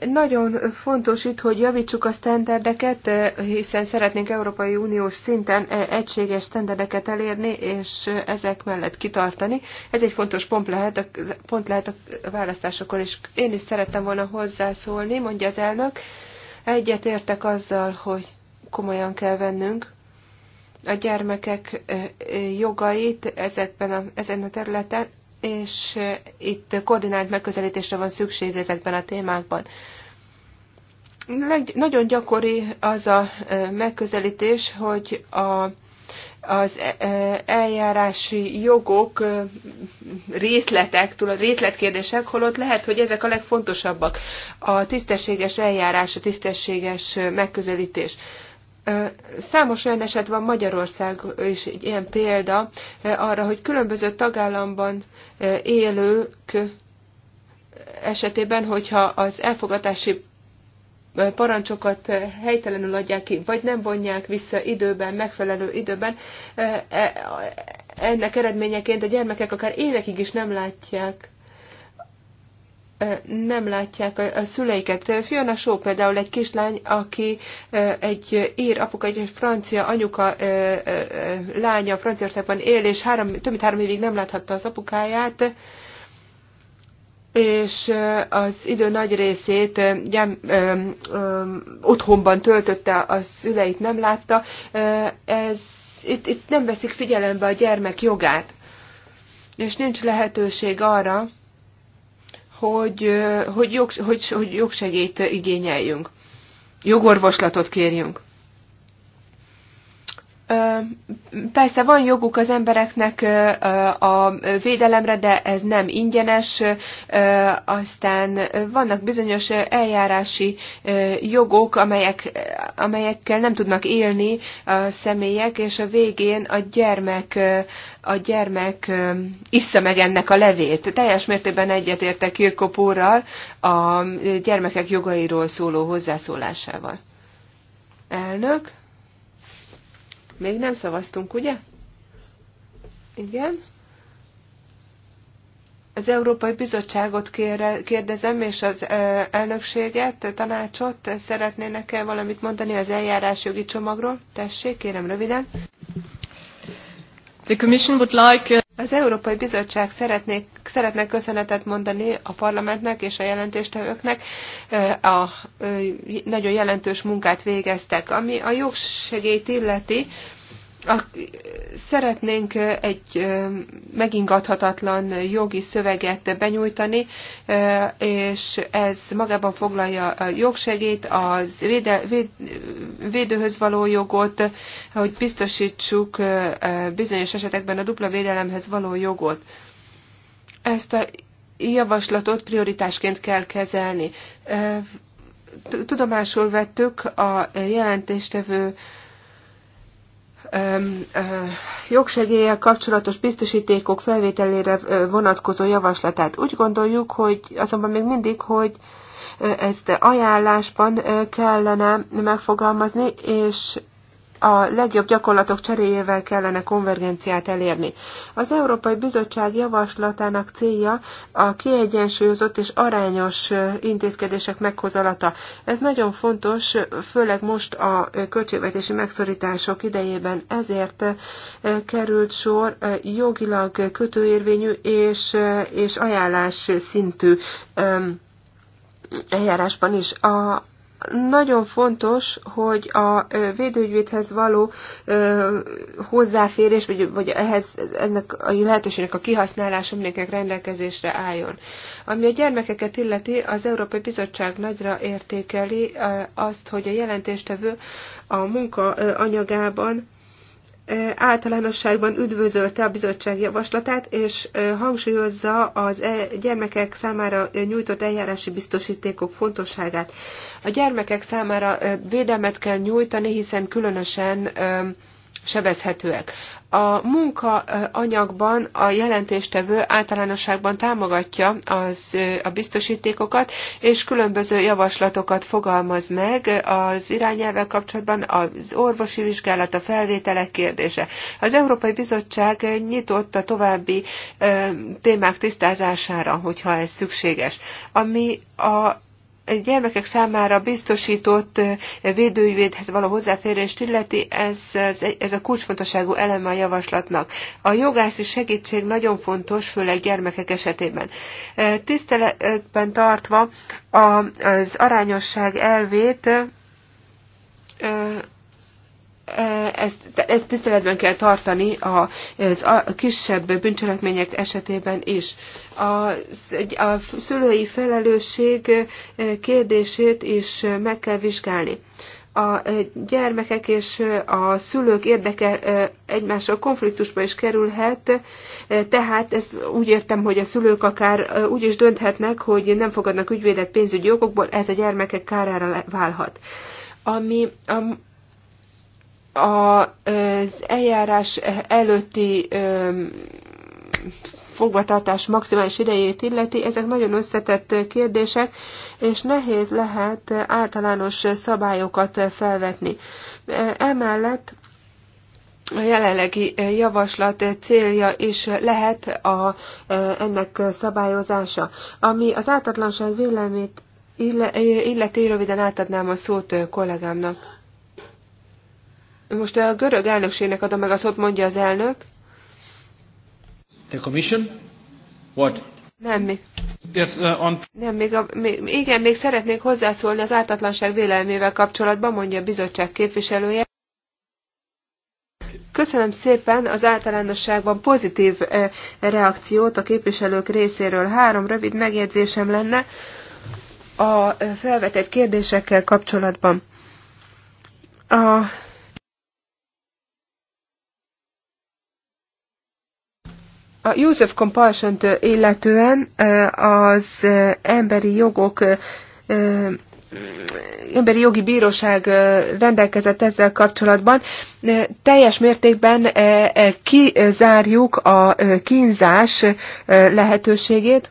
Nagyon fontos itt, hogy javítsuk a sztenderdeket, hiszen szeretnénk Európai Uniós szinten egységes sztenderdeket elérni, és ezek mellett kitartani. Ez egy fontos pont lehet, a, pont lehet a választásokon, és én is szerettem volna hozzászólni, mondja az elnök. Egyet értek azzal, hogy komolyan kell vennünk a gyermekek jogait ezekben a, ezen a területen, és itt koordinált megközelítésre van szükség ezekben a témákban. Legy, nagyon gyakori az a megközelítés, hogy a, az eljárási jogok részletek, a részletkérdések, holott lehet, hogy ezek a legfontosabbak. A tisztességes eljárás, a tisztességes megközelítés. Számos olyan eset van Magyarország, és egy ilyen példa arra, hogy különböző tagállamban élők esetében, hogyha az elfogadási parancsokat helytelenül adják ki, vagy nem vonják vissza időben, megfelelő időben, e, ennek eredményeként a gyermekek akár évekig is nem látják nem látják a szüleiket. Fiona Shaw például egy kislány, aki egy ír apuka, egy francia anyuka lánya Franciaországban él, és három, több mint három évig nem láthatta az apukáját, és az idő nagy részét gyám, öm, öm, otthonban töltötte, a szüleit nem látta. Ez, itt, itt nem veszik figyelembe a gyermek jogát, és nincs lehetőség arra, hogy, hogy, jog, hogy, hogy jogsegélyt igényeljünk, jogorvoslatot kérjünk. Persze van joguk az embereknek a védelemre, de ez nem ingyenes. Aztán vannak bizonyos eljárási jogok, amelyek, amelyekkel nem tudnak élni a személyek, és a végén a gyermek, a gyermek issza meg ennek a levét. Teljes mértékben egyetértek Kirkopórral a gyermekek jogairól szóló hozzászólásával. Elnök. Még nem szavaztunk, ugye? Igen. Az Európai Bizottságot kérdezem, és az elnökséget, tanácsot szeretnének-e valamit mondani az eljárásjogi csomagról? Tessék, kérem röviden. Uh, Az Európai Bizottság szeretné, szeretne köszönetet mondani a parlamentnek és a jelentéstevőknek. Uh, a uh, nagyon jelentős munkát végeztek. Ami a jogsegélyt illeti, a, szeretnénk egy megingathatatlan jogi szöveget benyújtani, és ez magában foglalja a jogsegét, az véde, véd, védőhöz való jogot, hogy biztosítsuk bizonyos esetekben a dupla védelemhez való jogot. Ezt a javaslatot prioritásként kell kezelni. Tudomásul vettük a jelentéstevő jogsegéllyel kapcsolatos biztosítékok felvételére vonatkozó javaslatát. Úgy gondoljuk, hogy azonban még mindig, hogy ezt ajánlásban kellene megfogalmazni, és a legjobb gyakorlatok cseréjével kellene konvergenciát elérni. Az Európai Bizottság javaslatának célja a kiegyensúlyozott és arányos intézkedések meghozalata. Ez nagyon fontos, főleg most a költségvetési megszorítások idejében. Ezért került sor jogilag kötőérvényű és, és ajánlás szintű eljárásban is. A, nagyon fontos, hogy a védőügyvédhez való hozzáférés, vagy, vagy ehhez ennek a lehetőségnek a kihasználása mindenkinek rendelkezésre álljon. Ami a gyermekeket illeti, az Európai Bizottság nagyra értékeli azt, hogy a jelentéstevő a munka anyagában általánosságban üdvözölte a bizottság javaslatát, és hangsúlyozza az e gyermekek számára nyújtott eljárási biztosítékok fontosságát. A gyermekek számára védelmet kell nyújtani, hiszen különösen sebezhetőek. A munkaanyagban a jelentéstevő általánosságban támogatja az, a biztosítékokat, és különböző javaslatokat fogalmaz meg az irányelvvel kapcsolatban az orvosi vizsgálat, a felvételek kérdése. Az Európai Bizottság nyitott a további ö, témák tisztázására, hogyha ez szükséges. Ami a gyermekek számára biztosított eh, védőügyvédhez való hozzáférést illeti, ez, ez a kulcsfontosságú eleme a javaslatnak. A jogászi segítség nagyon fontos, főleg gyermekek esetében. Eh, tiszteletben tartva az arányosság elvét, eh, ezt, ezt tiszteletben kell tartani a, az a kisebb bűncselekmények esetében is. A, a szülői felelősség kérdését is meg kell vizsgálni. A gyermekek és a szülők érdeke egymással konfliktusba is kerülhet, tehát ez úgy értem, hogy a szülők akár úgy is dönthetnek, hogy nem fogadnak ügyvédet pénzügyi jogokból, ez a gyermekek kárára válhat. Ami a az eljárás előtti fogvatartás maximális idejét illeti, ezek nagyon összetett kérdések, és nehéz lehet általános szabályokat felvetni. Emellett a jelenlegi javaslat célja is lehet a, ennek szabályozása. Ami az ártatlanság vélemét illeti, röviden átadnám a szót kollégámnak. Most a görög elnökségnek adom meg a szót, mondja az elnök. The commission? What? Nem, mi? Yes, uh, on... Nem, még, a, még igen, még szeretnék hozzászólni az ártatlanság vélelmével kapcsolatban, mondja a bizottság képviselője. Köszönöm szépen az általánosságban pozitív eh, reakciót a képviselők részéről. Három rövid megjegyzésem lenne a eh, felvetett kérdésekkel kapcsolatban. A A József of compulsion illetően az emberi jogok emberi jogi bíróság rendelkezett ezzel kapcsolatban, teljes mértékben kizárjuk a kínzás lehetőségét,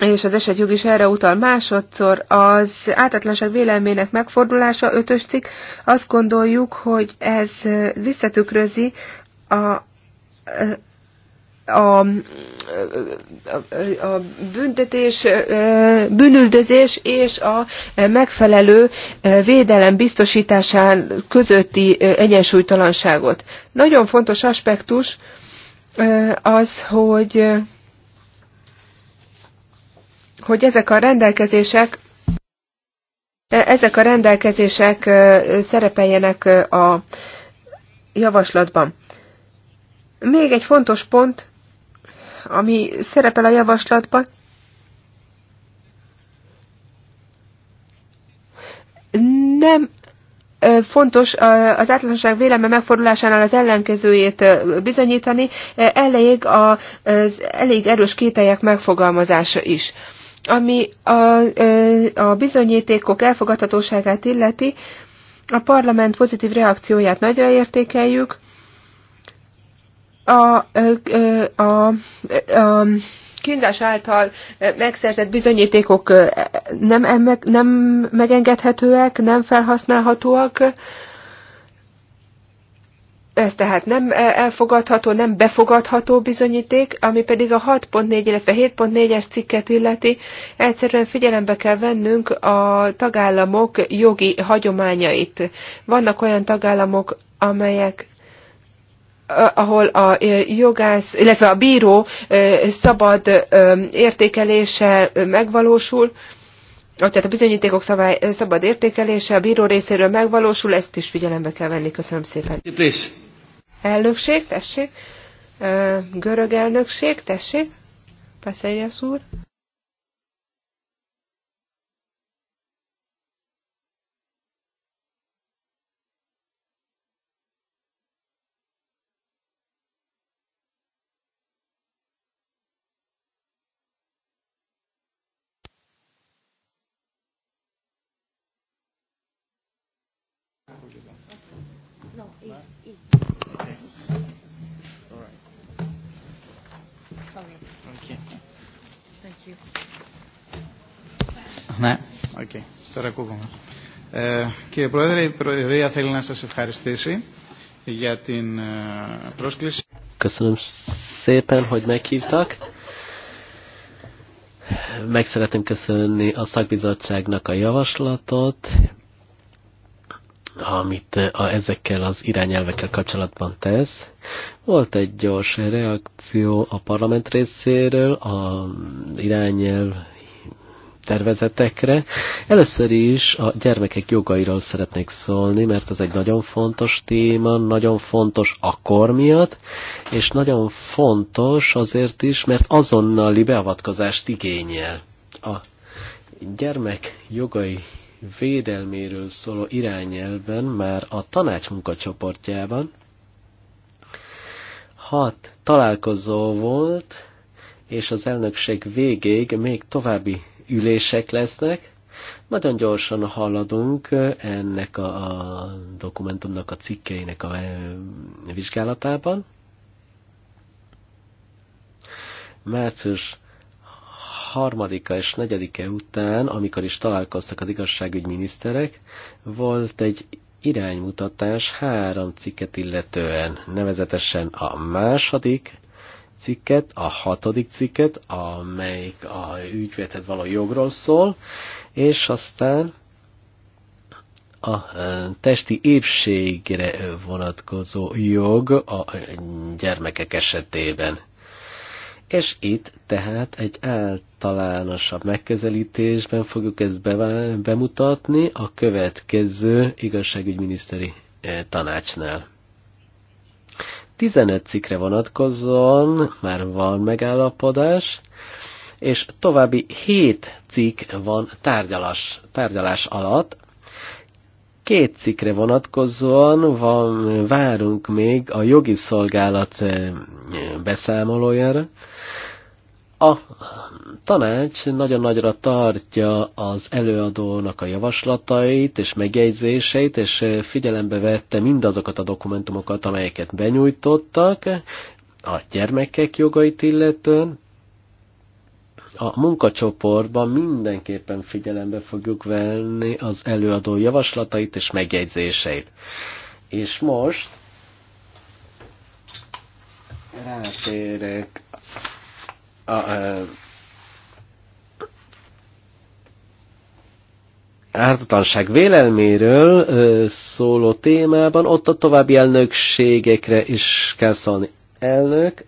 és az esetjog is erre utal másodszor. Az ártatlanság vélelmének megfordulása, ötös cikk, azt gondoljuk, hogy ez visszatükrözi a a, a büntetés, bűnüldözés és a megfelelő védelem biztosításán közötti egyensúlytalanságot. Nagyon fontos aspektus az, hogy, hogy ezek a rendelkezések e, ezek a rendelkezések szerepeljenek a javaslatban. Még egy fontos pont, ami szerepel a javaslatban, nem fontos az átlanság véleme megfordulásánál az ellenkezőjét bizonyítani, elég, az elég erős kételyek megfogalmazása is. Ami a, a bizonyítékok elfogadhatóságát illeti, a parlament pozitív reakcióját nagyra értékeljük, a, a, a, a kínzás által megszerzett bizonyítékok nem, nem megengedhetőek, nem felhasználhatóak. Ez tehát nem elfogadható, nem befogadható bizonyíték, ami pedig a 6.4, illetve 7.4-es cikket illeti. Egyszerűen figyelembe kell vennünk a tagállamok jogi hagyományait. Vannak olyan tagállamok, amelyek Eh, ahol a eh, jogász, illetve a bíró eh, szabad értékelése megvalósul, tehát a bizonyítékok szabály, szabad értékelése a bíró részéről megvalósul, ezt is figyelembe kell venni. Köszönöm szépen. Elnökség, tessék. Görög elnökség, tessék. Paszelyász úr. Ναι, okay. τώρα ακούγομαι. Ε, κύριε Πρόεδρε, η Προεδρία θέλει να σας ευχαριστήσει για την ε, πρόσκληση. Köszönöm szépen, hogy meghívtak. Meg szeretném köszönni a szakbizottságnak a javaslatot, amit eh, a, ezekkel az irányelvekkel kapcsolatban tesz. Volt egy gyors reakció a parlament részéről a irányelv tervezetekre. Először is a gyermekek jogairól szeretnék szólni, mert ez egy nagyon fontos téma, nagyon fontos kor miatt, és nagyon fontos azért is, mert azonnali beavatkozást igényel. A gyermek jogai védelméről szóló irányelven már a tanács munkacsoportjában hat találkozó volt, és az elnökség végéig még további ülések lesznek. Nagyon gyorsan haladunk ennek a, dokumentumnak a cikkeinek a eh, vizsgálatában. Március harmadika és negyedike után, amikor is találkoztak az igazságügyminiszterek, volt egy iránymutatás három cikket illetően, nevezetesen a második cikket, a hatodik cikket, amelyik a ügyvédhez való jogról szól, és aztán a testi épségre vonatkozó jog a gyermekek esetében. És itt tehát egy állt általánosabb megközelítésben fogjuk ezt bemutatni a következő igazságügyminiszteri eh, tanácsnál. 15 cikkre vonatkozóan már van megállapodás, és további 7 cikk van tárgyalás, tárgyalás alatt. Két cikkre vonatkozóan van, várunk még a jogi szolgálat eh, beszámolójára, a tanács nagyon nagyra tartja az előadónak a javaslatait és megjegyzéseit, és figyelembe vette mindazokat a dokumentumokat, amelyeket benyújtottak a gyermekek jogait illetően. A munkacsoportban mindenképpen figyelembe fogjuk venni az előadó javaslatait és megjegyzéseit. És most rátérek E, ártatlanság vélelméről e, szóló témában, ott a további elnökségekre is kell szólni. Elnök.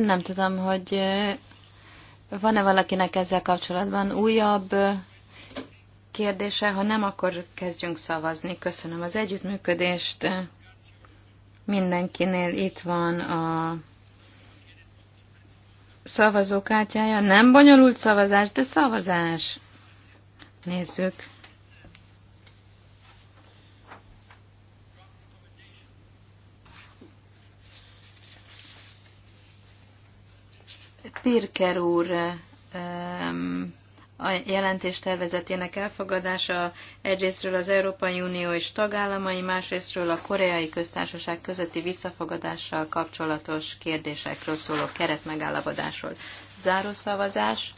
Nem tudom, hogy e, van-e valakinek ezzel kapcsolatban újabb kérdése, ha nem, akkor kezdjünk szavazni. Köszönöm az együttműködést. Mindenkinél itt van a szavazókártyája. Nem bonyolult szavazás, de szavazás. Nézzük. Pirker úr um, a jelentés tervezetének elfogadása egyrésztről az Európai Unió és tagállamai, másrésztről a Koreai Köztársaság közötti visszafogadással kapcsolatos kérdésekről szóló keretmegállapodásról. Záró szavazás,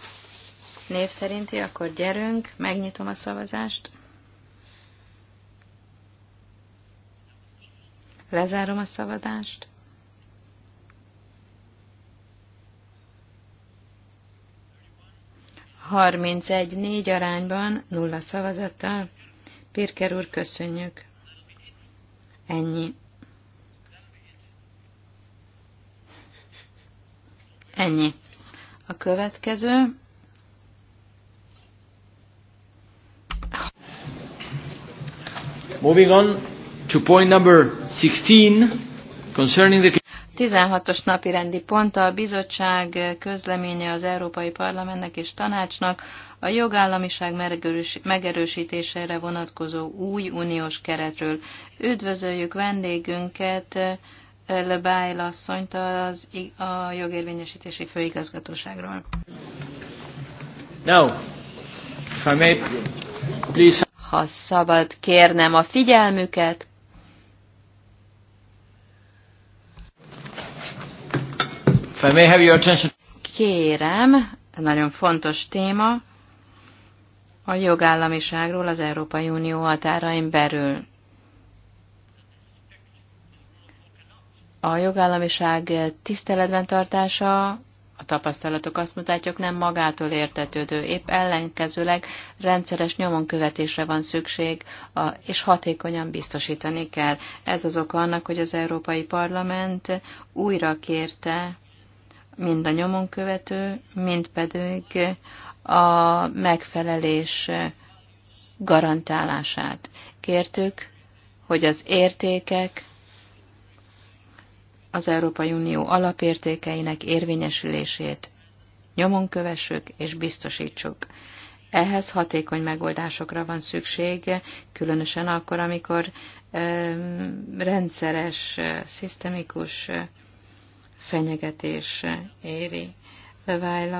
név szerinti, akkor gyerünk, megnyitom a szavazást. Lezárom a szavazást. 31-4 arányban, nulla szavazattal. Pirker úr, köszönjük. Ennyi. Ennyi. A következő. Moving on to point number 16 concerning the 16-os napi rendi pont a bizottság közleménye az Európai Parlamentnek és Tanácsnak a jogállamiság megerősítésére vonatkozó új uniós keretről. Üdvözöljük vendégünket, Le Bail asszonyt az, a jogérvényesítési főigazgatóságról. No. please. Ha szabad kérnem a figyelmüket, If I may have your attention. Kérem, nagyon fontos téma, a jogállamiságról az Európai Unió határain belül. A jogállamiság tiszteletben tartása, a tapasztalatok azt mutatják, nem magától értetődő, épp ellenkezőleg rendszeres nyomon követésre van szükség, és hatékonyan biztosítani kell. Ez az oka annak, hogy az Európai Parlament újra kérte mind a nyomon követő, mind pedig a megfelelés garantálását. Kértük, hogy az értékek az Európai Unió alapértékeinek érvényesülését nyomon kövessük és biztosítsuk. Ehhez hatékony megoldásokra van szükség, különösen akkor, amikor rendszeres, szisztemikus fenyegetése éri. Levájl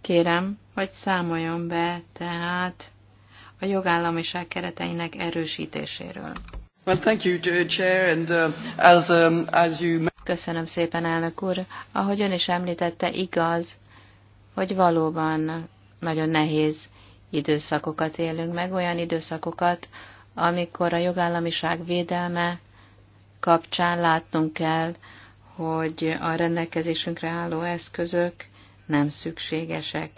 kérem, hogy számoljon be tehát a jogállamiság kereteinek erősítéséről. Well, thank you, Chair, and uh, as, um, as you... Köszönöm szépen, elnök úr. Ahogy ön is említette, igaz, hogy valóban nagyon nehéz időszakokat élünk meg, olyan időszakokat, amikor a jogállamiság védelme kapcsán látnunk kell, hogy a rendelkezésünkre álló eszközök nem szükségesek,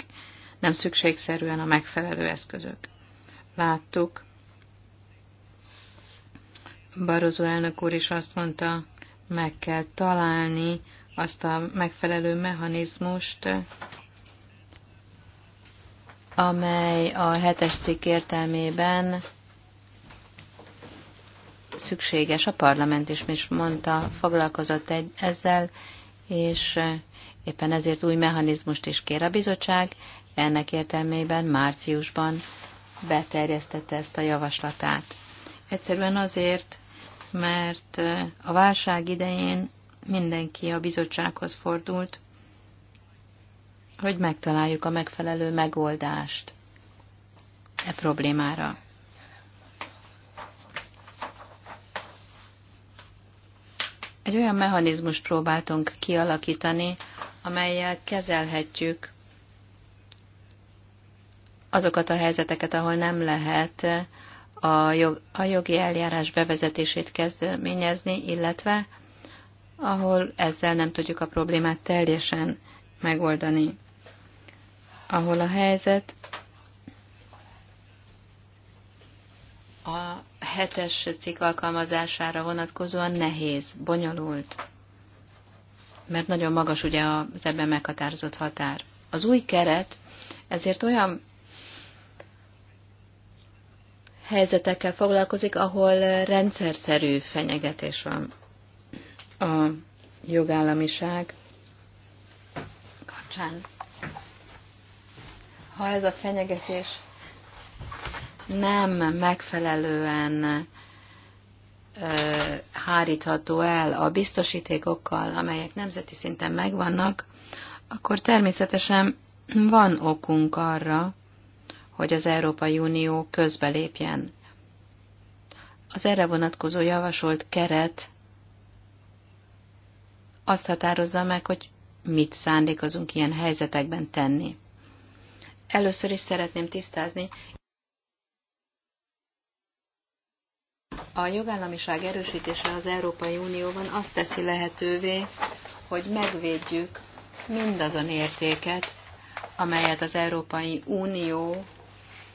nem szükségszerűen a megfelelő eszközök. Láttuk, Barozó elnök úr is azt mondta, meg kell találni azt a megfelelő mechanizmust, amely a hetes cikk értelmében szükséges. A parlament is, mint mondta, foglalkozott egy, ezzel, és éppen ezért új mechanizmust is kér a bizottság. Ennek értelmében márciusban beterjesztette ezt a javaslatát. Egyszerűen azért, mert a válság idején mindenki a bizottsághoz fordult, hogy megtaláljuk a megfelelő megoldást e problémára. Egy olyan mechanizmust próbáltunk kialakítani, amelyel kezelhetjük azokat a helyzeteket, ahol nem lehet a, jog, a jogi eljárás bevezetését kezdeményezni, illetve ahol ezzel nem tudjuk a problémát teljesen megoldani. Ahol a helyzet a hetes cikk alkalmazására vonatkozóan nehéz, bonyolult, mert nagyon magas ugye az ebben meghatározott határ. Az új keret ezért olyan helyzetekkel foglalkozik, ahol rendszerszerű fenyegetés van a jogállamiság kapcsán. Ha ez a fenyegetés nem megfelelően hárítható el a biztosítékokkal, amelyek nemzeti szinten megvannak, akkor természetesen van okunk arra, hogy az Európai Unió közbelépjen. Az erre vonatkozó javasolt keret azt határozza meg, hogy mit szándékozunk ilyen helyzetekben tenni. Először is szeretném tisztázni, A jogállamiság erősítése az Európai Unióban azt teszi lehetővé, hogy megvédjük mindazon értéket, amelyet az Európai Unió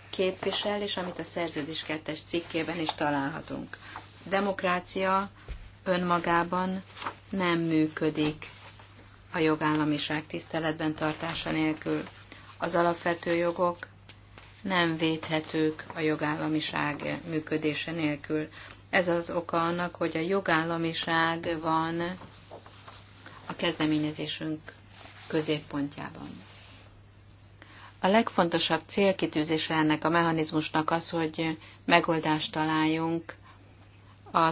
képvisel, és amit a szerződés kettes cikkében is találhatunk. Demokrácia önmagában nem működik a jogállamiság tiszteletben tartása nélkül. Az alapvető jogok nem védhetők a jogállamiság működése nélkül. Ez az oka annak, hogy a jogállamiság van a kezdeményezésünk középpontjában. A legfontosabb célkitűzése ennek a mechanizmusnak az, hogy megoldást találjunk a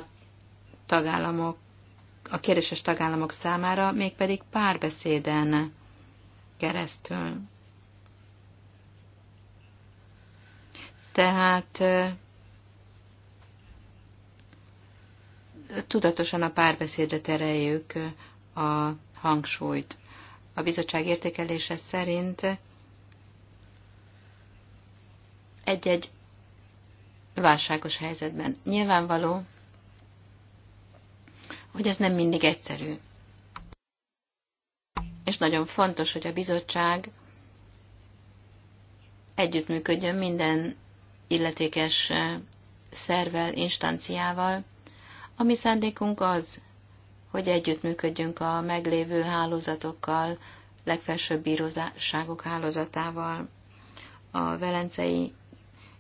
tagállamok, a kérdéses tagállamok számára, mégpedig párbeszéden keresztül. Tehát tudatosan a párbeszédre tereljük a hangsúlyt. A bizottság értékelése szerint egy-egy válságos helyzetben. Nyilvánvaló, hogy ez nem mindig egyszerű. És nagyon fontos, hogy a bizottság együttműködjön minden illetékes szervel, instanciával. A mi szándékunk az, hogy együttműködjünk a meglévő hálózatokkal, legfelsőbb bíróságok hálózatával, a Velencei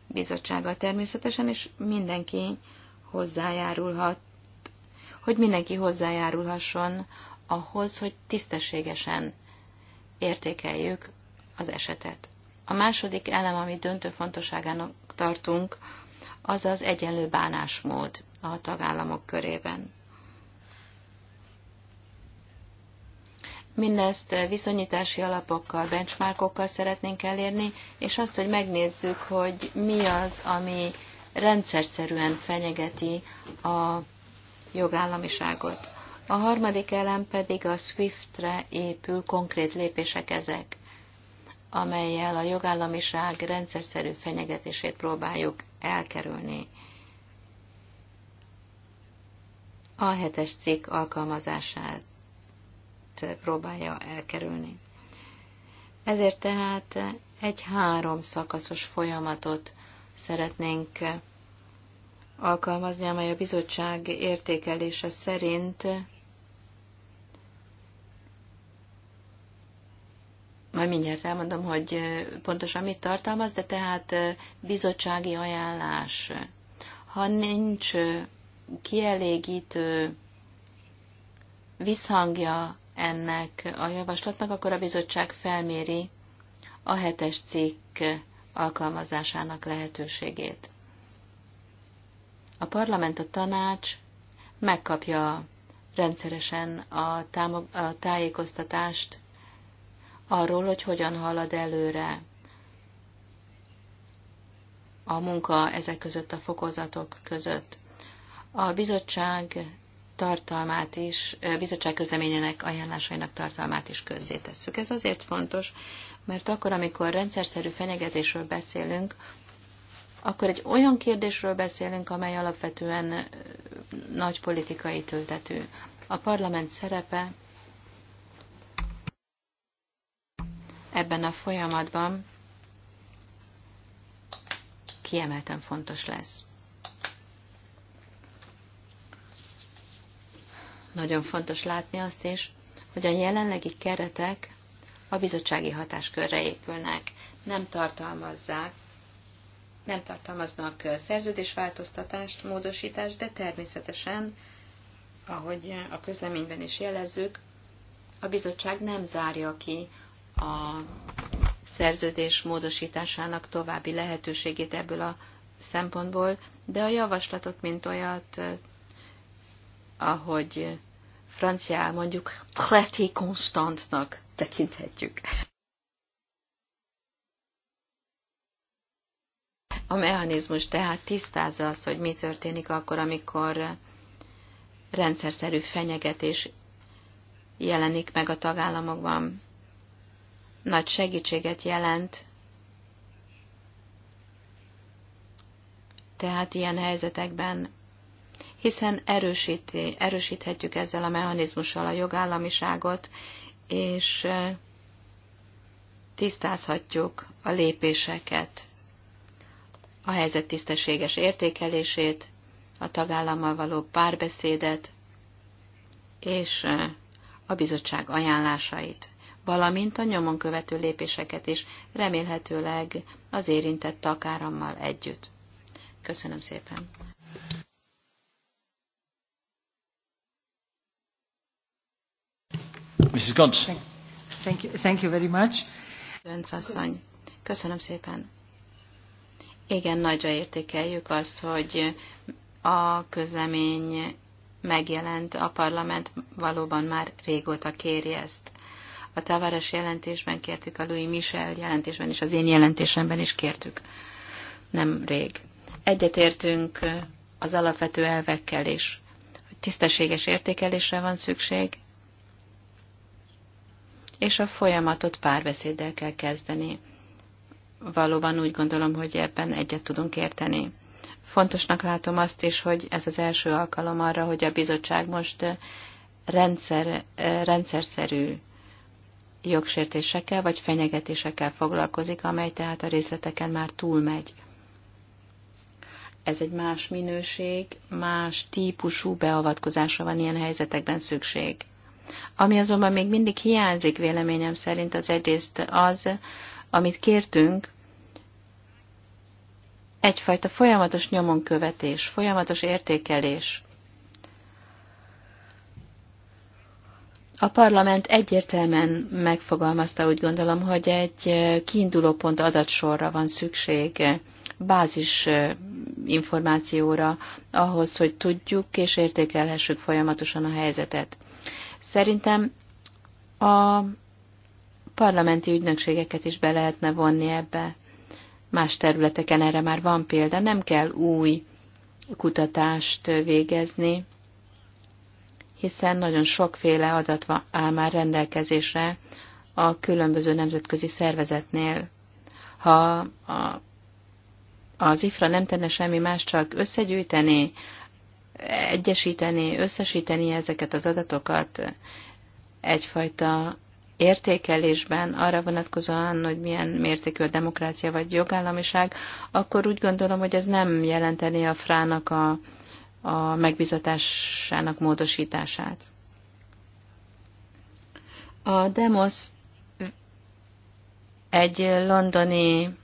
Bizottsággal természetesen, és mindenki hozzájárulhat, hogy mindenki hozzájárulhasson ahhoz, hogy tisztességesen értékeljük az esetet. A második elem, ami döntő fontosságának tartunk, azaz egyenlő bánásmód a tagállamok körében. Mindezt viszonyítási alapokkal, benchmarkokkal szeretnénk elérni, és azt, hogy megnézzük, hogy mi az, ami rendszerszerűen fenyegeti a jogállamiságot. A harmadik elem pedig a SWIFT-re épül konkrét lépések ezek amelyel a jogállamiság rendszerszerű fenyegetését próbáljuk elkerülni. A hetes cikk alkalmazását próbálja elkerülni. Ezért tehát egy három szakaszos folyamatot szeretnénk alkalmazni, amely a bizottság értékelése szerint majd mindjárt elmondom, hogy pontosan mit tartalmaz, de tehát bizottsági ajánlás. Ha nincs kielégítő visszhangja ennek a javaslatnak, akkor a bizottság felméri a hetes cikk alkalmazásának lehetőségét. A parlament, a tanács megkapja rendszeresen a, támog- a tájékoztatást arról, hogy hogyan halad előre a munka ezek között a fokozatok között. A bizottság tartalmát is, eh, bizottság közleményének ajánlásainak tartalmát is közzétesszük. Ez azért fontos, mert akkor, amikor rendszerszerű fenyegetésről beszélünk, akkor egy olyan kérdésről beszélünk, amely alapvetően eh, nagy politikai töltetű. A parlament szerepe ebben a folyamatban kiemelten fontos lesz. Nagyon fontos látni azt is, hogy a jelenlegi keretek a bizottsági hatáskörre épülnek, nem tartalmazzák, nem tartalmaznak szerződésváltoztatást, módosítást, de természetesen, ahogy a közleményben is jelezzük, a bizottság nem zárja ki a szerződés módosításának további lehetőségét ebből a szempontból, de a javaslatot, mint olyat, eh, ahogy franciá mondjuk traité Constantnak tekinthetjük. A mechanizmus tehát tisztázza azt, hogy mi történik akkor, amikor rendszerszerű fenyegetés jelenik meg a tagállamokban nagy segítséget jelent. Tehát ilyen helyzetekben, hiszen erősíti, erősíthetjük ezzel a mechanizmussal a jogállamiságot, és eh, tisztázhatjuk a lépéseket, a helyzet tisztességes értékelését, a tagállammal való párbeszédet és eh, a bizottság ajánlásait valamint a nyomon követő lépéseket is, remélhetőleg az érintett takárammal együtt. Köszönöm szépen! Mrs. Gantz. Thank you, thank you very much. Gönc asszony, köszönöm szépen. Igen, nagyra értékeljük azt, hogy a közlemény megjelent, a parlament valóban már régóta kéri ezt. A Tavares jelentésben kértük, a Louis Michel jelentésben és az én jelentésemben is kértük. Nem rég. Egyetértünk az alapvető elvekkel is, hogy tisztességes értékelésre van szükség, és a folyamatot párbeszéddel kell kezdeni. Valóban úgy gondolom, hogy ebben egyet tudunk érteni. Fontosnak látom azt is, hogy ez az első alkalom arra, hogy a bizottság most rendszer, rendszerszerű jogsértésekkel vagy fenyegetésekkel foglalkozik, amely tehát a részleteken már túlmegy. Ez egy más minőség, más típusú beavatkozásra van ilyen helyzetekben szükség. Ami azonban még mindig hiányzik véleményem szerint az egyrészt az, amit kértünk, egyfajta folyamatos nyomonkövetés, folyamatos értékelés A parlament egyértelműen megfogalmazta, úgy gondolom, hogy egy kiinduló pont adatsorra van szükség, bázis információra, ahhoz, hogy tudjuk és értékelhessük folyamatosan a helyzetet. Szerintem a parlamenti ügynökségeket is be lehetne vonni ebbe. Más területeken erre már van példa, nem kell új kutatást végezni, hiszen nagyon sokféle adat áll már rendelkezésre a különböző nemzetközi szervezetnél. Ha a, az IFRA nem tenne semmi más, csak összegyűjteni, egyesíteni, összesíteni ezeket az adatokat egyfajta értékelésben arra vonatkozóan, hogy milyen mértékű a demokrácia vagy jogállamiság, akkor úgy gondolom, hogy ez nem jelenteni a frának a, a megbizatásának módosítását. A Demos egy londoni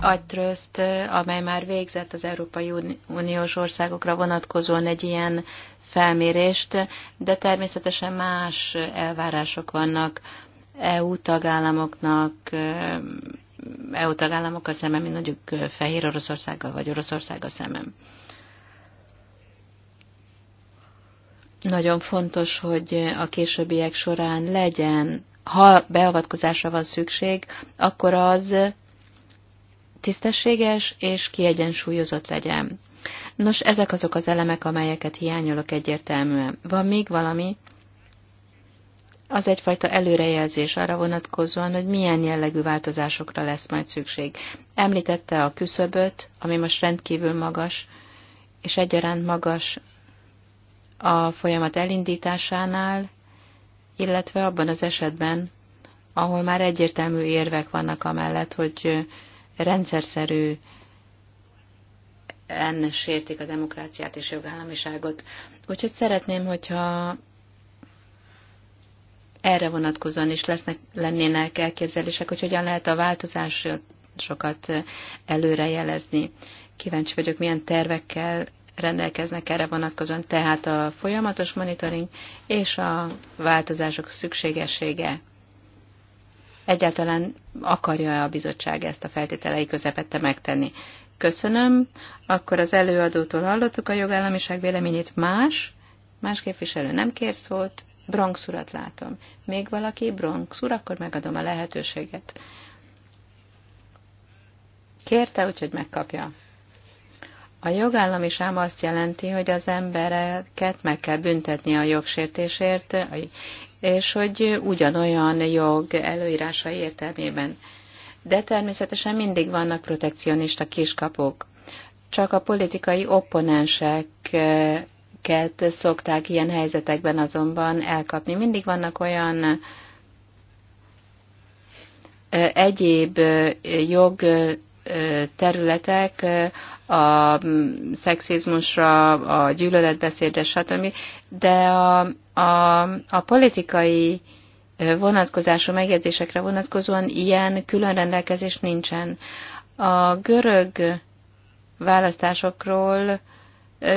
agytrözt, amely már végzett az Európai Uniós országokra vonatkozóan egy ilyen felmérést, de természetesen más elvárások vannak EU tagállamoknak, EU a szemem, mint mondjuk Fehér Oroszországgal vagy a szemem. Nagyon fontos, hogy a későbbiek során legyen, ha beavatkozásra van szükség, akkor az tisztességes és kiegyensúlyozott legyen. Nos, ezek azok az elemek, amelyeket hiányolok egyértelműen. Van még valami, az egyfajta előrejelzés arra vonatkozóan, hogy milyen jellegű változásokra lesz majd szükség. Említette a küszöböt, ami most rendkívül magas, és egyaránt magas a folyamat elindításánál, illetve abban az esetben, ahol már egyértelmű érvek vannak amellett, hogy rendszerszerű en sértik a demokráciát és jogállamiságot. Úgyhogy szeretném, hogyha erre vonatkozóan is lesznek, lennének elképzelések, hogy hogyan lehet a változásokat előrejelezni. Kíváncsi vagyok, milyen tervekkel rendelkeznek erre vonatkozóan, tehát a folyamatos monitoring és a változások szükségessége. Egyáltalán akarja-e a bizottság ezt a feltételei közepette megtenni? Köszönöm. Akkor az előadótól hallottuk a jogállamiság véleményét. Más? Más képviselő nem kér szót. Bronx urat látom. Még valaki? Bronx ur, akkor megadom a lehetőséget. Kérte, úgyhogy megkapja. A jogállamiság ám azt jelenti, hogy az embereket meg kell büntetni a jogsértésért, és hogy ugyanolyan jog előírása értelmében. De természetesen mindig vannak protekcionista kiskapok. Csak a politikai opponensek őket szokták ilyen helyzetekben azonban elkapni. Mindig vannak olyan egyéb jog területek, a szexizmusra, a gyűlöletbeszédre, stb. De a, a, a politikai vonatkozású megjegyzésekre vonatkozóan ilyen külön rendelkezés nincsen. A görög választásokról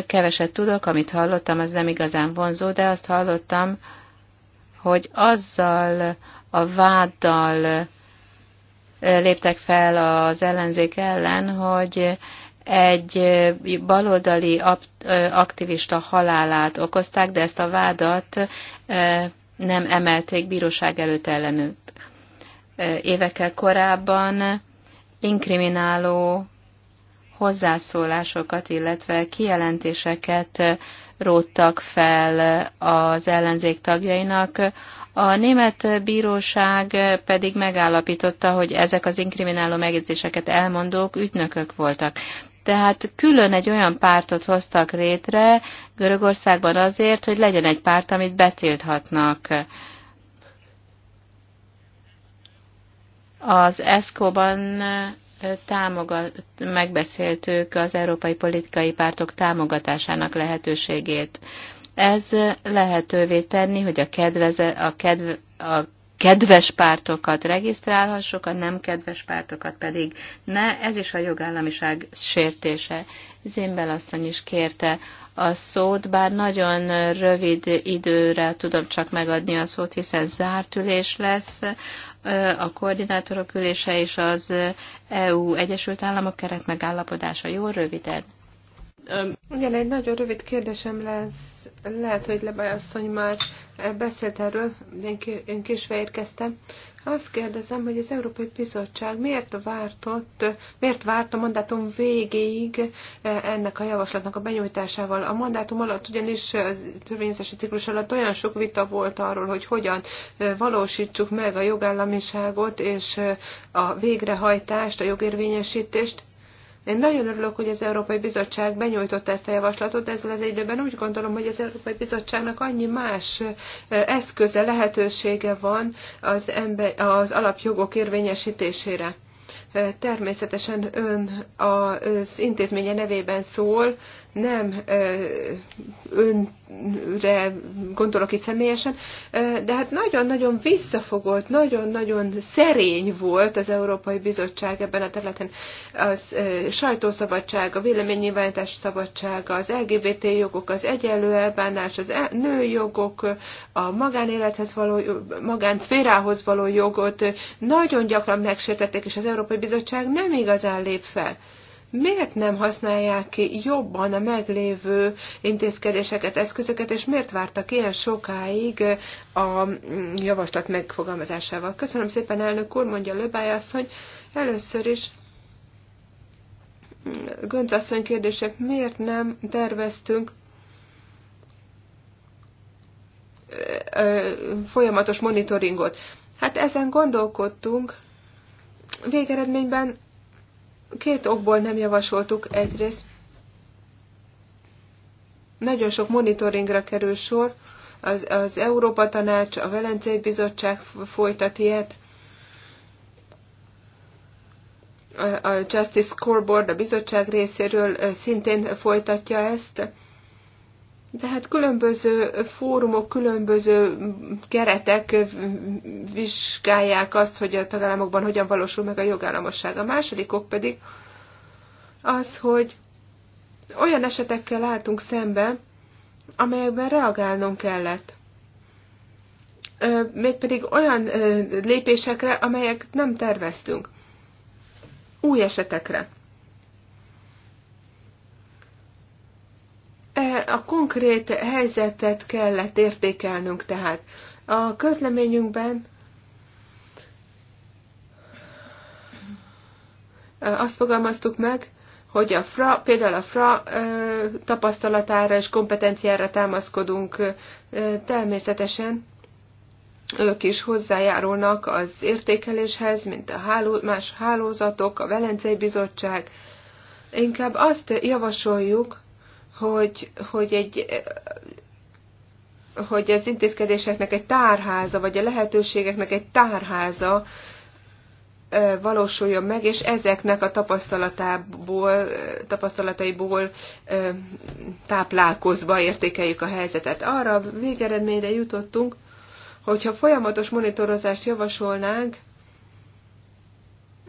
keveset tudok, amit hallottam, az nem igazán vonzó, de azt hallottam, hogy azzal a váddal eh, léptek fel az ellenzék ellen, hogy egy baloldali eh, aktivista halálát okozták, de ezt a vádat eh, nem emelték bíróság előtt ellenük. Évekkel korábban inkrimináló hozzászólásokat, illetve kijelentéseket róttak fel az ellenzék tagjainak. A német bíróság pedig megállapította, hogy ezek az inkrimináló megjegyzéseket elmondók ügynökök voltak. Tehát külön egy olyan pártot hoztak rétre Görögországban azért, hogy legyen egy párt, amit betilthatnak. Az ESCO-ban támogat, megbeszéltük az európai politikai pártok támogatásának lehetőségét. Ez lehetővé tenni, hogy a, kedveze, a, kedve, a kedves pártokat regisztrálhassuk, a nem kedves pártokat pedig ne, ez is a jogállamiság sértése. Zimbel asszony is kérte a szót, bár nagyon rövid időre tudom csak megadni a szót, hiszen zárt ülés lesz a koordinátorok ülése és az EU Egyesült Államok keret megállapodása. Jó, röviden. Igen, egy nagyon rövid kérdésem lesz. Lehet, hogy Lebaj asszony már beszélt erről, én, kisve érkeztem. Azt kérdezem, hogy az Európai Bizottság miért vártott, miért várt a mandátum végéig eh, ennek a javaslatnak a benyújtásával? A mandátum alatt ugyanis a törvényzési ciklus alatt olyan sok vita volt arról, hogy hogyan eh, valósítsuk meg a jogállamiságot és eh, a végrehajtást, a jogérvényesítést, én nagyon örülök, hogy az Európai Bizottság benyújtotta ezt a javaslatot, de ezzel az időben úgy gondolom, hogy az Európai Bizottságnak annyi más eszköze, lehetősége van az, ember, az alapjogok érvényesítésére. Természetesen ön az intézménye nevében szól, nem önre gondolok itt személyesen, de hát nagyon-nagyon visszafogott, nagyon-nagyon szerény volt az Európai Bizottság ebben a területen. Az sajtószabadság, a véleménynyilvánítás szabadsága, az LGBT jogok, az egyenlő elbánás, az e- nőjogok, a magánélethez való, magánszférához való jogot nagyon gyakran megsértették, és az Európai Bizottság nem igazán lép fel miért nem használják ki jobban a meglévő intézkedéseket, eszközöket, és miért vártak ilyen sokáig a javaslat megfogalmazásával? Köszönöm szépen, elnök úr, mondja Löbály asszony. Először is Gönc asszony kérdések, miért nem terveztünk folyamatos monitoringot? Hát ezen gondolkodtunk, végeredményben Két okból nem javasoltuk egyrészt. Nagyon sok monitoringra kerül sor, az, az Európa Tanács, a Velencei Bizottság folytat ilyet, a Justice Scoreboard a bizottság részéről szintén folytatja ezt. De hát különböző fórumok, különböző keretek vizsgálják azt, hogy a tagállamokban hogyan valósul meg a jogállamosság. A másodikok ok pedig az, hogy olyan esetekkel álltunk szembe, amelyekben reagálnunk kellett. Mégpedig olyan lépésekre, amelyek nem terveztünk. Új esetekre. A konkrét helyzetet kellett értékelnünk tehát. A közleményünkben azt fogalmaztuk meg, hogy a fra, például a fra ö, tapasztalatára és kompetenciára támaszkodunk ö, természetesen. Ők is hozzájárulnak az értékeléshez, mint a háló, más hálózatok, a Velencei Bizottság. Inkább azt javasoljuk, hogy, hogy egy hogy az intézkedéseknek egy tárháza, vagy a lehetőségeknek egy tárháza valósuljon meg, és ezeknek a tapasztalatából, tapasztalataiból táplálkozva értékeljük a helyzetet. Arra végeredményre jutottunk, hogyha folyamatos monitorozást javasolnánk,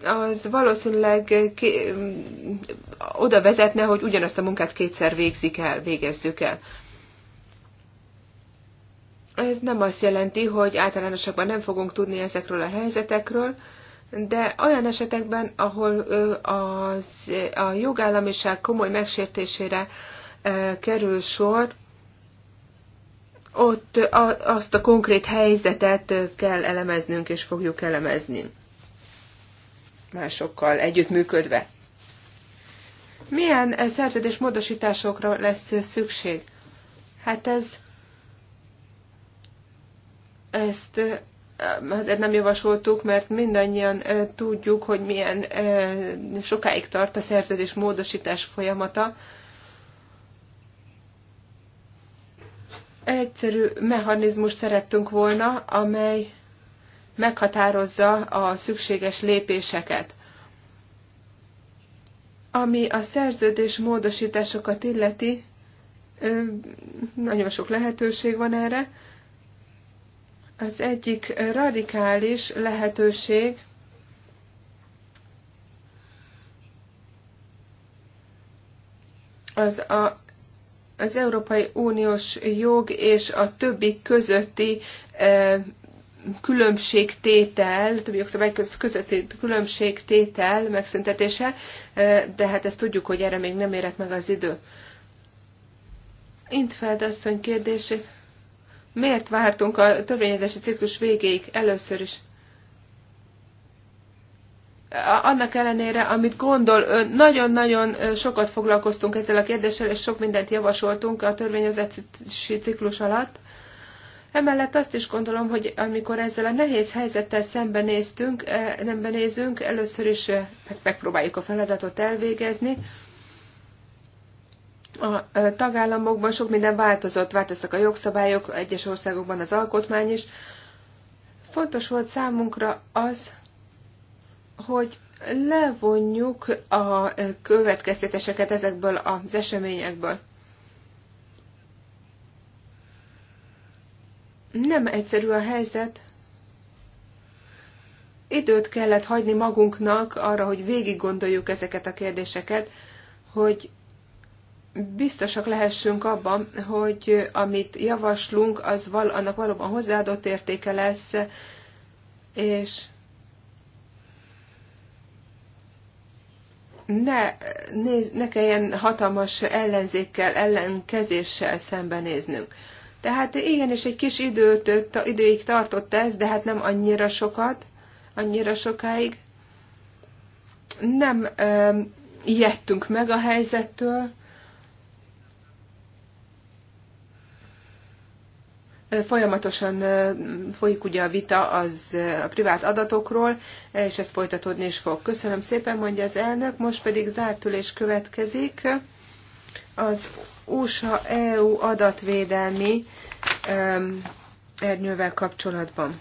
az valószínűleg ki, oda vezetne, hogy ugyanazt a munkát kétszer végzik el, végezzük el. Ez nem azt jelenti, hogy általánosakban nem fogunk tudni ezekről a helyzetekről, de olyan esetekben, ahol az, a jogállamiság komoly megsértésére kerül sor, ott azt a konkrét helyzetet kell elemeznünk és fogjuk elemezni másokkal együttműködve. Milyen eh, szerződés módosításokra lesz eh, szükség? Hát ez ezt eh, azért nem javasoltuk, mert mindannyian tudjuk, hogy milyen sokáig tart a szerződés módosítás folyamata. Egyszerű mechanizmus szerettünk volna, amely meghatározza a szükséges lépéseket. Ami a szerződés módosításokat illeti, nagyon sok lehetőség van erre. Az egyik radikális lehetőség, az a az Európai Uniós jog és a többi közötti különbségtétel, többi jogszabály közötti különbségtétel megszüntetése, de hát ezt tudjuk, hogy erre még nem érett meg az idő. Intfeld asszony kérdését. Miért vártunk a törvényezési ciklus végéig először is? Annak ellenére, amit gondol, nagyon-nagyon sokat foglalkoztunk ezzel a kérdéssel, és sok mindent javasoltunk a törvényezési ciklus alatt Emellett azt is gondolom, hogy amikor ezzel a nehéz helyzettel szembenéztünk, nem eh, benézünk, először is eh, megpróbáljuk a feladatot elvégezni. A eh, tagállamokban sok minden változott, változtak a jogszabályok, egyes országokban az alkotmány is. Fontos volt számunkra az, hogy levonjuk a következtetéseket ezekből az eseményekből. Nem egyszerű a helyzet. Időt kellett hagyni magunknak arra, hogy végig gondoljuk ezeket a kérdéseket, hogy biztosak lehessünk abban, hogy amit javaslunk, az val, annak valóban hozzáadott értéke lesz, és ne, néz, ne kelljen hatalmas ellenzékkel, ellenkezéssel szembenéznünk. Tehát igen, és egy kis időt, időig tartott ez, de hát nem annyira sokat, annyira sokáig. Nem um, ijedtünk meg a helyzettől. Folyamatosan folyik ugye a vita az a privát adatokról, és ez folytatódni is fog. Köszönöm szépen, mondja az elnök, most pedig zárt következik. Az USA-EU e adatvédelmi ernyővel kapcsolatban.